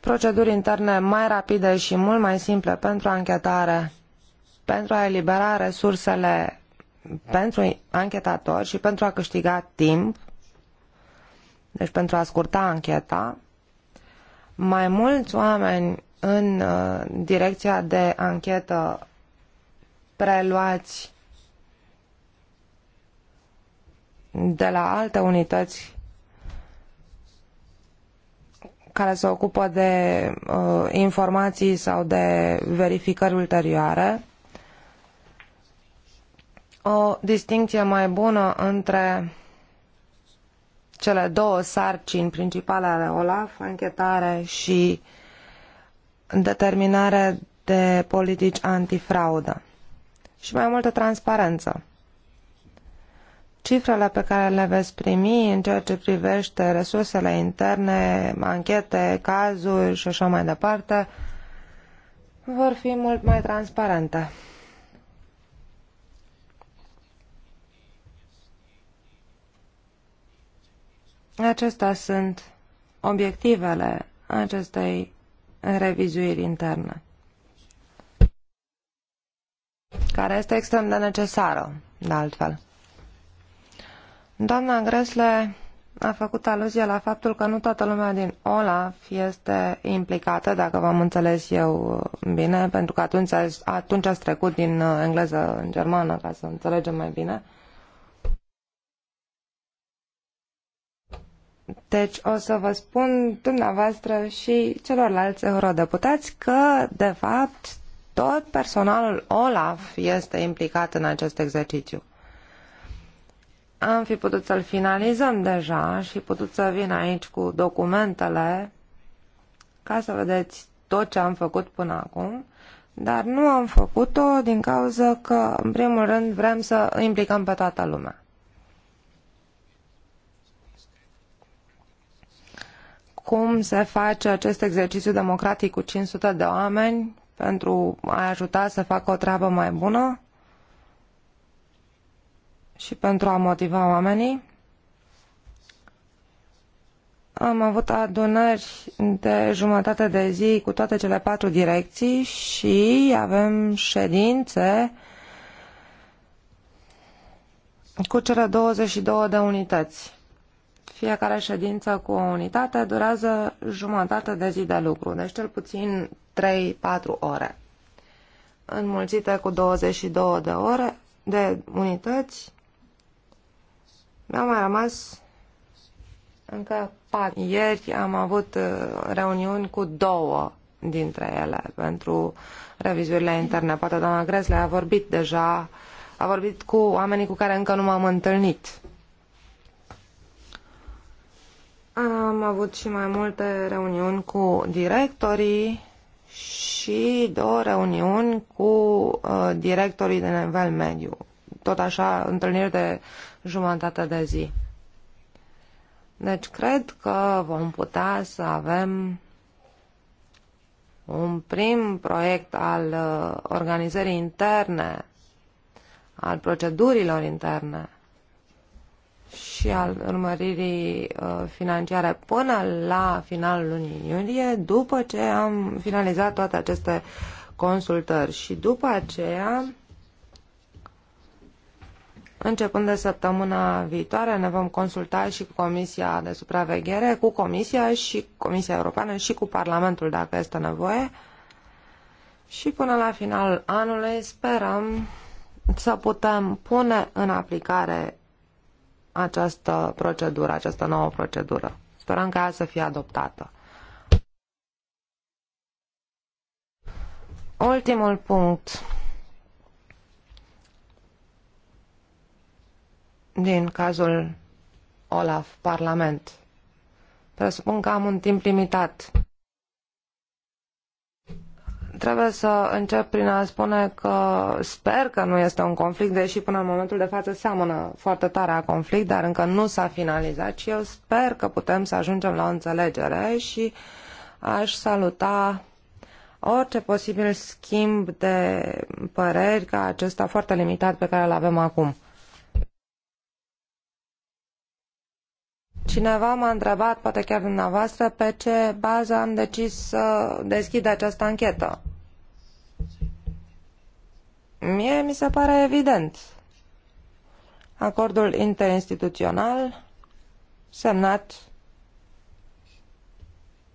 [SPEAKER 2] proceduri interne mai rapide și mult mai simple pentru anchetare, pentru a elibera resursele pentru anchetatori și pentru a câștiga timp, deci pentru a scurta ancheta, mai mulți oameni în uh, direcția de anchetă preluați de la alte unități care se ocupă de uh, informații sau de verificări ulterioare o distinție mai bună între cele două sarcini principale ale OLAF, anchetare și determinare de politici antifraudă și mai multă transparență. Cifrele pe care le veți primi în ceea ce privește resursele interne, anchete, cazuri și așa mai departe, vor fi mult mai transparente. Acestea sunt obiectivele acestei revizuiri interne, care este extrem de necesară, de altfel. Doamna Gresle a făcut aluzie la faptul că nu toată lumea din OLAF este implicată, dacă v-am înțeles eu bine, pentru că atunci, atunci ați trecut din uh, engleză în germană, ca să înțelegem mai bine. Uh, Deci o să vă spun dumneavoastră și celorlalți eurodeputați că, de fapt, tot personalul OLAF este implicat în acest exercițiu. Am fi putut să-l finalizăm deja și putut să vin aici cu documentele ca să vedeți tot ce am făcut până acum, dar nu am făcut-o din cauza că, în primul rând, vrem să implicăm pe toată lumea. cum se face acest exercițiu democratic cu 500 de oameni pentru a ajuta să facă o treabă mai bună și pentru a motiva oamenii. Am avut adunări de jumătate de zi cu toate cele patru direcții și avem ședințe cu cele 22 de unități fiecare ședință cu o unitate durează jumătate de zi de lucru, deci cel puțin 3-4 ore. Înmulțite cu 22 de ore de unități, mi-au mai rămas încă 4. Ieri am avut uh, reuniuni cu două dintre ele pentru revizuirile interne. Poate doamna Gresle a vorbit deja, a vorbit cu oamenii cu care încă nu m-am întâlnit Am avut și mai multe reuniuni cu directorii și două reuniuni cu uh, directorii de nivel mediu. Tot așa, întâlniri de jumătate de zi. Deci cred că vom putea să avem un prim proiect al uh, organizării interne, al procedurilor interne și al urmăririi uh, financiare până la finalul lunii iulie, după ce am finalizat toate aceste consultări și după aceea Începând de săptămâna viitoare ne vom consulta și cu Comisia de Supraveghere, cu Comisia și Comisia Europeană și cu Parlamentul dacă este nevoie. Și până la finalul anului sperăm să putem pune în aplicare această procedură, această nouă procedură. Sperăm ca ea să fie adoptată. Ultimul punct din cazul Olaf Parlament. Presupun că am un timp limitat trebuie să încep prin a spune că sper că nu este un conflict, deși până în momentul de față seamănă foarte tare a conflict, dar încă nu s-a finalizat și eu sper că putem să ajungem la o înțelegere și aș saluta orice posibil schimb de păreri ca acesta foarte limitat pe care îl avem acum. Cineva m-a întrebat, poate chiar dumneavoastră, pe ce bază am decis să deschid această anchetă. Mie mi se pare evident. Acordul interinstituțional semnat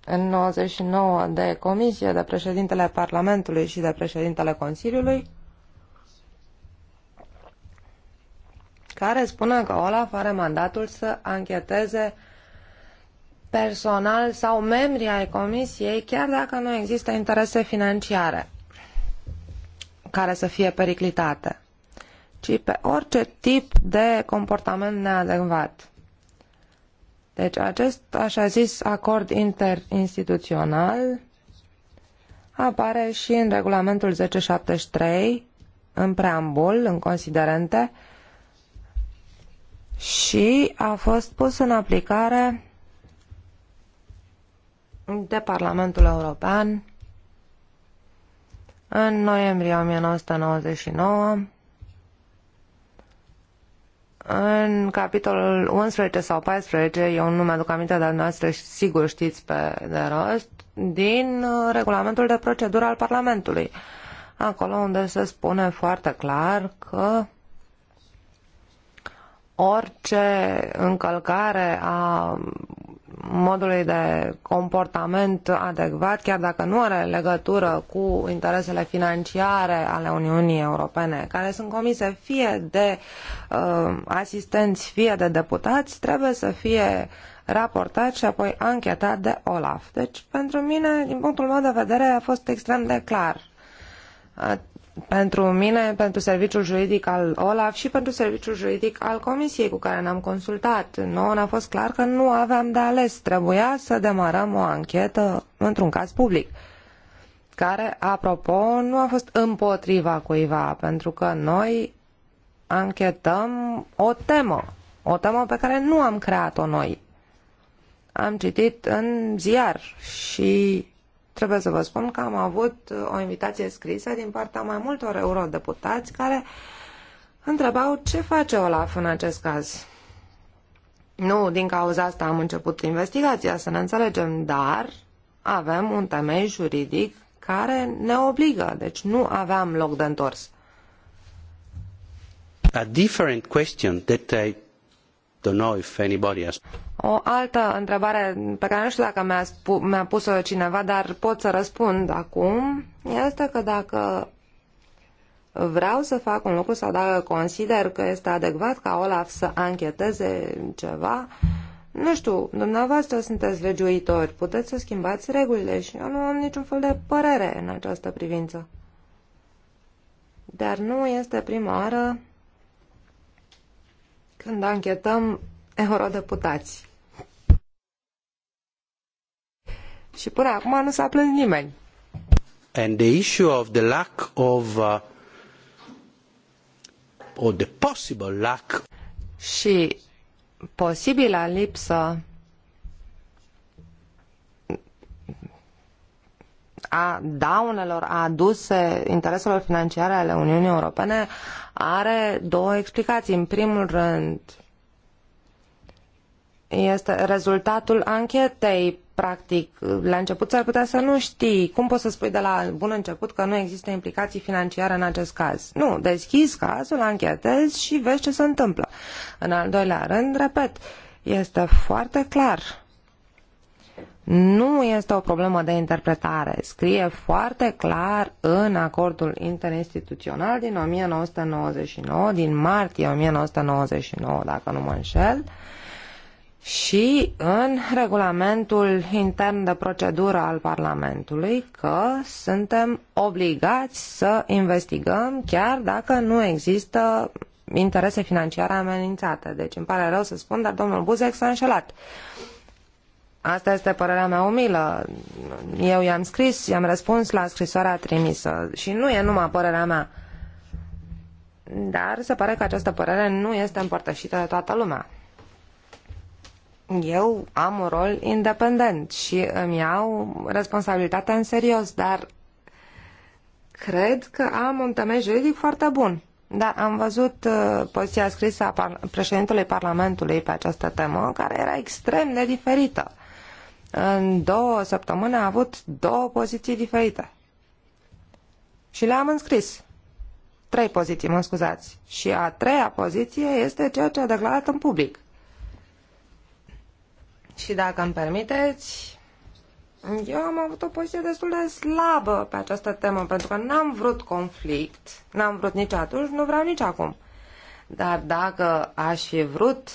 [SPEAKER 2] în 99 de comisie de președintele Parlamentului și de președintele Consiliului, care spune că Olaf are mandatul să ancheteze personal sau membrii ai comisiei, chiar dacă nu există interese financiare care să fie periclitate, ci pe orice tip de comportament neadecvat. Deci acest așa zis acord interinstituțional apare și în regulamentul 1073, în preambul, în considerente, și a fost pus în aplicare de Parlamentul European în noiembrie 1999, în capitolul 11 sau 14, eu nu mi-aduc aminte, dar noastră sigur știți pe de rost, din uh, regulamentul de procedură al Parlamentului. Acolo unde se spune foarte clar că orice încălcare a modului de comportament adecvat, chiar dacă nu are legătură cu interesele financiare ale Uniunii Europene, care sunt comise fie de uh, asistenți, fie de deputați, trebuie să fie raportat și apoi anchetat de OLAF. Deci, pentru mine, din punctul meu de vedere, a fost extrem de clar pentru mine, pentru serviciul juridic al OLAF și pentru serviciul juridic al Comisiei cu care ne-am consultat. Nouă ne-a fost clar că nu aveam de ales. Trebuia să demarăm o anchetă într-un caz public care, apropo, nu a fost împotriva cuiva, pentru că noi anchetăm o temă, o temă pe care nu am creat-o noi. Am citit în ziar și Trebuie să vă spun că am avut uh, o invitație scrisă din partea mai multor eurodeputați care întrebau ce face Olaf în acest caz. Nu din cauza asta am început investigația, să ne înțelegem, dar avem un temei juridic care ne obligă, deci nu aveam loc de întors.
[SPEAKER 1] A different question that I to know if anybody has...
[SPEAKER 2] O altă întrebare pe care nu știu dacă mi-a, spu- mi pus-o cineva, dar pot să răspund acum, este că dacă vreau să fac un lucru sau dacă consider că este adecvat ca Olaf să ancheteze ceva, nu știu, dumneavoastră sunteți legiuitori, puteți să schimbați regulile și eu nu am niciun fel de părere în această privință. Dar nu este prima oară când anchetăm eurodeputații. Și până acum nu s-a plâns nimeni.
[SPEAKER 1] And the issue of the lack of uh, or the possible lack
[SPEAKER 2] și posibila lipsă a daunelor aduse intereselor financiare ale Uniunii Europene are două explicații. În primul rând, este rezultatul anchetei practic, la început s-ar putea să nu știi. Cum poți să spui de la bun început că nu există implicații financiare în acest caz? Nu, deschizi cazul, anchetezi și vezi ce se întâmplă. În al doilea rând, repet, este foarte clar nu este o problemă de interpretare. Scrie foarte clar în acordul interinstituțional din 1999, din martie 1999, dacă nu mă înșel, și în regulamentul intern de procedură al Parlamentului că suntem obligați să investigăm chiar dacă nu există interese financiare amenințate. Deci îmi pare rău să spun, dar domnul Buzek s-a înșelat. Uh, Asta este părerea mea umilă. Eu i-am scris, i-am răspuns la scrisoarea trimisă și nu e numai părerea mea. Dar se pare că această părere nu este împărtășită de toată lumea. Eu am un rol independent și îmi iau responsabilitatea în serios, dar cred că am un temei juridic foarte bun. Da, am văzut uh, poziția scrisă a par- președintelui Parlamentului pe această temă, care era extrem de diferită în două săptămâni a avut două poziții diferite. Și le-am înscris. Trei poziții, mă scuzați. Și a treia poziție este ceea ce a declarat în public. Și dacă îmi permiteți, eu am avut o poziție destul de slabă pe această temă, pentru că n-am vrut conflict, n-am vrut nici atunci, nu vreau nici acum. Dar dacă aș fi vrut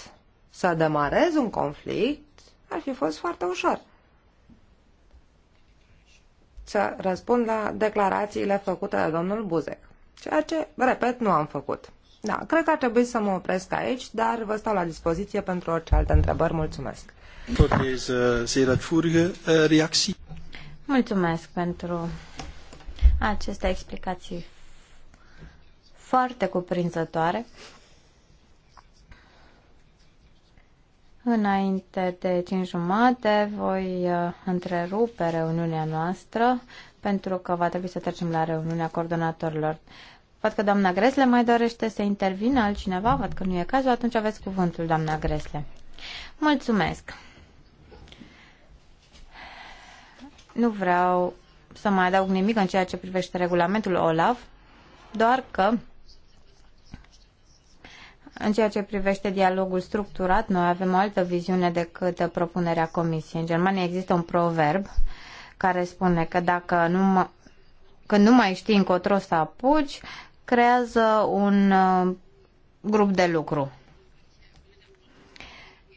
[SPEAKER 2] să demarez un conflict, ar fi fost foarte ușor să răspund la declarațiile făcute de domnul Buzek, ceea ce, repet, nu am făcut. Da, cred că ar trebui să mă opresc aici, dar vă stau la dispoziție pentru orice alte întrebări. Mulțumesc!
[SPEAKER 1] Eh, eh,
[SPEAKER 2] Mulțumesc pentru aceste explicații
[SPEAKER 3] foarte cuprinzătoare. Înainte de 5 jumate voi uh, întrerupe reuniunea noastră pentru că va trebui să trecem la reuniunea coordonatorilor. Văd că doamna Gresle mai dorește să intervină altcineva, văd că nu e cazul, atunci aveți cuvântul, doamna Gresle. Mulțumesc! Nu vreau să mai adaug nimic în ceea ce privește regulamentul OLAV, doar că în ceea ce privește dialogul structurat, noi avem o altă viziune decât propunerea Comisiei. În Germania există un proverb care spune că dacă nu, când nu mai știi încotro să apuci, creează un uh, grup de lucru.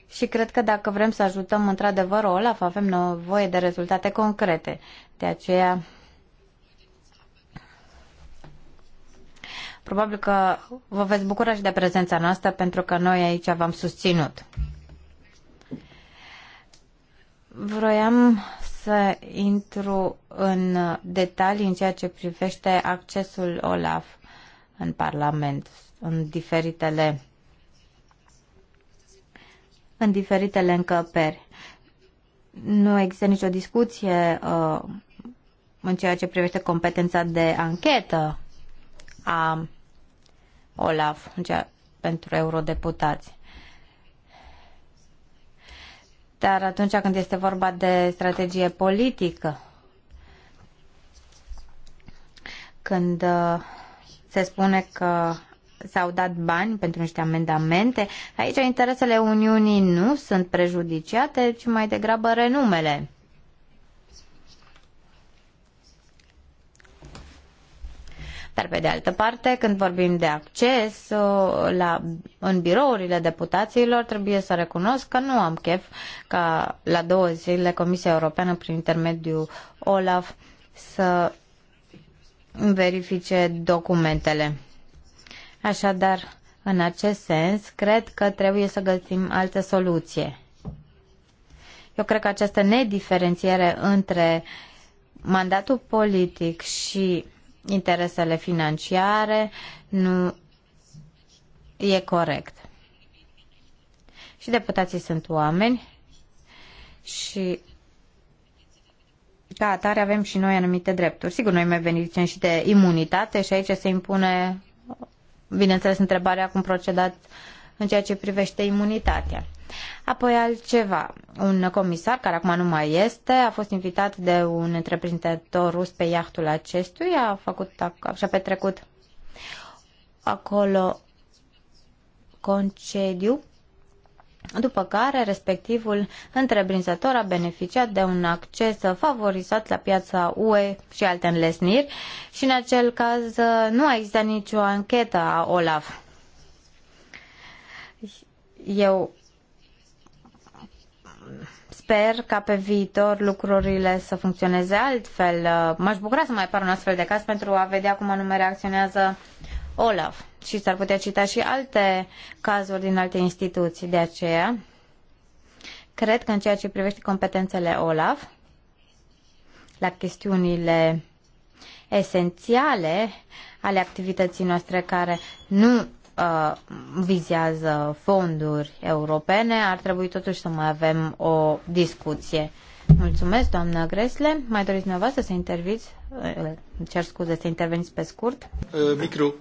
[SPEAKER 3] Și cred că dacă vrem să ajutăm într-adevăr Olaf, avem nevoie de rezultate concrete. De aceea Probabil că vă veți bucura și de prezența noastră pentru că noi aici v-am susținut. Vroiam să intru în detalii în ceea ce privește accesul OLAF în Parlament, în diferitele în diferitele încăperi. Nu există nicio discuție uh, în ceea ce privește competența de anchetă a OLAF pentru eurodeputați. Dar atunci când este vorba de strategie politică, când uh, se spune că s-au dat bani pentru niște amendamente, aici interesele Uniunii nu sunt prejudiciate, ci mai degrabă renumele. Dar pe de altă parte, când vorbim de acces uh, la, în birourile deputaților, trebuie să recunosc că nu am chef ca la două zile Comisia Europeană prin intermediul OLAF să verifice documentele. Așadar, în acest sens, cred că trebuie să găsim altă soluție. Eu cred că această nediferențiere între mandatul politic și interesele financiare nu e corect. Și deputații sunt oameni și ca atare avem și noi anumite drepturi. Sigur, noi mai beneficiem și de imunitate și aici se impune, bineînțeles, întrebarea cum procedați în ceea ce privește imunitatea. Apoi altceva. Un comisar, care acum nu mai este, a fost invitat de un întreprinzător rus pe iahtul acestuia, a făcut, și-a petrecut acolo concediu, după care respectivul întreprinzător a beneficiat de un acces favorizat la piața UE și alte înlesniri și în acel caz nu a existat nicio anchetă a OLAF. Eu sper ca pe viitor lucrurile să funcționeze altfel. M-aș bucura să mai apar un astfel de caz pentru a vedea cum anume reacționează Olaf. Și s-ar putea cita și alte cazuri din alte instituții. De aceea, cred că în ceea ce privește competențele Olaf, la chestiunile esențiale ale activității noastre care nu uh, vizează fonduri europene, ar trebui totuși să mai avem o discuție. Mulțumesc, doamnă Gresle. Mai doriți dumneavoastră să interviți? Uh, cer scuze, să interveniți pe scurt.
[SPEAKER 1] Uh, Micro.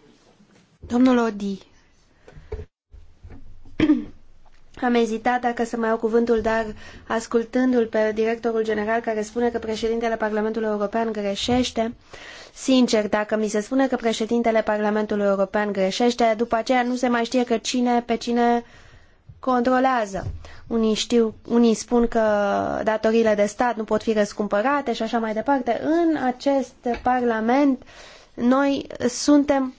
[SPEAKER 3] Domnul Odi.
[SPEAKER 4] Am ezitat dacă să mai iau cuvântul, dar ascultându-l pe directorul general care spune că președintele Parlamentului European greșește, sincer, dacă mi se spune că președintele Parlamentului European greșește, după aceea nu se mai știe că cine pe cine controlează. Unii, știu, unii spun că datoriile de stat nu pot fi răscumpărate și așa mai departe. În acest Parlament noi suntem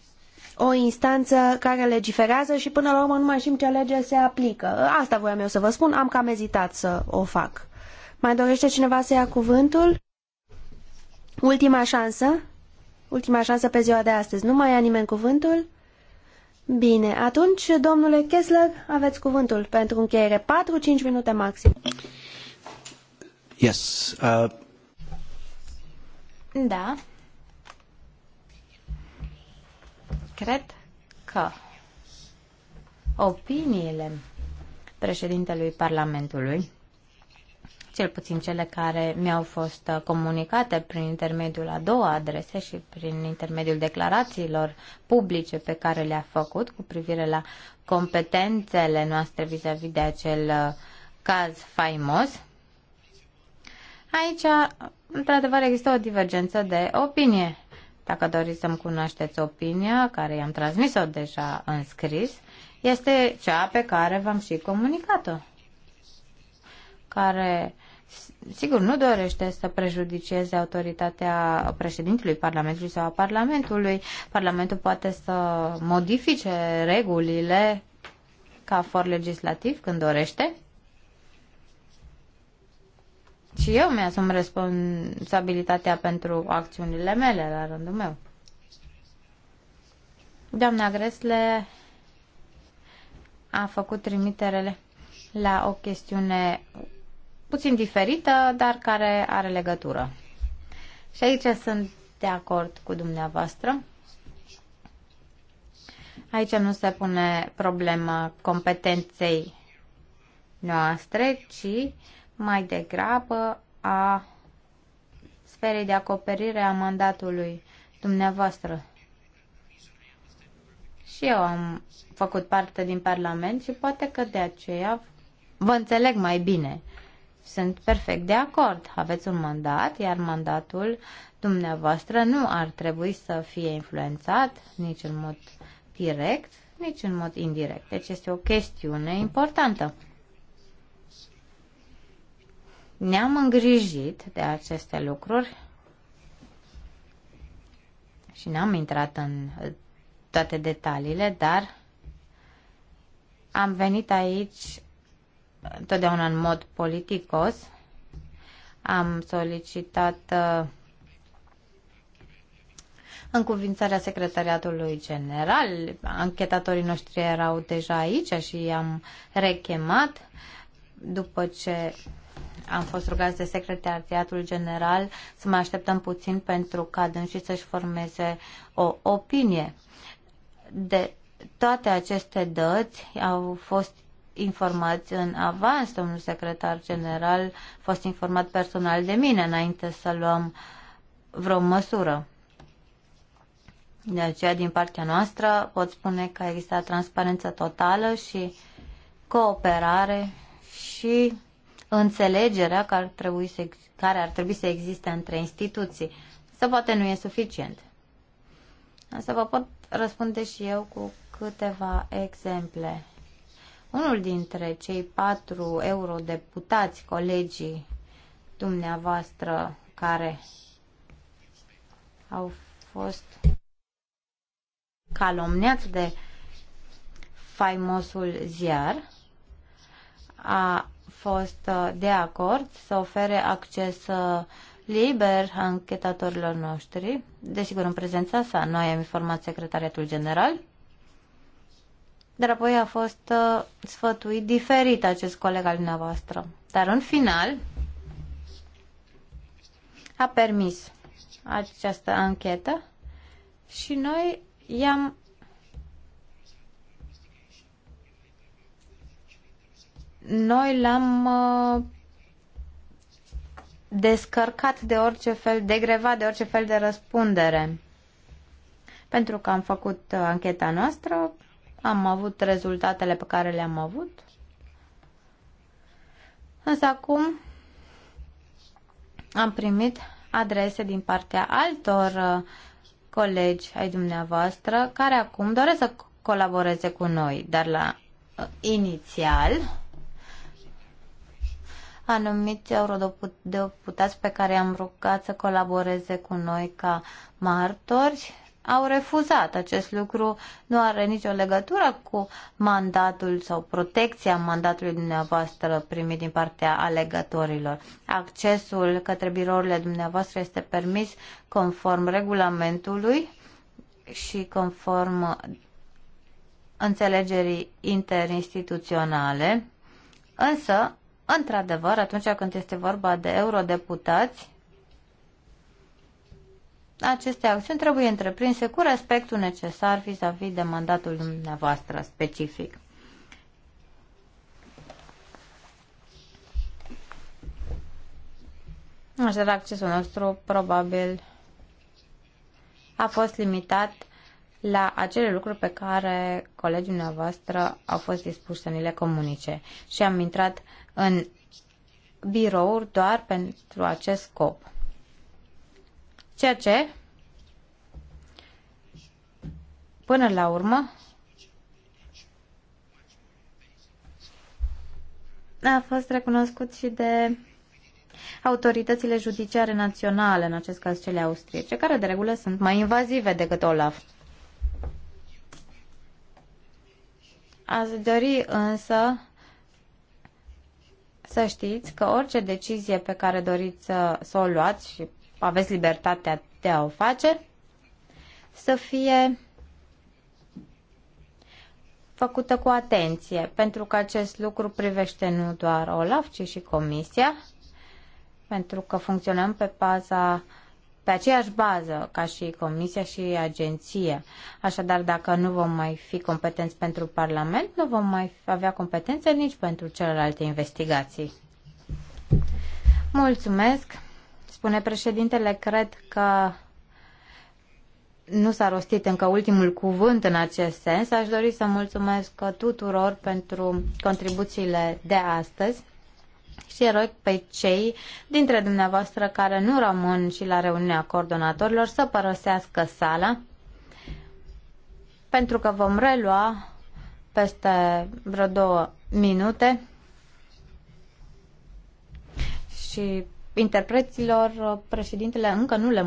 [SPEAKER 4] o instanță care legiferează și până la urmă nu mai știm ce lege se aplică. Asta voiam eu să vă spun, am cam ezitat să o fac. Mai dorește cineva să ia cuvântul? Ultima șansă? Ultima șansă pe ziua de astăzi. Nu mai ia nimeni cuvântul? Bine, atunci, domnule Kessler, aveți cuvântul pentru încheiere. 4-5 minute maxim.
[SPEAKER 1] Yes. Uh...
[SPEAKER 3] Da. Cred că opiniile președintelui Parlamentului, cel puțin cele care mi-au fost comunicate prin intermediul a două adrese și prin intermediul declarațiilor publice pe care le-a făcut cu privire la competențele noastre vis-a-vis -vis de acel uh, caz faimos. Aici, într-adevăr, există o divergență de opinie dacă doriți să-mi cunoașteți opinia, care i-am transmis-o deja în scris, este cea pe care v-am și comunicat-o, care, sigur, nu dorește să prejudicieze autoritatea președintelui Parlamentului sau a Parlamentului. Parlamentul poate să modifice regulile ca for legislativ când dorește, și eu mi-asum responsabilitatea pentru acțiunile mele, la rândul meu. Doamna Gresle a făcut trimiterele la o chestiune puțin diferită, dar care are legătură. Și aici sunt de acord cu dumneavoastră. Aici nu se pune problema competenței noastre, ci mai degrabă a sferei de acoperire a mandatului dumneavoastră. Și eu am făcut parte din Parlament și poate că de aceea vă înțeleg mai bine. Sunt perfect de acord. Aveți un mandat, iar mandatul dumneavoastră nu ar trebui să fie influențat nici în mod direct, nici în mod indirect. Deci este o chestiune importantă. Ne-am îngrijit de aceste lucruri și n-am intrat în toate detaliile, dar am venit aici întotdeauna în mod politicos. Am solicitat uh, încuvințarea secretariatului general. Anchetatorii noștri erau deja aici și i-am rechemat după ce am fost rugați de Secretariatul General să mai așteptăm puțin pentru ca dânsii să-și formeze o opinie. De toate aceste dăți au fost informați în avans, domnul secretar general a fost informat personal de mine înainte să luăm vreo măsură. De aceea, din partea noastră, pot spune că există transparență totală și cooperare și înțelegerea care ar trebui să, care ar trebui să existe între instituții. Să poate nu e suficient. Să vă pot răspunde și eu cu câteva exemple. Unul dintre cei patru eurodeputați, colegii dumneavoastră, care au fost calomniați de faimosul ziar, a fost uh, de acord să ofere acces uh, liber anchetatorilor noștri, desigur în prezența sa. Noi am informat secretariatul general, dar apoi a fost uh, sfătuit diferit acest coleg al dumneavoastră. Dar în final a permis această anchetă și noi i-am noi l-am uh, descărcat de orice fel, degrevat de orice fel de răspundere. Pentru că am făcut uh, ancheta noastră, am avut rezultatele pe care le-am avut. Însă acum am primit adrese din partea altor uh, colegi ai dumneavoastră care acum doresc să colaboreze cu noi, dar la inițial anumiți eurodeputați pe care am rugat să colaboreze cu noi ca martori au refuzat. Acest lucru nu are nicio legătură cu mandatul sau protecția mandatului dumneavoastră primit din partea alegătorilor. Accesul către birourile dumneavoastră este permis conform regulamentului și conform înțelegerii interinstituționale, însă într-adevăr, atunci când este vorba de eurodeputați, aceste acțiuni trebuie întreprinse cu respectul necesar vis-a-vis -vis de mandatul dumneavoastră specific. Așadar, accesul nostru probabil a fost limitat la acele lucruri pe care colegii dumneavoastră au fost dispuși să ni le comunice. Și am intrat în birouri doar pentru acest scop. Ceea ce, până la urmă, a fost recunoscut și de autoritățile judiciare naționale, în acest caz cele austriece, care de regulă sunt mai invazive decât Olaf. Aș dori însă să știți că orice decizie pe care doriți să, să o luați și aveți libertatea de a o face, să fie făcută cu atenție, pentru că acest lucru privește nu doar OLAF, ci și Comisia, pentru că funcționăm pe baza pe aceeași bază ca și Comisia și Agenția. Așadar, dacă nu vom mai fi competenți pentru Parlament, nu vom mai avea competențe nici pentru celelalte investigații. Mulțumesc, spune președintele, cred că nu s-a rostit încă ultimul cuvânt în acest sens. Aș dori să mulțumesc tuturor pentru contribuțiile de astăzi și rog pe cei dintre dumneavoastră care nu rămân și la reuniunea coordonatorilor să părăsească sala pentru că vom relua peste vreo două minute și interpreților președintele încă nu le